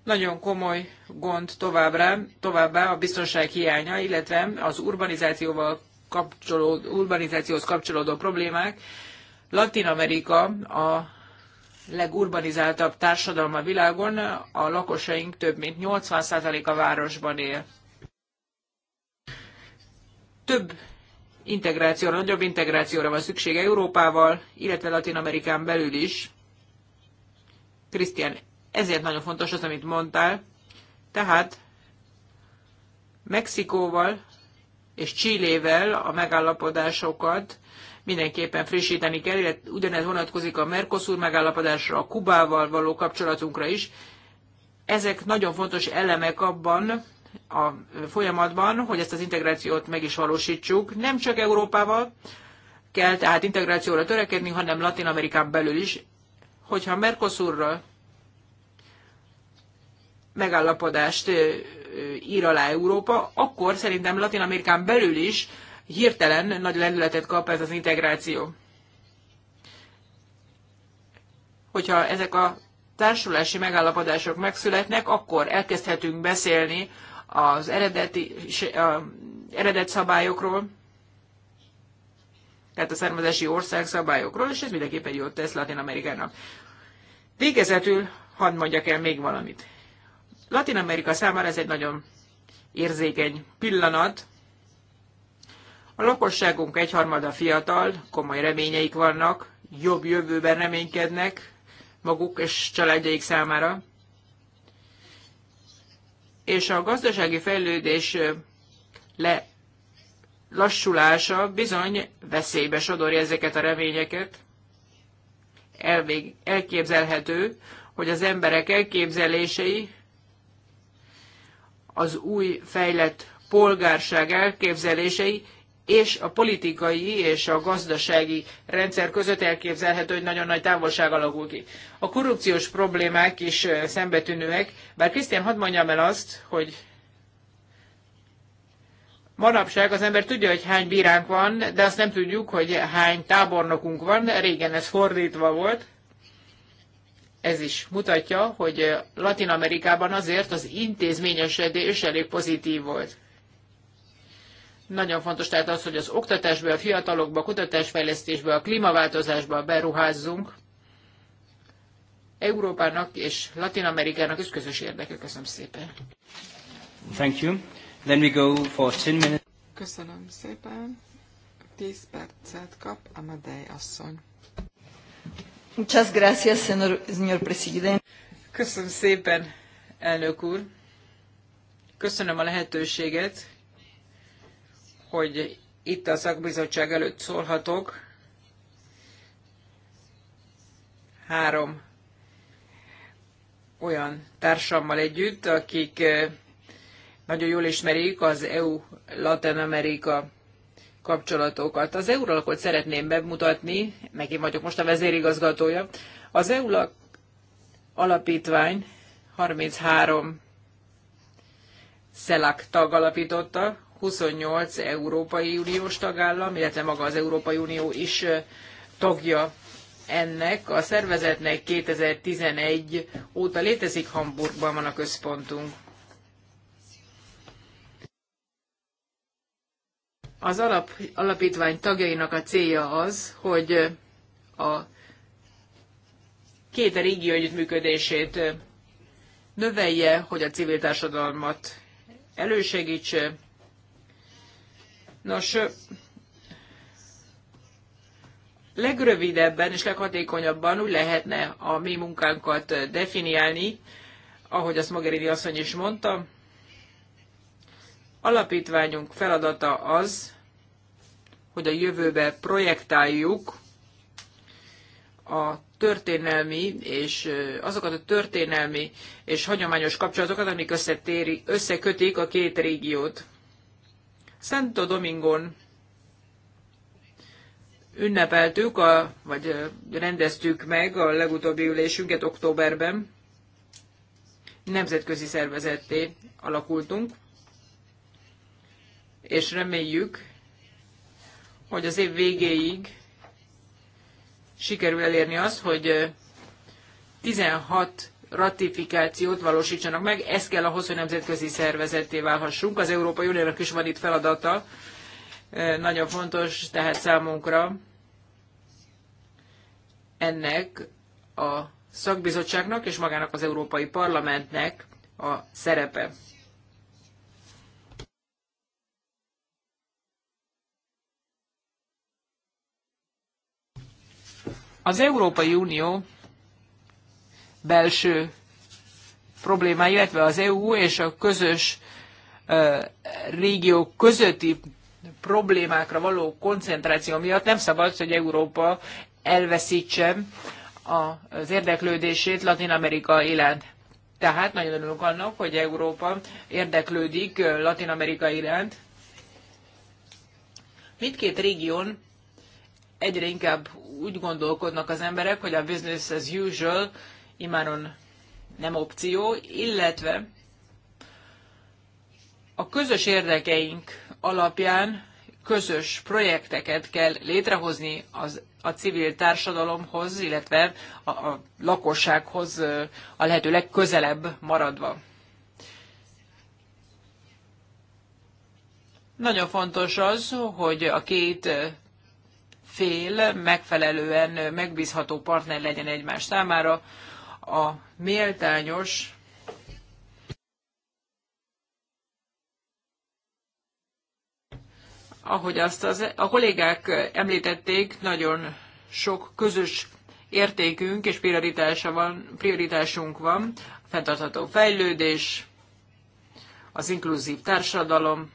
Nagyon komoly gond továbbra, továbbá a biztonság hiánya, illetve az urbanizációval kapcsolód, urbanizációhoz kapcsolódó problémák. Latin Amerika a legurbanizáltabb társadalma világon, a lakosaink több mint 80%-a városban él. Több integrációra, nagyobb integrációra van szükség Európával, illetve Latin Amerikán belül is. Christian ezért nagyon fontos az, amit mondtál. Tehát Mexikóval és Csillével a megállapodásokat mindenképpen frissíteni kell, illetve ugyanez vonatkozik a Mercosur megállapodásra, a Kubával való kapcsolatunkra is. Ezek nagyon fontos elemek abban a folyamatban, hogy ezt az integrációt meg is valósítsuk. Nem csak Európával kell tehát integrációra törekedni, hanem Latin Amerikán belül is. Hogyha Mercosurra megállapodást ír alá Európa, akkor szerintem Latin Amerikán belül is hirtelen nagy lendületet kap ez az integráció. Hogyha ezek a társulási megállapodások megszületnek, akkor elkezdhetünk beszélni az eredeti, az eredet szabályokról, tehát a származási ország szabályokról, és ez mindenképpen jót tesz Latin Amerikának. Végezetül hadd mondjak el még valamit. Latin Amerika számára ez egy nagyon érzékeny pillanat. A lakosságunk egyharmada fiatal, komoly reményeik vannak, jobb jövőben reménykednek maguk és családjaik számára. És a gazdasági fejlődés le lassulása bizony veszélybe sodorja ezeket a reményeket. Elvég, elképzelhető, hogy az emberek elképzelései az új fejlett polgárság elképzelései és a politikai és a gazdasági rendszer között elképzelhető, hogy nagyon nagy távolság alakul ki. A korrupciós problémák is szembetűnőek, bár Krisztián, hadd mondjam el azt, hogy Manapság az ember tudja, hogy hány bíránk van, de azt nem tudjuk, hogy hány tábornokunk van. Régen ez fordítva volt ez is mutatja, hogy Latin Amerikában azért az intézményesedés elég pozitív volt. Nagyon fontos tehát az, hogy az oktatásba, a fiatalokba, a kutatásfejlesztésbe, a klímaváltozásba beruházzunk. Európának és Latin Amerikának is közös érdeke. Köszönöm szépen. Thank you. Then we go for 10 minutes. Köszönöm szépen. 10 percet kap a Amadei asszony. Muchas gracias, señor, señor presidente. Köszönöm szépen, elnök úr. Köszönöm a lehetőséget, hogy itt a szakbizottság előtt szólhatok. Három olyan társammal együtt, akik eh, nagyon jól ismerik az EU Latin Amerika kapcsolatokat. Az Euralakot szeretném bemutatni, meg én vagyok most a vezérigazgatója. Az Eulak alapítvány 33 SZELAK tag alapította, 28 Európai Uniós tagállam, illetve maga az Európai Unió is tagja ennek a szervezetnek 2011 óta létezik, Hamburgban van a központunk. Az alap, alapítvány tagjainak a célja az, hogy a két régió együttműködését növelje, hogy a civil társadalmat elősegítse. Nos, legrövidebben és leghatékonyabban úgy lehetne a mi munkánkat definiálni, ahogy azt Mogherini asszony is mondta, Alapítványunk feladata az, hogy a jövőbe projektáljuk a történelmi és azokat a történelmi és hagyományos kapcsolatokat, amik összetéri, összekötik a két régiót. Santo Domingon ünnepeltük, a, vagy rendeztük meg a legutóbbi ülésünket októberben. Nemzetközi szervezetté alakultunk és reméljük, hogy az év végéig sikerül elérni azt, hogy 16 ratifikációt valósítsanak meg. Ez kell ahhoz, hogy nemzetközi szervezetté válhassunk. Az Európai Uniónak is van itt feladata. Nagyon fontos tehát számunkra ennek a szakbizottságnak és magának az Európai Parlamentnek a szerepe. Az Európai Unió belső problémái, illetve az EU és a közös régiók közötti problémákra való koncentráció miatt nem szabad, hogy Európa elveszítse az érdeklődését Latin Amerika iránt. Tehát nagyon örülünk annak, hogy Európa érdeklődik Latin Amerika iránt. Mindkét régión egyre inkább úgy gondolkodnak az emberek, hogy a business as usual imáron nem opció, illetve a közös érdekeink alapján közös projekteket kell létrehozni az, a civil társadalomhoz, illetve a, a lakossághoz a lehető legközelebb maradva. Nagyon fontos az, hogy a két fél megfelelően megbízható partner legyen egymás számára. A méltányos ahogy azt az, a kollégák említették, nagyon sok közös értékünk és prioritása van, prioritásunk van, a fenntartható fejlődés, az inkluzív társadalom,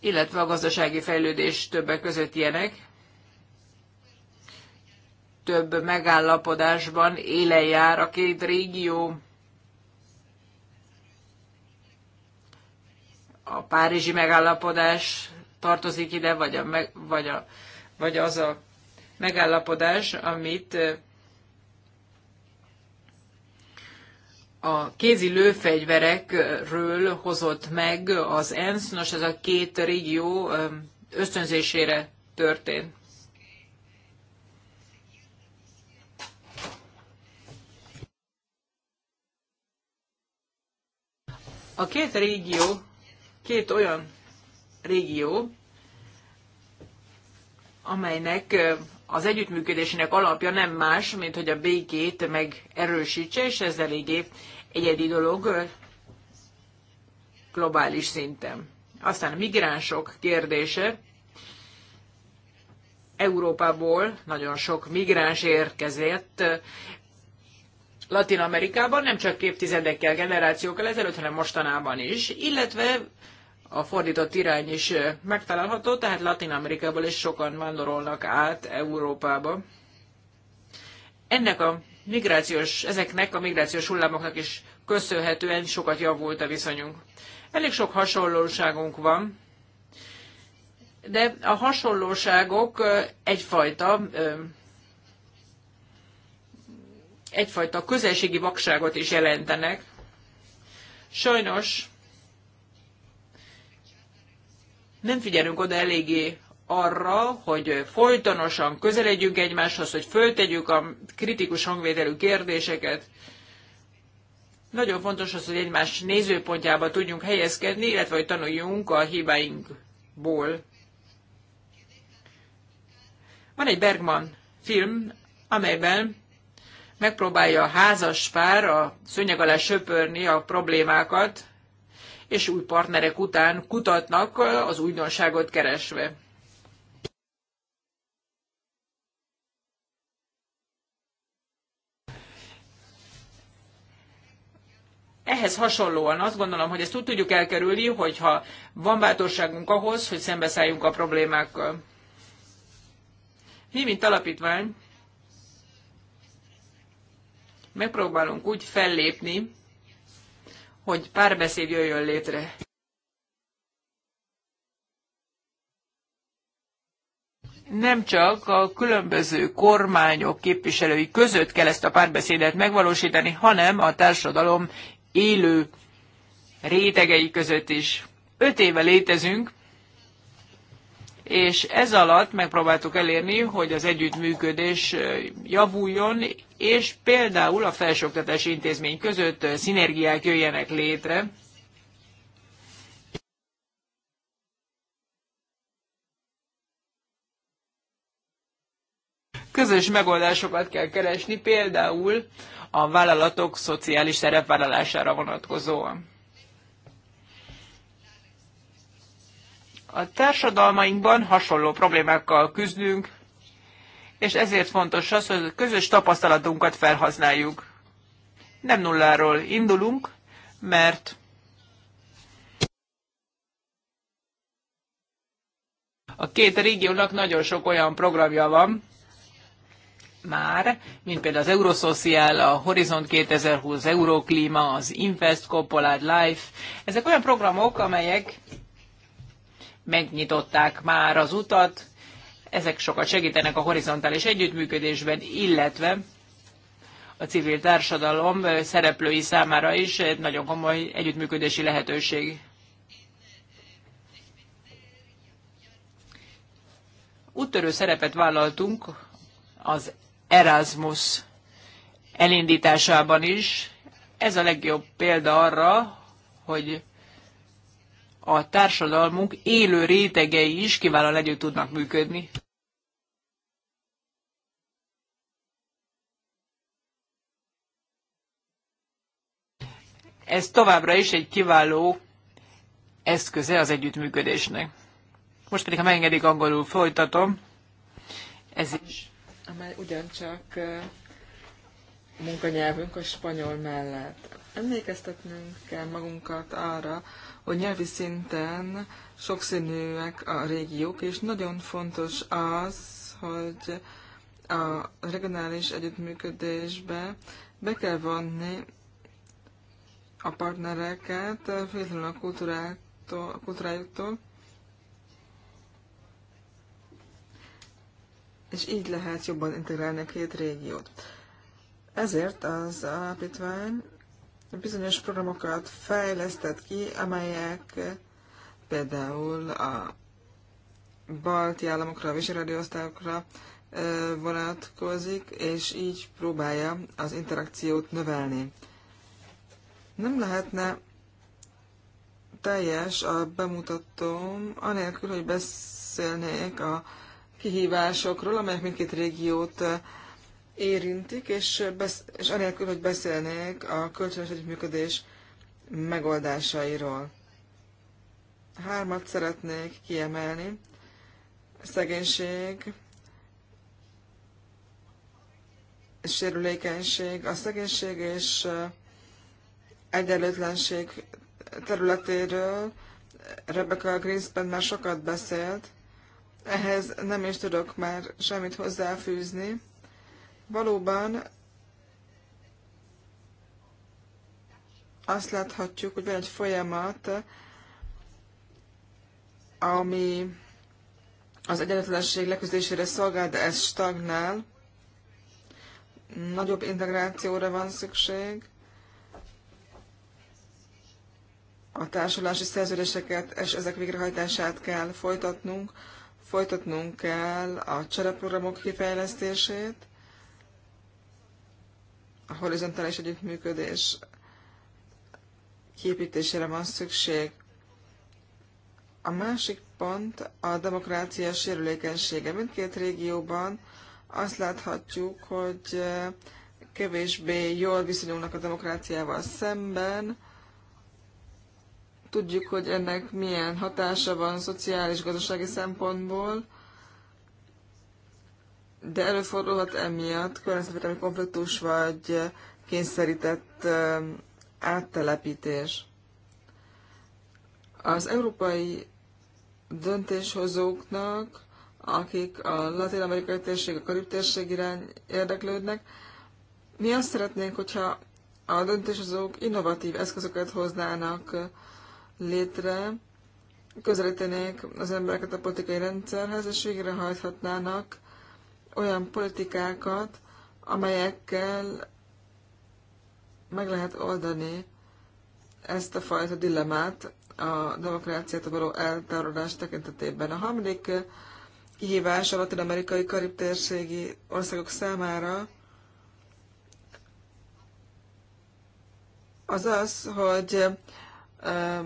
illetve a gazdasági fejlődés többek között ilyenek több megállapodásban élen jár a két régió. A párizsi megállapodás tartozik ide, vagy, a, vagy, a, vagy az a megállapodás, amit a kézi lőfegyverekről hozott meg az ENSZ, nos ez a két régió ösztönzésére történt. A két régió, két olyan régió, amelynek az együttműködésének alapja nem más, mint hogy a békét megerősítse, és ez eléggé egyedi dolog globális szinten. Aztán a migránsok kérdése. Európából nagyon sok migráns érkezett Latin Amerikában nem csak évtizedekkel, generációkkal ezelőtt, hanem mostanában is, illetve a fordított irány is megtalálható, tehát Latin Amerikából is sokan vándorolnak át Európába. Ennek a migrációs, ezeknek a migrációs hullámoknak is köszönhetően sokat javult a viszonyunk. Elég sok hasonlóságunk van, de a hasonlóságok egyfajta egyfajta közelségi vakságot is jelentenek. Sajnos nem figyelünk oda eléggé arra, hogy folytonosan közeledjünk egymáshoz, hogy föltegyük a kritikus hangvételű kérdéseket. Nagyon fontos az, hogy egymás nézőpontjába tudjunk helyezkedni, illetve hogy tanuljunk a hibáinkból. Van egy Bergman film, amelyben megpróbálja a házas pár a szőnyeg alá söpörni a problémákat, és új partnerek után kutatnak az újdonságot keresve. Ehhez hasonlóan azt gondolom, hogy ezt úgy tudjuk elkerülni, hogyha van bátorságunk ahhoz, hogy szembeszálljunk a problémákkal. Mi, mint alapítvány, Megpróbálunk úgy fellépni, hogy párbeszéd jöjjön létre. nem csak a különböző kormányok képviselői között kell ezt a párbeszédet megvalósítani, hanem a társadalom élő rétegei között is. Öt éve létezünk, és ez alatt megpróbáltuk elérni, hogy az együttműködés javuljon, és például a felsőoktatási intézmény között szinergiák jöjjenek létre, közös megoldásokat kell keresni, például a vállalatok szociális szerepvállalására vonatkozóan. A társadalmainkban hasonló problémákkal küzdünk, és ezért fontos az, hogy a közös tapasztalatunkat felhasználjuk. Nem nulláról indulunk, mert a két régiónak nagyon sok olyan programja van, már, mint például az Eurosocial, a Horizont 2020, az az Invest, Coppolad Life. Ezek olyan programok, amelyek megnyitották már az utat ezek sokat segítenek a horizontális együttműködésben, illetve a civil társadalom szereplői számára is egy nagyon komoly együttműködési lehetőség. Úttörő szerepet vállaltunk az Erasmus elindításában is. Ez a legjobb példa arra, hogy a társadalmunk élő rétegei is kiválóan együtt tudnak működni. Ez továbbra is egy kiváló eszköze az együttműködésnek. Most pedig, ha megengedik, angolul folytatom. Ez is, amely ugyancsak munkanyelvünk a spanyol mellett. Emlékeztetnünk kell magunkat arra, hogy nyelvi szinten sokszínűek a régiók, és nagyon fontos az, hogy a regionális együttműködésbe be kell vonni a partnereket, főleg a kultúrájuktól, és így lehet jobban integrálni a két régiót. Ezért az alapítvány bizonyos programokat fejlesztett ki, amelyek például a balti államokra, a visegrádi osztályokra vonatkozik, és így próbálja az interakciót növelni. Nem lehetne teljes a bemutatóm, anélkül, hogy beszélnék a kihívásokról, amelyek mindkét régiót érintik, és, besz- és anélkül, hogy beszélnék a kölcsönös együttműködés megoldásairól. Hármat szeretnék kiemelni. Szegénység, sérülékenység, a szegénység és egyenlőtlenség területéről Rebecca Greenspan már sokat beszélt, ehhez nem is tudok már semmit hozzáfűzni. Valóban azt láthatjuk, hogy van egy folyamat, ami az egyenletlenség leküzdésére szolgál, de ez stagnál. Nagyobb integrációra van szükség. A társulási szerződéseket és ezek végrehajtását kell folytatnunk. Folytatnunk kell a csereprogramok kifejlesztését a horizontális együttműködés képítésére van szükség. A másik pont a demokrácia sérülékenysége. Mindkét régióban azt láthatjuk, hogy kevésbé jól viszonyulnak a demokráciával szemben. Tudjuk, hogy ennek milyen hatása van szociális, gazdasági szempontból de előfordulhat emiatt környezetvédelmi konfliktus vagy kényszerített áttelepítés. Az európai döntéshozóknak, akik a latin-amerikai térség, a karib térség irány érdeklődnek, mi azt szeretnénk, hogyha a döntéshozók innovatív eszközöket hoznának létre, közelítenék az embereket a politikai rendszerhez, és végrehajthatnának olyan politikákat, amelyekkel meg lehet oldani ezt a fajta dilemát a demokráciát való eltárolás tekintetében. A harmadik eh, kihívás a latin-amerikai karib-térségi országok számára az az, hogy eh,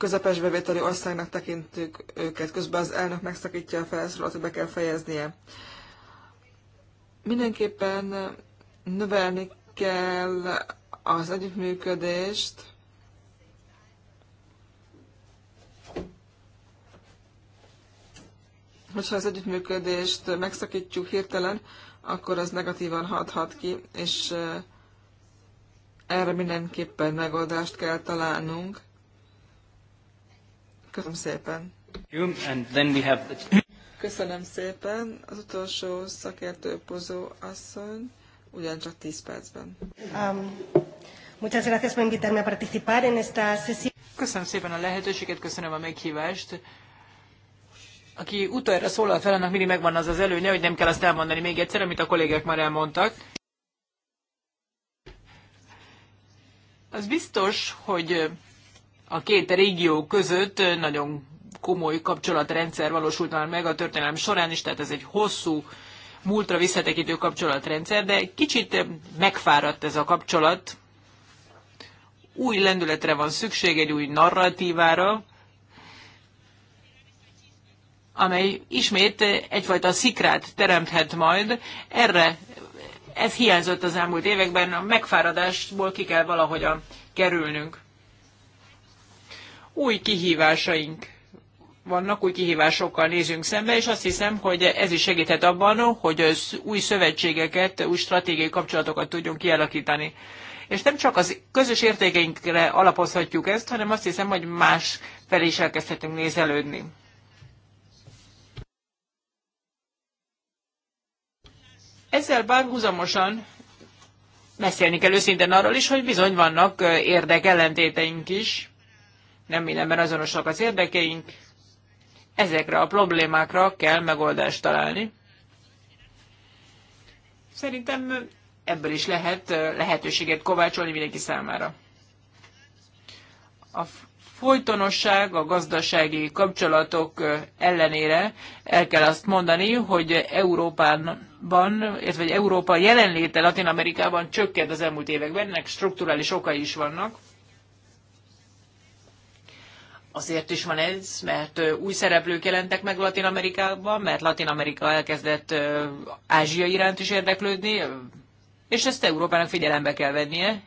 közepes bevételi országnak tekintjük őket, közben az elnök megszakítja a felszólalót, hogy be kell fejeznie. Mindenképpen növelni kell az együttműködést, hogyha az együttműködést megszakítjuk hirtelen, akkor az negatívan hathat ki, és eh, erre mindenképpen megoldást kell találnunk. Köszönöm szépen. And then we have the... Köszönöm szépen. Az utolsó szakértő pozó asszony, ugyancsak 10 percben. Um, Köszönöm szépen a lehetőséget, köszönöm a meghívást. Aki utoljára szólal fel, annak mindig megvan az az előnye, hogy nem kell azt elmondani még egyszer, amit a kollégák már elmondtak. Az biztos, hogy a két régió között nagyon komoly kapcsolatrendszer valósult már meg a történelem során is, tehát ez egy hosszú múltra visszatekintő kapcsolatrendszer, de kicsit megfáradt ez a kapcsolat. Új lendületre van szükség, egy új narratívára, amely ismét egyfajta szikrát teremthet majd. Erre ez hiányzott az elmúlt években, a megfáradásból ki kell valahogyan kerülnünk új kihívásaink vannak, új kihívásokkal nézünk szembe, és azt hiszem, hogy ez is segíthet abban, hogy új szövetségeket, új stratégiai kapcsolatokat tudjunk kialakítani. És nem csak az közös értékeinkre alapozhatjuk ezt, hanem azt hiszem, hogy más felé is elkezdhetünk nézelődni. Ezzel bárhuzamosan beszélni kell őszintén arról is, hogy bizony vannak érdekellentéteink is, nem mindenben azonosak az érdekeink, ezekre a problémákra kell megoldást találni. Szerintem ebből is lehet lehetőséget kovácsolni mindenki számára. A folytonosság a gazdasági kapcsolatok ellenére el kell azt mondani, hogy Európában, illetve Európa jelenléte Latin Amerikában csökkent az elmúlt években, ennek strukturális okai is vannak. Azért is van ez, mert új szereplők jelentek meg Latin Amerikában, mert Latin Amerika elkezdett Ázsia iránt is érdeklődni, és ezt Európának figyelembe kell vennie.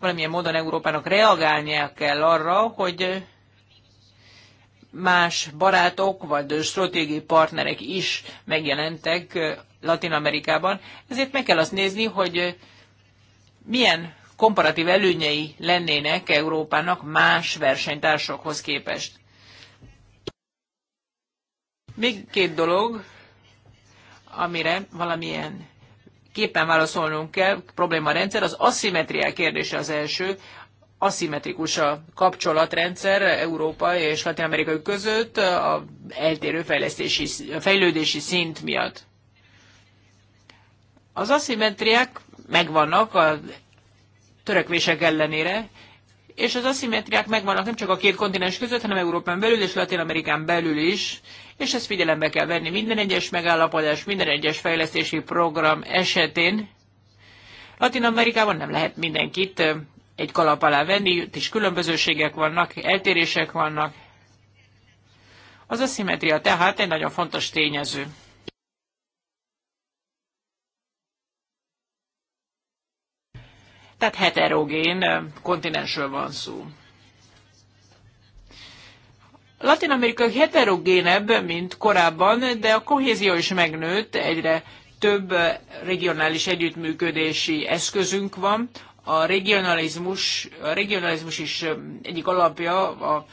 Valamilyen módon Európának reagálnia kell arra, hogy más barátok vagy stratégiai partnerek is megjelentek Latin Amerikában. Ezért meg kell azt nézni, hogy milyen komparatív előnyei lennének Európának más versenytársakhoz képest. Még két dolog, amire valamilyen képen válaszolnunk kell, probléma rendszer, az aszimetriák kérdése az első, aszimetrikus a kapcsolatrendszer Európa és Latin Amerika között a eltérő fejlesztési, fejlődési szint miatt. Az aszimetriák megvannak az törekvések ellenére, és az aszimmetriák megvannak nem csak a két kontinens között, hanem Európán belül és Latin-Amerikán belül is, és ezt figyelembe kell venni minden egyes megállapodás, minden egyes fejlesztési program esetén. Latin-Amerikában nem lehet mindenkit egy kalap alá venni, itt is különbözőségek vannak, eltérések vannak. Az aszimetria tehát egy nagyon fontos tényező. Tehát heterogén eh, kontinensről van szó. Latin Amerika heterogénebb, mint korábban, de a kohézió is megnőtt, egyre több eh, regionális együttműködési eszközünk van. A regionalizmus, a regionalizmus is eh, egyik alapja a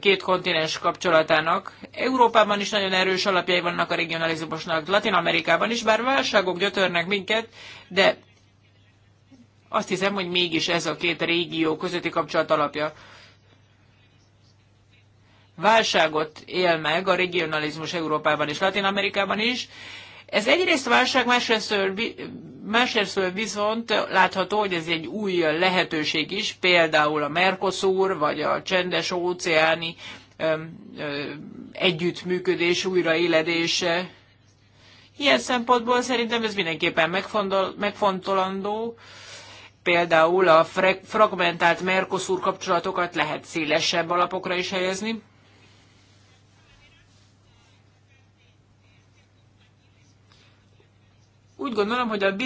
két kontinens kapcsolatának. Európában is nagyon erős alapjai vannak a regionalizmusnak, Latin Amerikában is, bár válságok gyötörnek minket, de azt hiszem, hogy mégis ez a két régió közötti kapcsolat alapja. Válságot él meg a regionalizmus Európában és Latin Amerikában is. Ez egyrészt válság, másrészt, másrészt viszont látható, hogy ez egy új lehetőség is, például a Mercosur vagy a csendes óceáni együttműködés újraéledése. Ilyen szempontból szerintem ez mindenképpen megfontol, megfontolandó például a fragmentált Mercosur kapcsolatokat lehet szélesebb alapokra is helyezni. Úgy gondolom, hogy a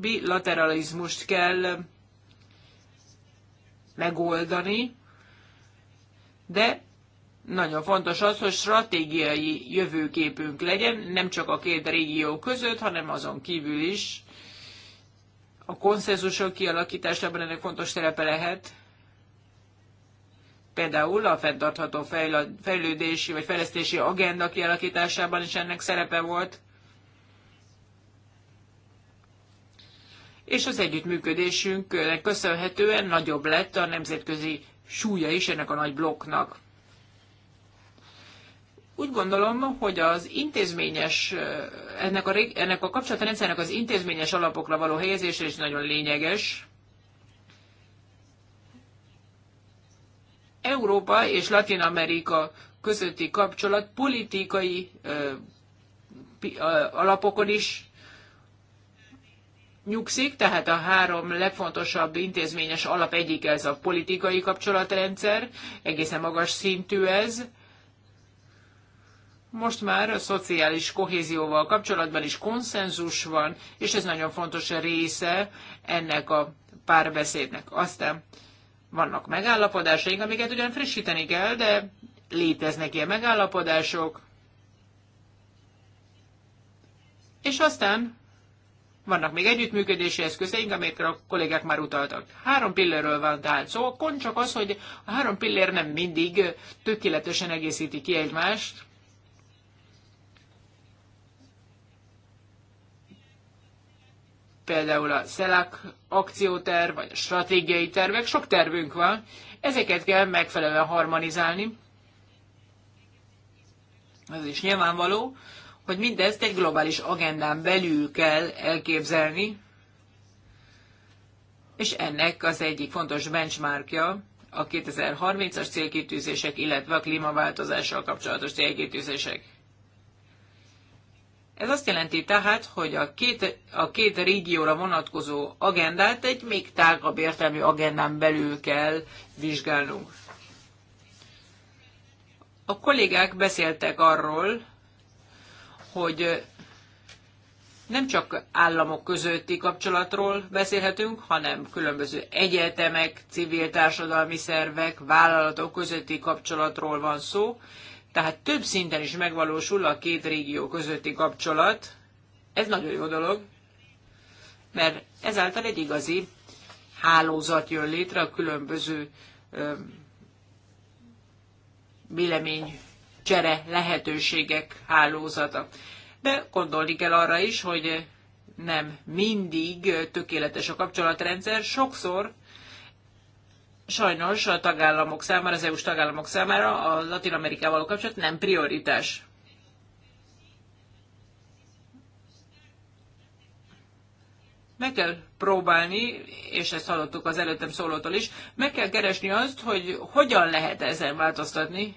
bilateralizmust kell megoldani, de nagyon fontos az, hogy stratégiai jövőképünk legyen, nem csak a két régió között, hanem azon kívül is a konszenzusok kialakításában ennek fontos szerepe lehet. Például a fenntartható fejlődési vagy fejlesztési agenda kialakításában is ennek szerepe volt. És az együttműködésünknek köszönhetően nagyobb lett a nemzetközi súlya is ennek a nagy blokknak. Úgy gondolom, hogy az intézményes, ennek a, ennek a kapcsolatrendszernek az intézményes alapokra való helyezése is nagyon lényeges. Európa és Latin Amerika közötti kapcsolat politikai alapokon is nyugszik, tehát a három legfontosabb intézményes alap egyik ez a politikai kapcsolatrendszer, egészen magas szintű ez, most már a szociális kohézióval kapcsolatban is konszenzus van, és ez nagyon fontos része ennek a párbeszédnek. Aztán vannak megállapodásaink, amiket ugyan frissíteni kell, de léteznek ilyen megállapodások. És aztán vannak még együttműködési eszközeink, amikre a kollégák már utaltak. Három pillérről van tehát szó, szóval csak az, hogy a három pillér nem mindig tökéletesen egészíti ki egymást, például a SELAC akcióterv, vagy a stratégiai tervek, sok tervünk van, ezeket kell megfelelően harmonizálni. Az is nyilvánvaló, hogy mindezt egy globális agendán belül kell elképzelni, és ennek az egyik fontos benchmarkja a 2030-as célkitűzések, illetve a klímaváltozással kapcsolatos célkitűzések. Ez azt jelenti tehát, hogy a két, a két régióra vonatkozó agendát egy még tágabb értelmű agendán belül kell vizsgálnunk. A kollégák beszéltek arról, hogy nem csak államok közötti kapcsolatról beszélhetünk, hanem különböző egyetemek, civil társadalmi szervek, vállalatok közötti kapcsolatról van szó, tehát több szinten is megvalósul a két régió közötti kapcsolat. Ez nagyon jó dolog, mert ezáltal egy igazi hálózat jön létre a különböző vélemény csere lehetőségek hálózata. De gondolni kell arra is, hogy nem mindig tökéletes a kapcsolatrendszer, sokszor sajnos a tagállamok számára, az EU-s tagállamok számára a Latin Amerikával kapcsolat nem prioritás. Meg kell próbálni, és ezt hallottuk az előttem szólótól is, meg kell keresni azt, hogy hogyan lehet ezen változtatni.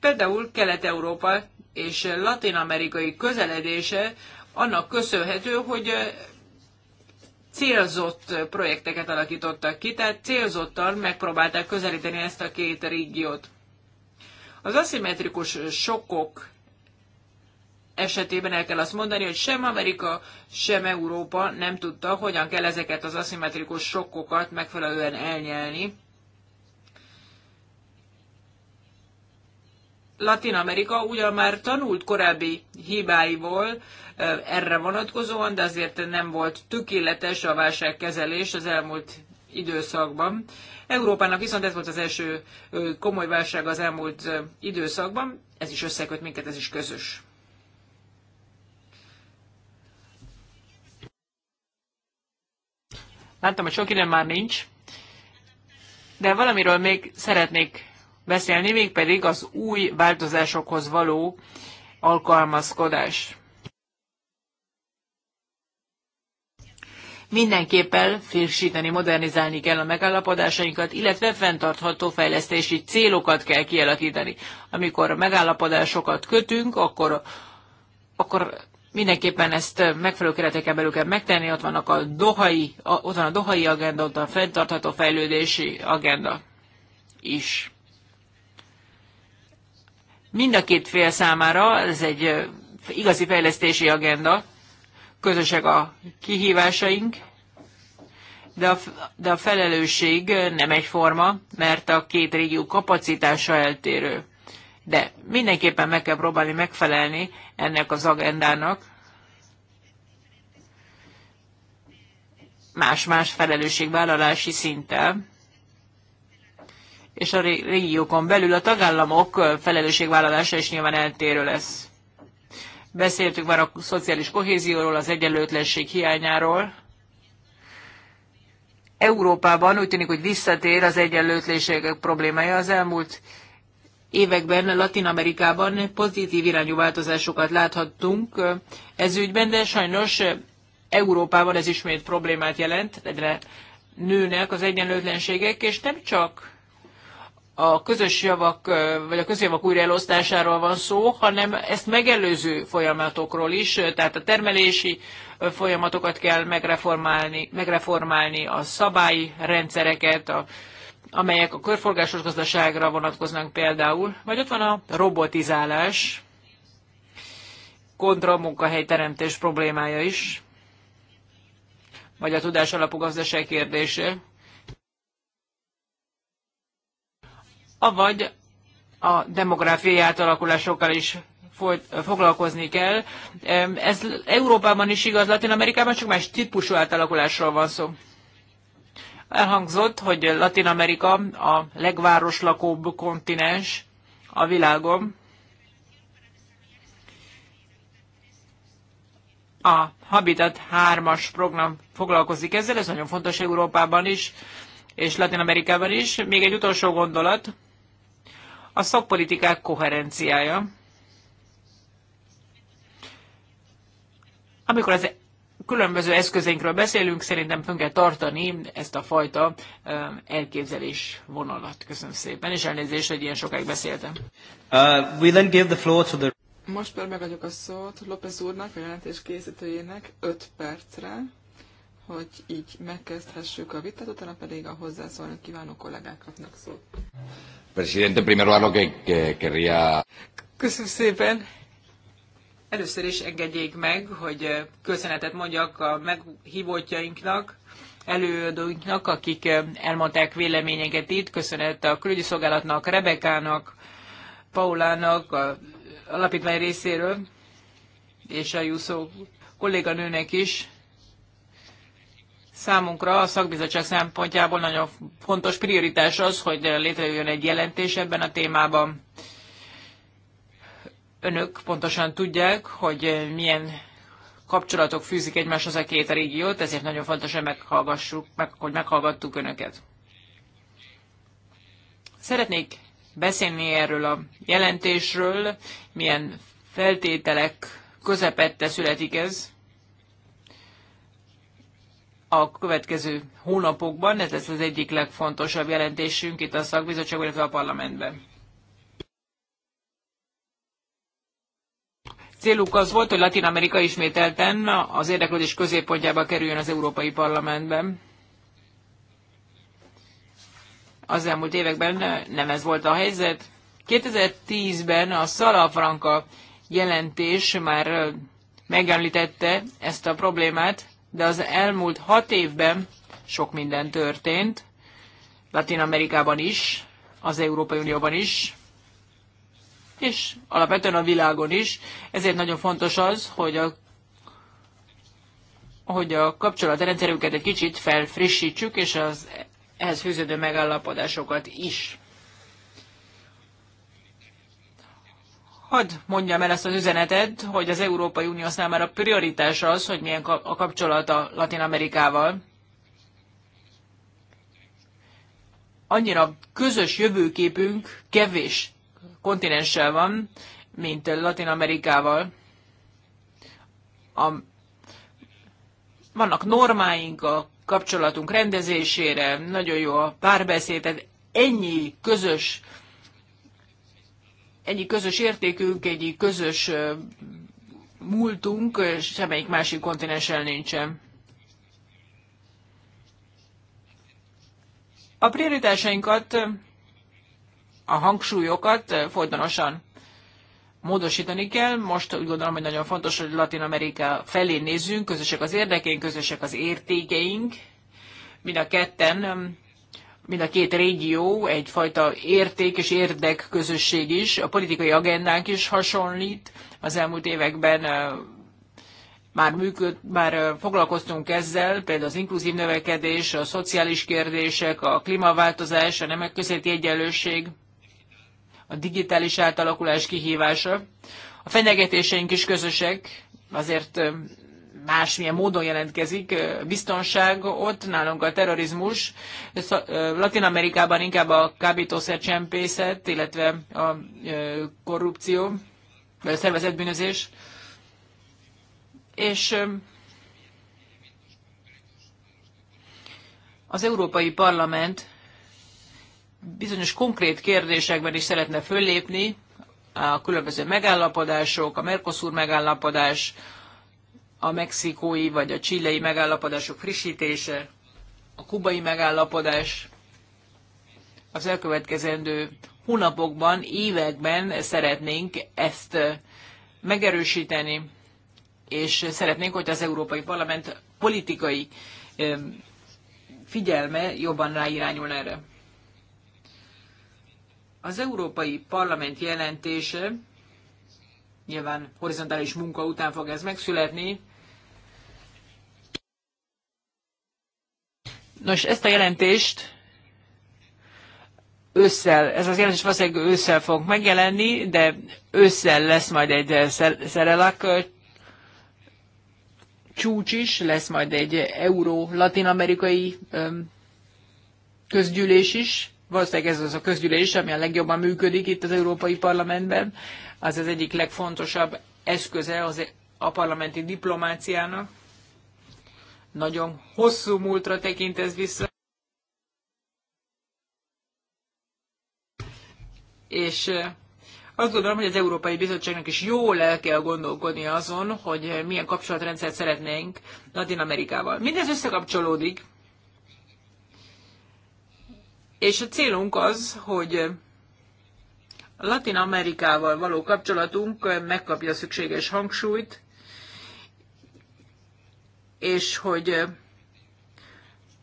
Például Kelet-Európa és Latin-amerikai közeledése annak köszönhető, hogy célzott projekteket alakítottak ki, tehát célzottan megpróbálták közelíteni ezt a két régiót. Az aszimmetrikus sokok esetében el kell azt mondani, hogy sem Amerika, sem Európa nem tudta, hogyan kell ezeket az aszimmetrikus sokkokat megfelelően elnyelni. Latin Amerika ugyan már tanult korábbi hibáiból erre vonatkozóan, de azért nem volt tökéletes a válságkezelés az elmúlt időszakban. Európának viszont ez volt az első komoly válság az elmúlt időszakban, ez is összeköt minket, ez is közös. Láttam, hogy sok ide már nincs, de valamiről még szeretnék beszélni, mégpedig az új változásokhoz való alkalmazkodás. Mindenképpen frissíteni, modernizálni kell a megállapodásainkat, illetve fenntartható fejlesztési célokat kell kialakítani. Amikor megállapodásokat kötünk, akkor, akkor mindenképpen ezt megfelelő kereteken belül kell megtenni, ott, vannak a dohai, ott van a dohai agenda, ott a fenntartható fejlődési agenda is. Mind a két fél számára ez egy igazi fejlesztési agenda, közösek a kihívásaink, de a, de a felelősség nem egyforma, mert a két régió kapacitása eltérő. De mindenképpen meg kell próbálni megfelelni ennek az agendának. Más-más felelősségvállalási szinten és a régiókon belül a tagállamok felelősségvállalása is nyilván eltérő lesz. Beszéltük már a szociális kohézióról, az egyenlőtlenség hiányáról. Európában úgy tűnik, hogy visszatér az egyenlőtlenségek problémája az elmúlt években Latin Amerikában pozitív irányú változásokat láthattunk ez ügyben, de sajnos Európában ez ismét problémát jelent, egyre nőnek az egyenlőtlenségek, és nem csak a közös javak, vagy a közjavak újraelosztásáról van szó, hanem ezt megelőző folyamatokról is, tehát a termelési folyamatokat kell megreformálni, megreformálni a rendszereket, a, amelyek a körforgásos gazdaságra vonatkoznak például, vagy ott van a robotizálás, kontra a munkahelyteremtés problémája is, vagy a alapú gazdaság kérdése, avagy a demográfiai átalakulásokkal is folyt, foglalkozni kell. Ez Európában is igaz, Latin Amerikában csak más típusú átalakulásról van szó. Elhangzott, hogy Latin Amerika a legvároslakóbb kontinens a világon. A Habitat 3-as program foglalkozik ezzel, ez nagyon fontos Európában is, és Latin Amerikában is. Még egy utolsó gondolat a szakpolitikák koherenciája. Amikor az különböző eszközeinkről beszélünk, szerintem fönn kell tartani ezt a fajta elképzelés vonalat. Köszönöm szépen, és elnézést, hogy ilyen sokáig beszéltem. Uh, we then give the floor to the... Most már megadjuk a szót López úrnak, a jelentés készítőjének 5 percre hogy így megkezdhessük a vitát, utána pedig a hozzászólni kívánó kollégák szót. Presidente, primero a que, que quería... Köszönöm szépen! Először is engedjék meg, hogy köszönetet mondjak a meghívótjainknak, előadóinknak, akik elmondták véleményeket itt. Köszönet a külügyi szolgálatnak, Rebekának, Paulának, a alapítvány részéről, és a Jusszó kolléganőnek is, Számunkra a szakbizottság szempontjából nagyon fontos prioritás az, hogy létrejön egy jelentés ebben a témában. Önök pontosan tudják, hogy milyen kapcsolatok fűzik egymáshoz a két régiót, ezért nagyon fontos, hogy meghallgassuk, meg, hogy meghallgattuk Önöket. Szeretnék beszélni erről a jelentésről, milyen feltételek közepette születik ez a következő hónapokban. Ez lesz az egyik legfontosabb jelentésünk itt a szakbizottságban, illetve a parlamentben. Céluk az volt, hogy Latin Amerika ismételten az érdeklődés középpontjába kerüljön az Európai Parlamentben. Az elmúlt években nem ez volt a helyzet. 2010-ben a Szalafranka jelentés már megemlítette ezt a problémát, de az elmúlt hat évben sok minden történt, Latin Amerikában is, az Európai Unióban is, és alapvetően a világon is. Ezért nagyon fontos az, hogy a, hogy a kapcsolatrendszerünket egy kicsit felfrissítsük, és az ehhez fűződő megállapodásokat is. Hadd mondjam el ezt az üzenetet, hogy az Európai Unió számára prioritása az, hogy milyen a kapcsolat a Latin Amerikával. Annyira közös jövőképünk kevés kontinenssel van, mint Latin Amerikával. A, vannak normáink a kapcsolatunk rendezésére, nagyon jó a párbeszéd, ennyi közös egyik közös értékünk, egyik közös múltunk semmelyik másik kontinensen nincsen. A prioritásainkat, a hangsúlyokat folytonosan módosítani kell. Most úgy gondolom, hogy nagyon fontos, hogy Latin Amerika felé nézzünk, közösek az érdekeink, közösek az értékeink. Mind a ketten mind a két régió egyfajta érték és érdek közösség is, a politikai agendánk is hasonlít. Az elmúlt években már, működ, már foglalkoztunk ezzel, például az inkluzív növekedés, a szociális kérdések, a klímaváltozás, a nemek közötti egyenlőség, a digitális átalakulás kihívása. A fenyegetéseink is közösek, azért másmilyen módon jelentkezik. Biztonság ott, nálunk a terrorizmus. Latin Amerikában inkább a kábítószer csempészet, illetve a korrupció, vagy a szervezetbűnözés. És az Európai Parlament bizonyos konkrét kérdésekben is szeretne föllépni, a különböző megállapodások, a Mercosur megállapodás, a mexikói vagy a csilei megállapodások frissítése, a kubai megállapodás az elkövetkezendő hónapokban, években szeretnénk ezt megerősíteni, és szeretnénk, hogy az Európai Parlament politikai figyelme jobban ráirányul erre. Az Európai Parlament jelentése, nyilván horizontális munka után fog ez megszületni, Nos, ezt a jelentést ősszel, ez az jelentés valószínűleg ősszel fog megjelenni, de ősszel lesz majd egy eh, szerelak eh, csúcs is, lesz majd egy euró-latin-amerikai közgyűlés is. Valószínűleg ez az a közgyűlés, ami a legjobban működik itt az Európai Parlamentben. Az az egyik legfontosabb eszköze az a parlamenti diplomáciának nagyon hosszú múltra tekint ez vissza. És azt gondolom, hogy az Európai Bizottságnak is jól el kell gondolkodni azon, hogy milyen kapcsolatrendszert szeretnénk Latin Amerikával. Mindez összekapcsolódik, és a célunk az, hogy Latin Amerikával való kapcsolatunk megkapja a szükséges hangsúlyt, és hogy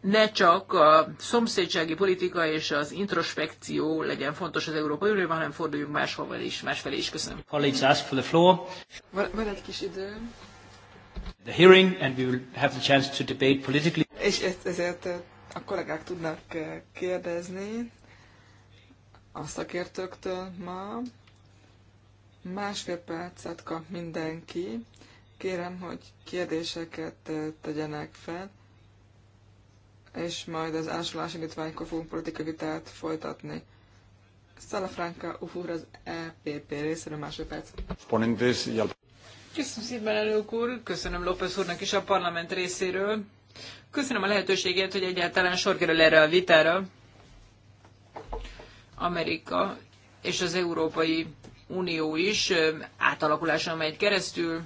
ne csak a szomszédsági politika és az introspekció legyen fontos az Európai Unióban, hanem forduljunk máshova is, másfelé is. Köszönöm. Colleagues ask for the floor. Van, van egy kis idő. The hearing and we will have the chance to debate politically. És ezért a kollégák tudnak kérdezni a szakértőktől ma. Másfél percet kap mindenki Kérem, hogy kérdéseket tegyenek fel, és majd az állásolás indítványkor fogunk politikai vitát folytatni. Franka, Ufur az EPP részéről másodperc. Köszönöm szépen, elők úr, köszönöm López úrnak is a parlament részéről. Köszönöm a lehetőséget, hogy egyáltalán sor kerül erre a vitára. Amerika és az Európai Unió is átalakuláson megy keresztül.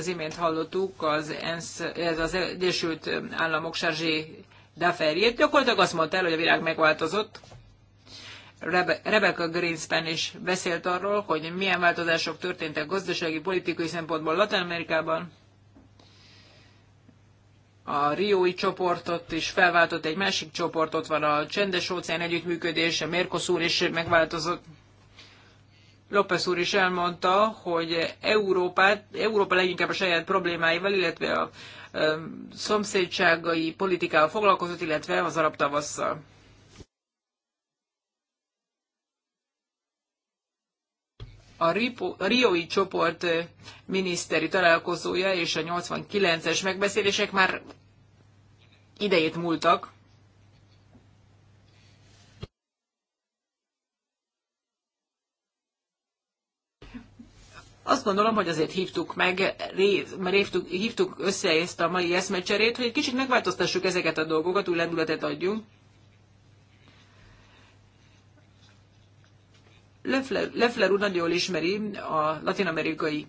Az imént hallottuk az, ENSZ, ez az Egyesült Államok Sergé Daferjét. Gyakorlatilag azt mondta el, hogy a világ megváltozott. Rebe Rebecca Greenspan is beszélt arról, hogy milyen változások történtek gazdasági, politikai szempontból Latin-Amerikában. A Rioi csoportot is felváltott egy másik csoport, ott van a Csendes-óceán együttműködése, Mercosur is megváltozott. López úr is elmondta, hogy Európát, Európa leginkább a saját problémáival, illetve a, szomszédságai politikával foglalkozott, illetve az arab tavasszal. a Rioi csoport eh, miniszteri találkozója és a 89-es megbeszélések már idejét múltak. Azt gondolom, hogy azért hívtuk meg, hívtuk, hívtuk össze ezt a mai eszmecserét, hogy egy kicsit megváltoztassuk ezeket a dolgokat, új lendületet adjunk. Leffler, Leffler úr nagyon jól ismeri a latinamerikai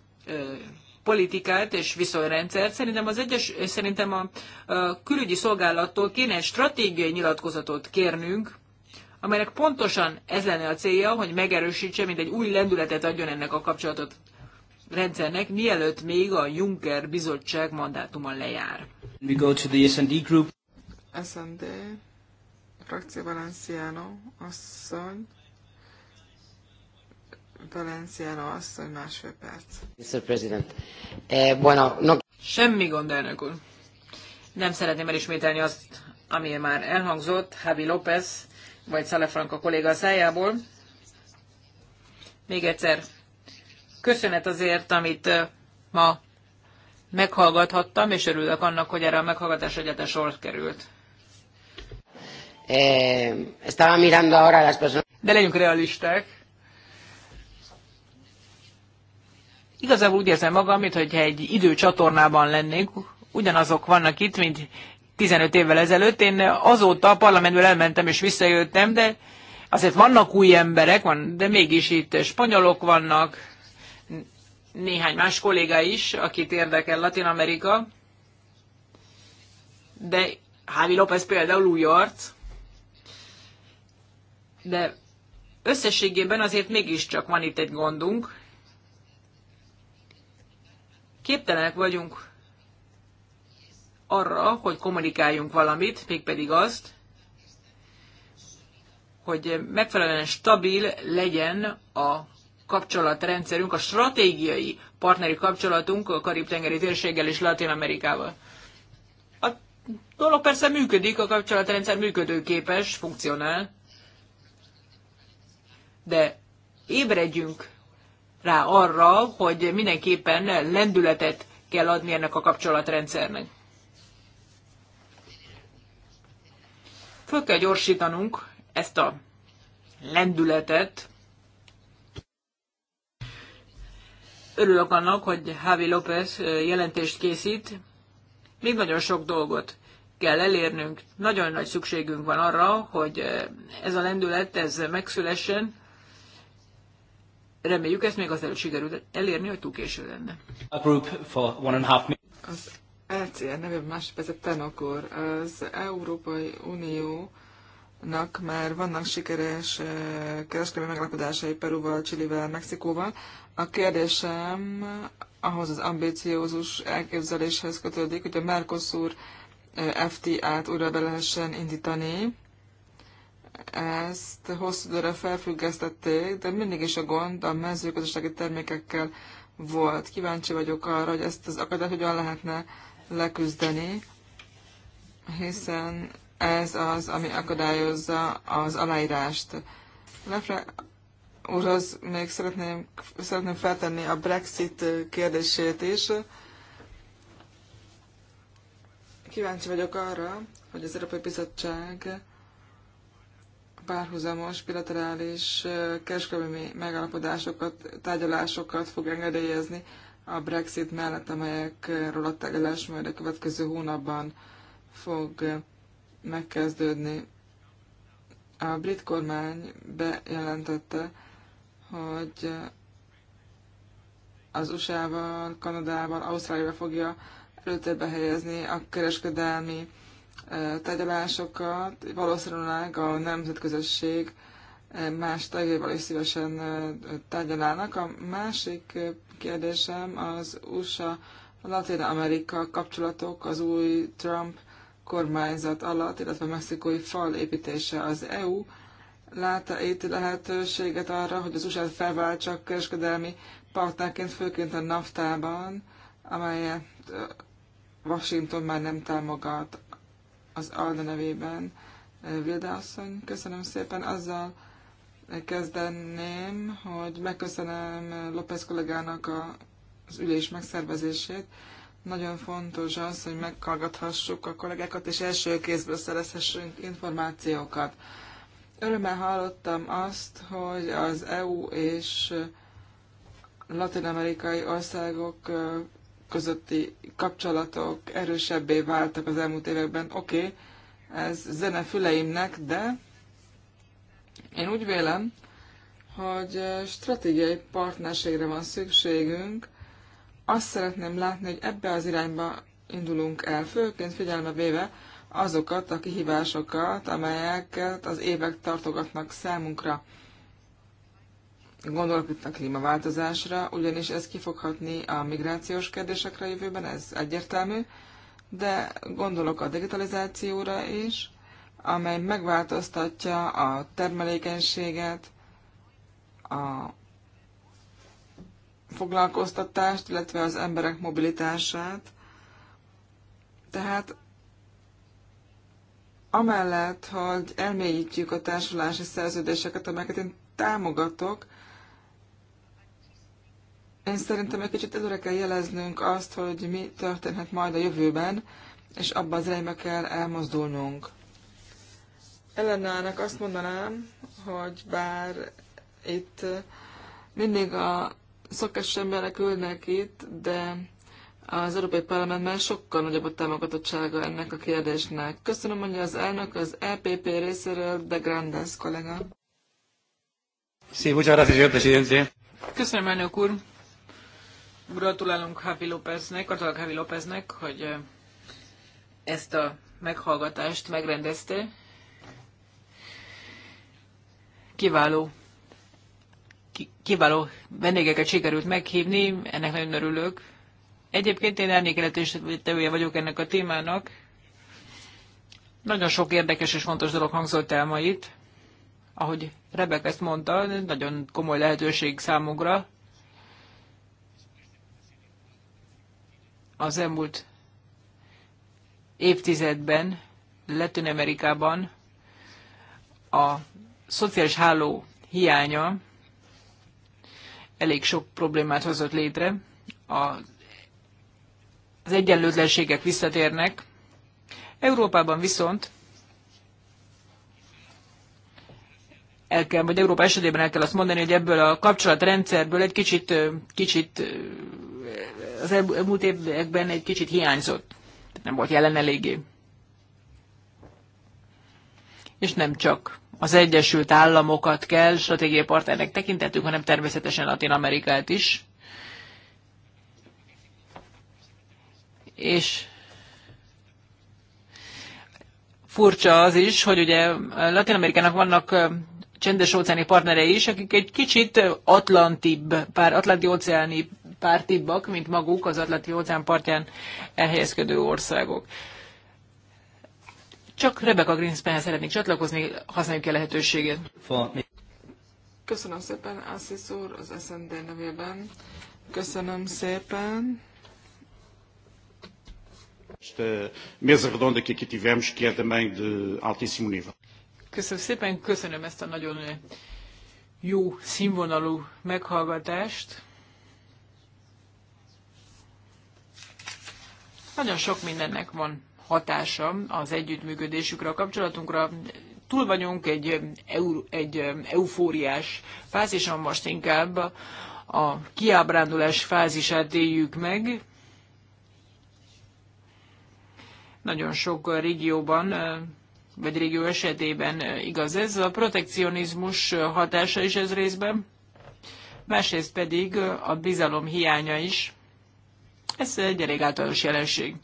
politikát és viszonyrendszert. Szerintem az egyes, szerintem a, a külügyi szolgálattól kéne egy stratégiai nyilatkozatot kérnünk, amelynek pontosan ez lenne a célja, hogy megerősítse, mint egy új lendületet adjon ennek a kapcsolatot, rendszernek, mielőtt még a Juncker bizottság mandátuma lejár. We go to the S&D group. S&D, frakció Valenciano, asszony. Valenciano asszony, másfél perc. Mr. President, eh, bueno, no... Semmi gond, elnök úr. Nem szeretném elismételni azt, ami már elhangzott, Javi López, vagy Szalefranka kolléga szájából. Még egyszer Köszönet azért, amit ma meghallgathattam, és örülök annak, hogy erre a meghallgatás egyetlen sor került. Eh, de legyünk realisták. Igazából úgy érzem magam, mintha egy időcsatornában lennék. Ugyanazok vannak itt, mint 15 évvel ezelőtt. Én azóta a parlamentből elmentem és visszajöttem, de azért vannak új emberek, van, de mégis itt spanyolok vannak, néhány más kolléga is, akit érdekel Latin Amerika, de Javi López például új arc, de összességében azért mégiscsak van itt egy gondunk. Képtelenek vagyunk arra, hogy kommunikáljunk valamit, mégpedig azt, hogy megfelelően stabil legyen a kapcsolatrendszerünk, a stratégiai partneri kapcsolatunk a Karib-tengeri térséggel és Latin-Amerikával. A dolog persze működik, a kapcsolatrendszer működőképes, funkcionál, de ébredjünk rá arra, hogy mindenképpen lendületet kell adni ennek a kapcsolatrendszernek. Föl kell gyorsítanunk ezt a lendületet, Örülök annak, hogy Javi López jelentést készít. Még nagyon sok dolgot kell elérnünk. Nagyon nagy szükségünk van arra, hogy ez a lendület, ez megszülessen. Reméljük, ezt még azelőtt sikerült elérni, hogy túl késő lenne. A group for one and a half az ECR nevében ez a Tenokor, az Európai Unió Nak már vannak sikeres kereskedelmi megalapodásai Peruval, Csilivel, Mexikóval. A kérdésem ahhoz az ambíciózus elképzeléshez kötődik, hogy a Mercosur FTA-t újra be lehessen indítani. Ezt hosszú időre felfüggesztették, de mindig is a gond a mezőgazdasági termékekkel volt. Kíváncsi vagyok arra, hogy ezt az akadályt hogyan lehetne leküzdeni, hiszen ez az, ami akadályozza az aláírást. Lefre úrhoz még szeretném, szeretném feltenni a Brexit kérdését is. Kíváncsi vagyok arra, hogy az Európai Bizottság párhuzamos bilaterális kereskedelmi megállapodásokat, tárgyalásokat fog engedélyezni a Brexit mellett, amelyekről a tárgyalás majd a következő hónapban fog megkezdődni. A brit kormány bejelentette, hogy az USA-val, Kanadával, Ausztráliával fogja előtérbe helyezni a kereskedelmi e, tárgyalásokat. Valószínűleg a nemzetközösség e, más tagjaival is szívesen e, tárgyalnának. A másik kérdésem az USA Latin Amerika kapcsolatok, az új Trump kormányzat alatt, illetve a mexikói fal építése az EU, látta itt lehetőséget arra, hogy az USA-t felváltsa kereskedelmi partnerként, főként a naftában, amelyet Washington már nem támogat az Alda nevében. Vilda asszony, köszönöm szépen. Azzal kezdeném, hogy megköszönöm López kollégának a, az ülés megszervezését, nagyon fontos az, hogy meghallgathassuk a kollégákat, és első kézből szerezhessünk információkat. Örömmel hallottam azt, hogy az EU és latin-amerikai országok közötti kapcsolatok erősebbé váltak az elmúlt években. Oké, okay, ez zene füleimnek, de én úgy vélem, hogy stratégiai partnerségre van szükségünk, azt szeretném látni, hogy ebbe az irányba indulunk el, főként figyelme véve azokat a kihívásokat, amelyeket az évek tartogatnak számunkra. Gondolok itt a klímaváltozásra, ugyanis ez kifoghatni a migrációs kérdésekre jövőben, ez egyértelmű, de gondolok a digitalizációra is, amely megváltoztatja a termelékenységet, a foglalkoztatást, illetve az emberek mobilitását. Tehát amellett, hogy elmélyítjük a társulási szerződéseket, amelyeket én támogatok, én szerintem egy kicsit előre kell jeleznünk azt, hogy mi történhet majd a jövőben, és abban az irányba kell elmozdulnunk. Ellenának azt mondanám, hogy bár itt mindig a szokás emberek ülnek itt, de az Európai Parlamentben sokkal nagyobb a támogatottsága ennek a kérdésnek. Köszönöm, hogy az elnök az EPP részéről, de Grandes kollega. Sí, muchas gracias, señor presidente. Köszönöm, elnök úr. Gratulálunk Javi Lópeznek, gratulálok Javi Lópeznek, hogy eh, ezt a meghallgatást megrendezte. Kiváló kiváló vendégeket sikerült meghívni, ennek nagyon örülök. Egyébként én elnékeletős tevője vagyok ennek a témának. Nagyon sok érdekes és fontos dolog hangzott el ma itt. Ahogy Rebek ezt mondta, nagyon komoly lehetőség számunkra. Az elmúlt évtizedben Latin Amerikában a szociális háló hiánya elég sok problémát hozott létre. A, az egyenlőtlenségek visszatérnek. Európában viszont el kell, vagy Európa esetében el kell azt mondani, hogy ebből a kapcsolatrendszerből egy kicsit, kicsit az elmúlt években egy kicsit hiányzott. Nem volt jelen eléggé. És nem csak az Egyesült Államokat kell stratégiai partnernek tekintetünk, hanem természetesen Latin Amerikát is. És furcsa az is, hogy ugye Latin Amerikának vannak csendes óceáni partnerei is, akik egy kicsit atlantibb, pár atlanti óceáni pártibbak, mint maguk az atlanti óceán partján elhelyezkedő országok. Csak Rebecca Greenspan szeretnék csatlakozni, használjuk el lehetőségét. Köszönöm szépen, Assis úr, az SND nevében. Köszönöm szépen. mesa redonda Köszönöm szépen, köszönöm ezt a nagyon jó színvonalú meghallgatást. Nagyon sok mindennek van hatása az együttműködésükre, a kapcsolatunkra. Túl vagyunk egy, eu, egy eufóriás fázison, most inkább a kiábrándulás fázisát éljük meg. Nagyon sok régióban vagy régió esetében igaz ez. A protekcionizmus hatása is ez részben, másrészt pedig a bizalom hiánya is. Ez egy elég általános jelenség.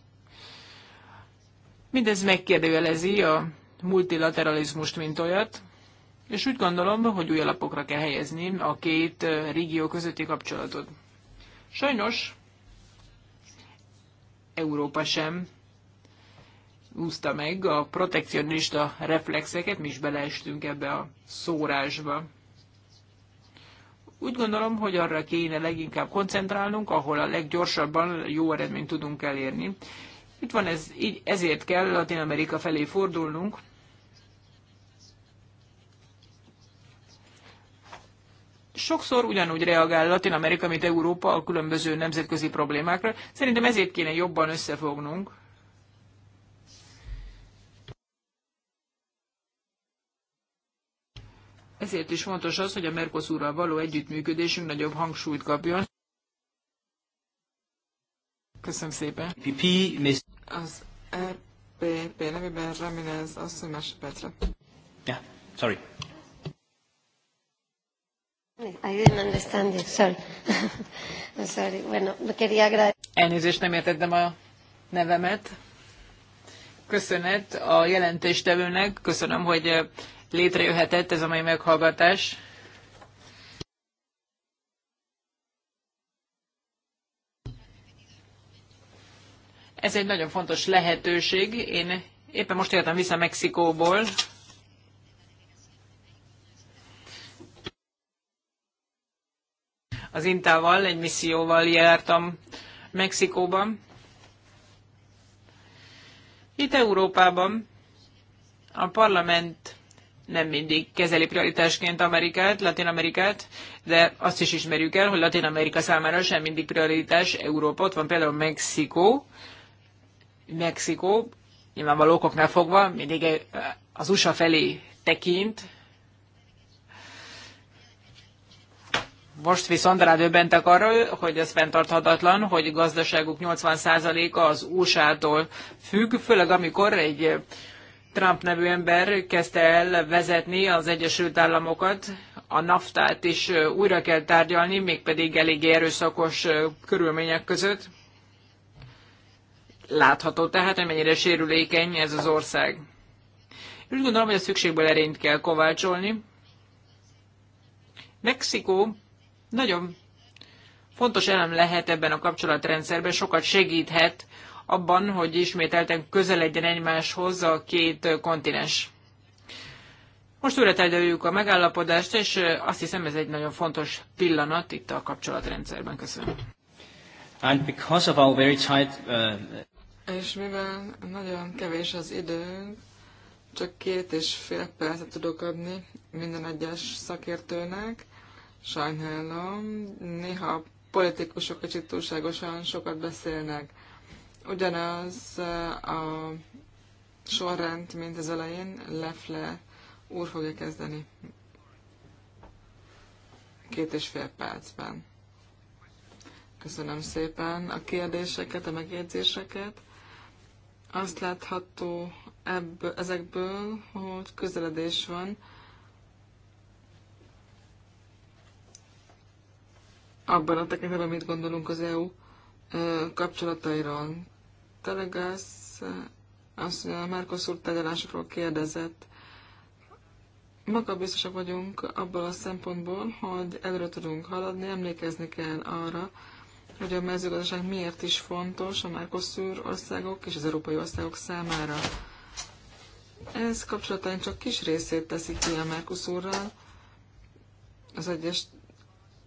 Mindez megkérdőjelezi a multilateralizmust, mint olyat, és úgy gondolom, hogy új alapokra kell helyezni a két régió közötti kapcsolatot. Sajnos Európa sem úszta meg a protekcionista reflexeket, mi is beleestünk ebbe a szórásba. Úgy gondolom, hogy arra kéne leginkább koncentrálnunk, ahol a leggyorsabban jó eredményt tudunk elérni. Itt van ez, így, ezért kell Latin Amerika felé fordulnunk. Sokszor ugyanúgy reagál Latin Amerika, mint Európa a különböző nemzetközi problémákra. Szerintem ezért kéne jobban összefognunk. Ezért is fontos az, hogy a Mercosurral való együttműködésünk nagyobb hangsúlyt kapjon. Köszönöm szépen. Az EPP nevében Ramirez asszony másodpercre. Yeah, sorry. I didn't understand you, sorry. I'm sorry. Bueno, quería agradecer. Elnézést, nem értettem a nevemet. Köszönet a jelentéstevőnek, köszönöm, hogy eh, létrejöhetett ez a mai meghallgatás. Ez egy nagyon fontos lehetőség. Én éppen most értem vissza Mexikóból, az Intával, egy misszióval jártam Mexikóban. Itt Európában a parlament nem mindig kezeli prioritásként Amerikát, Latin Amerikát, de azt is ismerjük el, hogy Latin Amerika számára sem mindig prioritás Európa. Ott van például Mexikó, Mexikó nyilván valókoknál fogva mindig az USA felé tekint. Most viszont rádöbbentek arra, hogy ez fenntarthatatlan, hogy gazdaságuk 80%-a az USA-tól függ, főleg amikor egy Trump nevű ember kezdte el vezetni az Egyesült Államokat, a naftát is újra kell tárgyalni, mégpedig eléggé erőszakos körülmények között. Látható tehát, hogy mennyire sérülékeny ez az ország. Úgy gondolom, hogy a szükségből erényt kell kovácsolni. Mexikó nagyon fontos elem lehet ebben a kapcsolatrendszerben, sokat segíthet abban, hogy ismételten közeledjen egymáshoz a két kontinens. Most újra tárgyaljuk a megállapodást, és azt hiszem ez egy nagyon fontos pillanat itt a kapcsolatrendszerben. Köszönöm. And because of our very tight, uh... És mivel nagyon kevés az időnk, csak két és fél percet tudok adni minden egyes szakértőnek, sajnálom, néha a politikusok kicsit túlságosan sokat beszélnek. Ugyanaz eh, a sorrend, mint az elején, Lefle úr fogja kezdeni két és fél percben. Köszönöm szépen a kérdéseket, a megjegyzéseket. Azt látható ebből, ezekből, hogy közeledés van abban a tekintetben, mit gondolunk az EU kapcsolatairól. Telegász azt mondja, a úr tárgyalásokról kérdezett. Magabiztosak vagyunk abból a szempontból, hogy előre tudunk haladni, emlékezni kell arra, hogy a mezőgazdaság miért is fontos a Mercosur országok és az európai országok számára. Ez kapcsolatban csak kis részét teszik ki a Mercosurral. Az egyes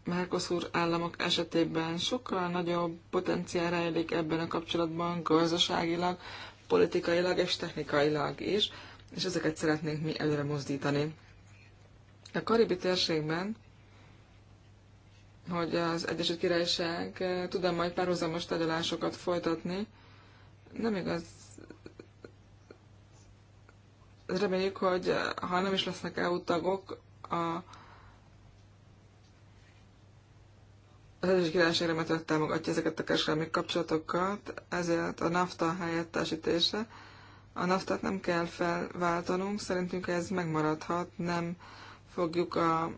Mercosur államok esetében sokkal nagyobb potenciál rejlik ebben a kapcsolatban gazdaságilag, politikailag és technikailag is, és ezeket szeretnénk mi előre mozdítani. A karibi térségben hogy az Egyesült Királyság eh, tudom majd párhuzamos tárgyalásokat folytatni. Nem igaz. Reméljük, hogy eh, ha nem is lesznek EU tagok, a az Egyesült Királyság remetőt támogatja ezeket a kereskedelmi kapcsolatokat, ezért a NAFTA helyettesítése. A nafta nem kell felváltanunk, szerintünk ez megmaradhat, nem fogjuk a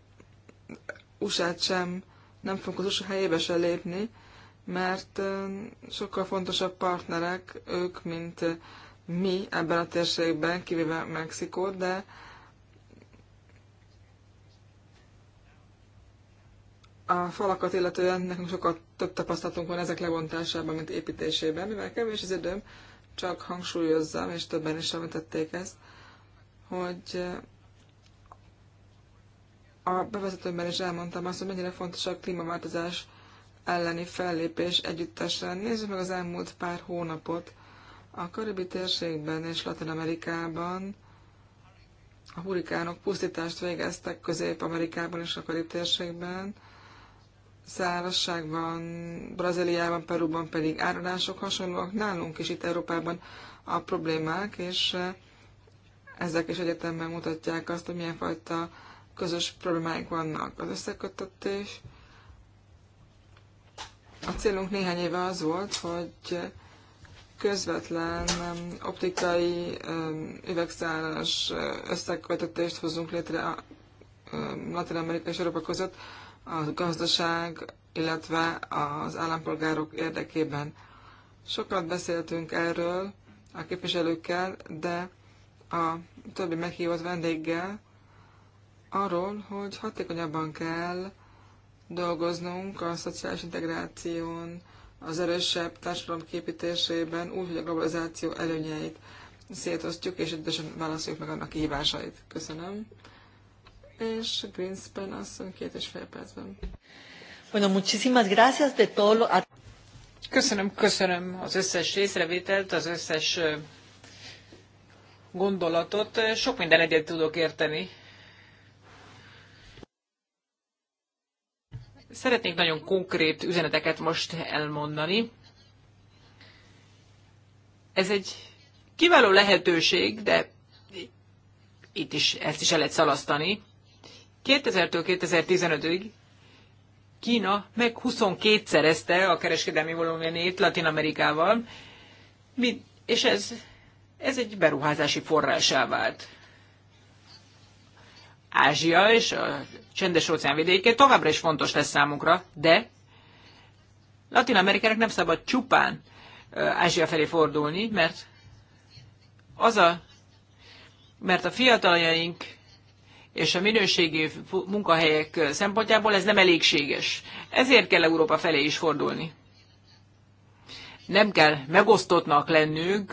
usa sem nem fogunk az USA helyébe se lépni, mert sokkal fontosabb partnerek ők, mint mi ebben a térségben, kivéve Mexikó, de a falakat illetően nekünk sokkal több tapasztalatunk van ezek lebontásában, mint építésében, mivel kevés az időm, csak hangsúlyozzam, és többen is említették ezt, hogy a bevezetőben is elmondtam azt, hogy mennyire fontos a klímaváltozás elleni fellépés együttesen. Nézzük meg az elmúlt pár hónapot. A karibi térségben és Latin Amerikában a hurikánok pusztítást végeztek Közép-Amerikában és a karib térségben. Szárazságban, van, Brazíliában, Perúban pedig áradások hasonlóak. Nálunk is itt Európában a problémák, és ezek is egyetemben mutatják azt, hogy milyen fajta közös problémáik vannak. Az összeköttetés. A célunk néhány éve az volt, hogy közvetlen optikai üvegszállás összekötetést hozunk létre a Latin Amerika és Európa között a gazdaság, illetve az állampolgárok érdekében. Sokat beszéltünk erről a képviselőkkel, de a többi meghívott vendéggel arról, hogy hatékonyabban kell dolgoznunk a szociális integráción, az erősebb társadalom képítésében, úgy, hogy a globalizáció előnyeit szétosztjuk, és egyesen válaszoljuk meg annak hívásait. Köszönöm. És Greenspan asszony két és fél percben. Bueno, muchísimas gracias de todo lo... Köszönöm, köszönöm az összes észrevételt, az összes gondolatot. Sok minden egyet tudok érteni Szeretnék nagyon konkrét üzeneteket most elmondani. Ez egy kiváló lehetőség, de itt is ezt is el lehet szalasztani. 2000-től 2015-ig Kína meg 22 szerezte a kereskedelmi volumenét Latin Amerikával, és ez, ez egy beruházási forrásá vált. Ázsia és a csendes óceán vidéke továbbra is fontos lesz számunkra, de Latin Amerikának nem szabad csupán Ázsia felé fordulni, mert az a, mert a fiataljaink és a minőségi munkahelyek szempontjából ez nem elégséges. Ezért kell Európa felé is fordulni. Nem kell megosztottnak lennünk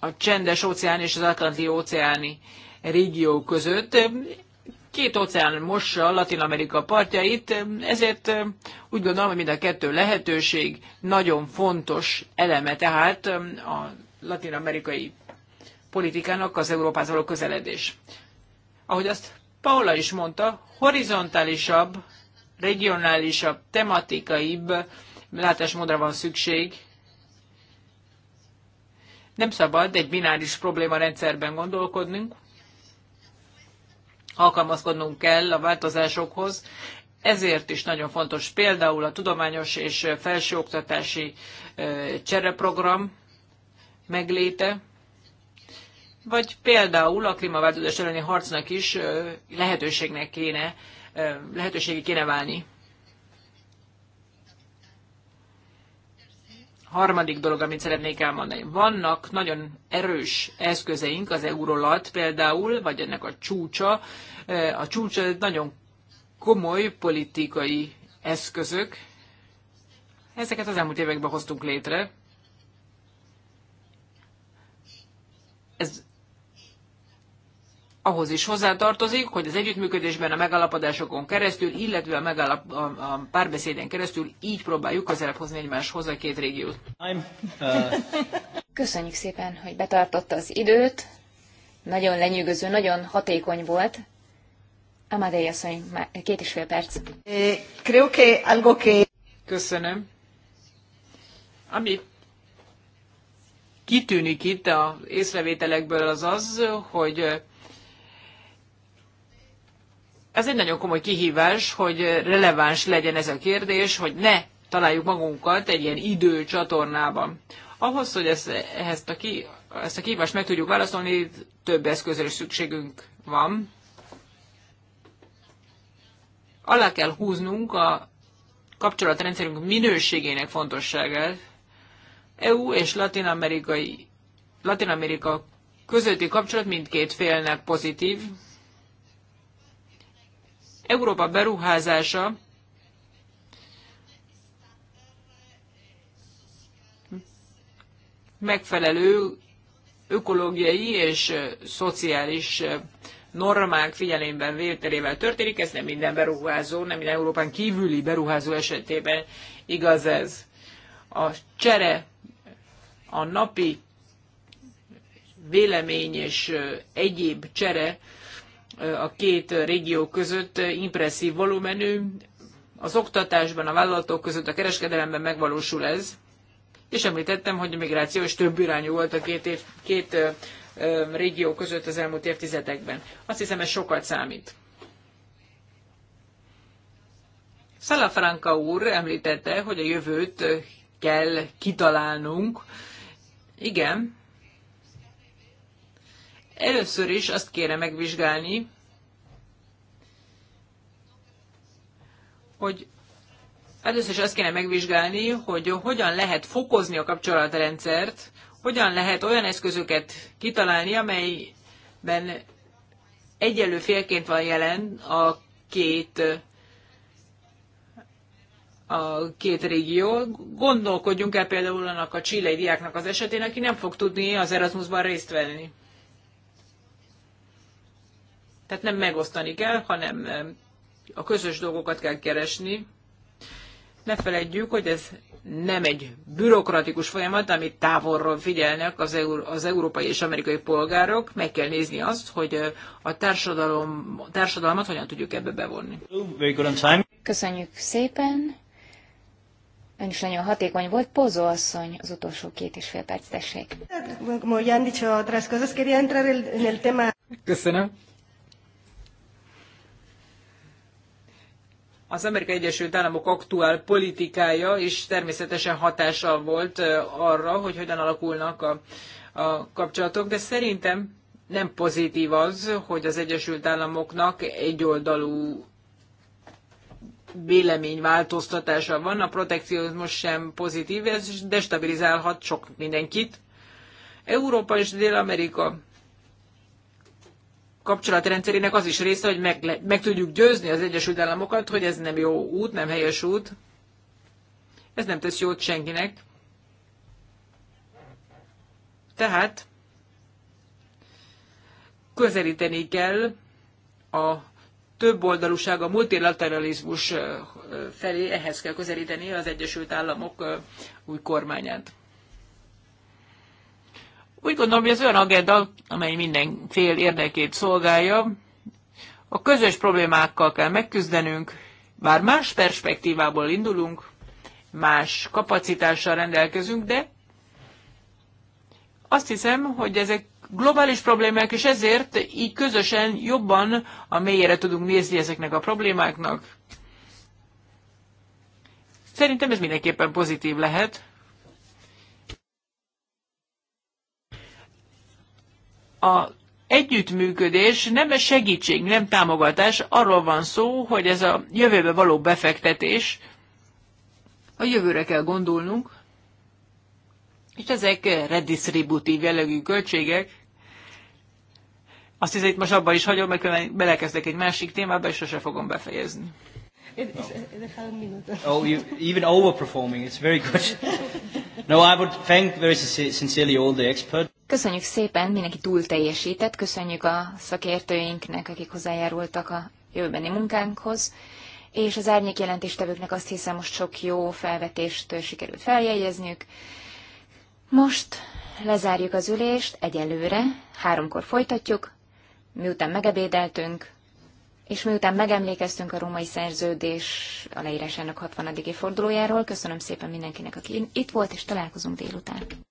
a csendes óceán és az atlanti óceáni régió között. Két óceán mossa Latin Amerika partjait, ezért úgy gondolom, hogy mind a kettő lehetőség nagyon fontos eleme tehát a latin amerikai politikának az Európához való közeledés. Ahogy azt Paula is mondta, horizontálisabb, regionálisabb, tematikaibb látásmódra van szükség. Nem szabad egy bináris probléma rendszerben gondolkodnunk alkalmazkodnunk kell a változásokhoz, ezért is nagyon fontos például a tudományos és felsőoktatási csereprogram megléte, vagy például a klímaváltozás elleni harcnak is lehetőségnek kéne, lehetőségi kéne válni. Harmadik dolog, amit szeretnék elmondani. Vannak nagyon erős eszközeink, az eurolat például, vagy ennek a csúcsa. A csúcsa nagyon komoly politikai eszközök. Ezeket az elmúlt években hoztunk létre. Ez ahhoz is hozzátartozik, hogy az együttműködésben a megállapodásokon keresztül, illetve a, megállap, a, a párbeszéden keresztül így próbáljuk közelebb hozni egymáshoz a két régiót. Uh... Köszönjük szépen, hogy betartotta az időt. Nagyon lenyűgöző, nagyon hatékony volt. Amadei asszony, két és fél perc. Eh, creo que algo que... Köszönöm. Ami kitűnik itt az észrevételekből az az, hogy ez egy nagyon komoly kihívás, hogy releváns legyen ez a kérdés, hogy ne találjuk magunkat egy ilyen időcsatornában. Ahhoz, hogy ezt, ezt, a, ki, ezt a kihívást meg tudjuk válaszolni, több eszközre szükségünk van. Alá kell húznunk a kapcsolatrendszerünk minőségének fontosságát. EU és latin-amerikai Latin Amerika közötti kapcsolat mindkét félnek pozitív, Európa beruházása megfelelő ökológiai és szociális normák figyelemben vételével történik, ez nem minden beruházó, nem minden Európán kívüli beruházó esetében igaz ez. A csere, a napi vélemény és egyéb csere a két régió között impresszív volumenű. Az oktatásban, a vállalatok között, a kereskedelemben megvalósul ez. És említettem, hogy a migráció is több irányú volt a két, év, két régió között az elmúlt évtizedekben. Azt hiszem, ez sokat számít. Salafranca úr említette, hogy a jövőt kell kitalálnunk. Igen, Először is azt kéne megvizsgálni, hogy először is azt kéne megvizsgálni, hogy hogyan lehet fokozni a kapcsolatrendszert, hogyan lehet olyan eszközöket kitalálni, amelyben egyelő félként van jelen a két a két régió. Gondolkodjunk el például annak a csillai diáknak az esetén, aki nem fog tudni az Erasmusban részt venni. Tehát nem megosztani kell, hanem a közös dolgokat kell keresni. Ne feledjük, hogy ez nem egy bürokratikus folyamat, amit távolról figyelnek az, euró, az európai és amerikai polgárok. Meg kell nézni azt, hogy a társadalom, társadalmat hogyan tudjuk ebbe bevonni. Köszönjük szépen. Ön is nagyon hatékony volt. Pozó asszony, az utolsó két és fél perc, tessék. Köszönöm. az Amerikai Egyesült Államok aktuál politikája is természetesen hatással volt arra, hogy hogyan alakulnak a, a kapcsolatok, de szerintem nem pozitív az, hogy az Egyesült Államoknak egyoldalú változtatása van, a protekcionizmus sem pozitív, ez destabilizálhat sok mindenkit. Európa és Dél-Amerika rendszerének az is része, hogy meg, meg tudjuk győzni az Egyesült Államokat, hogy ez nem jó út, nem helyes út. Ez nem tesz jót senkinek. Tehát közelíteni kell a több oldalúság a multilateralizmus felé, ehhez kell közelíteni az Egyesült Államok új kormányát. Úgy gondolom, hogy ez olyan agenda, amely minden fél érdekét szolgálja. A közös problémákkal kell megküzdenünk, bár más perspektívából indulunk, más kapacitással rendelkezünk, de azt hiszem, hogy ezek globális problémák, és ezért így közösen jobban a mélyére tudunk nézni ezeknek a problémáknak. Szerintem ez mindenképpen pozitív lehet. a együttműködés nem segítség, nem támogatás, arról van szó, hogy ez a jövőbe való befektetés, a jövőre kell gondolnunk, és ezek redistributív jellegű költségek. Azt hiszem, itt most abban is hagyom, mert belekezdek egy másik témába, és sose fogom befejezni. Oh, you even overperforming. It's very good. No, I would thank very sincerely all the experts. Köszönjük szépen, mindenki túl teljesített, köszönjük a szakértőinknek, akik hozzájárultak a jövőbeni munkánkhoz, és az árnyék jelentéstevőknek azt hiszem most sok jó felvetést sikerült feljegyezniük. Most lezárjuk az ülést egyelőre, háromkor folytatjuk, miután megebédeltünk, és miután megemlékeztünk a római szerződés aláírásának 60. évfordulójáról, köszönöm szépen mindenkinek, aki itt volt, és találkozunk délután.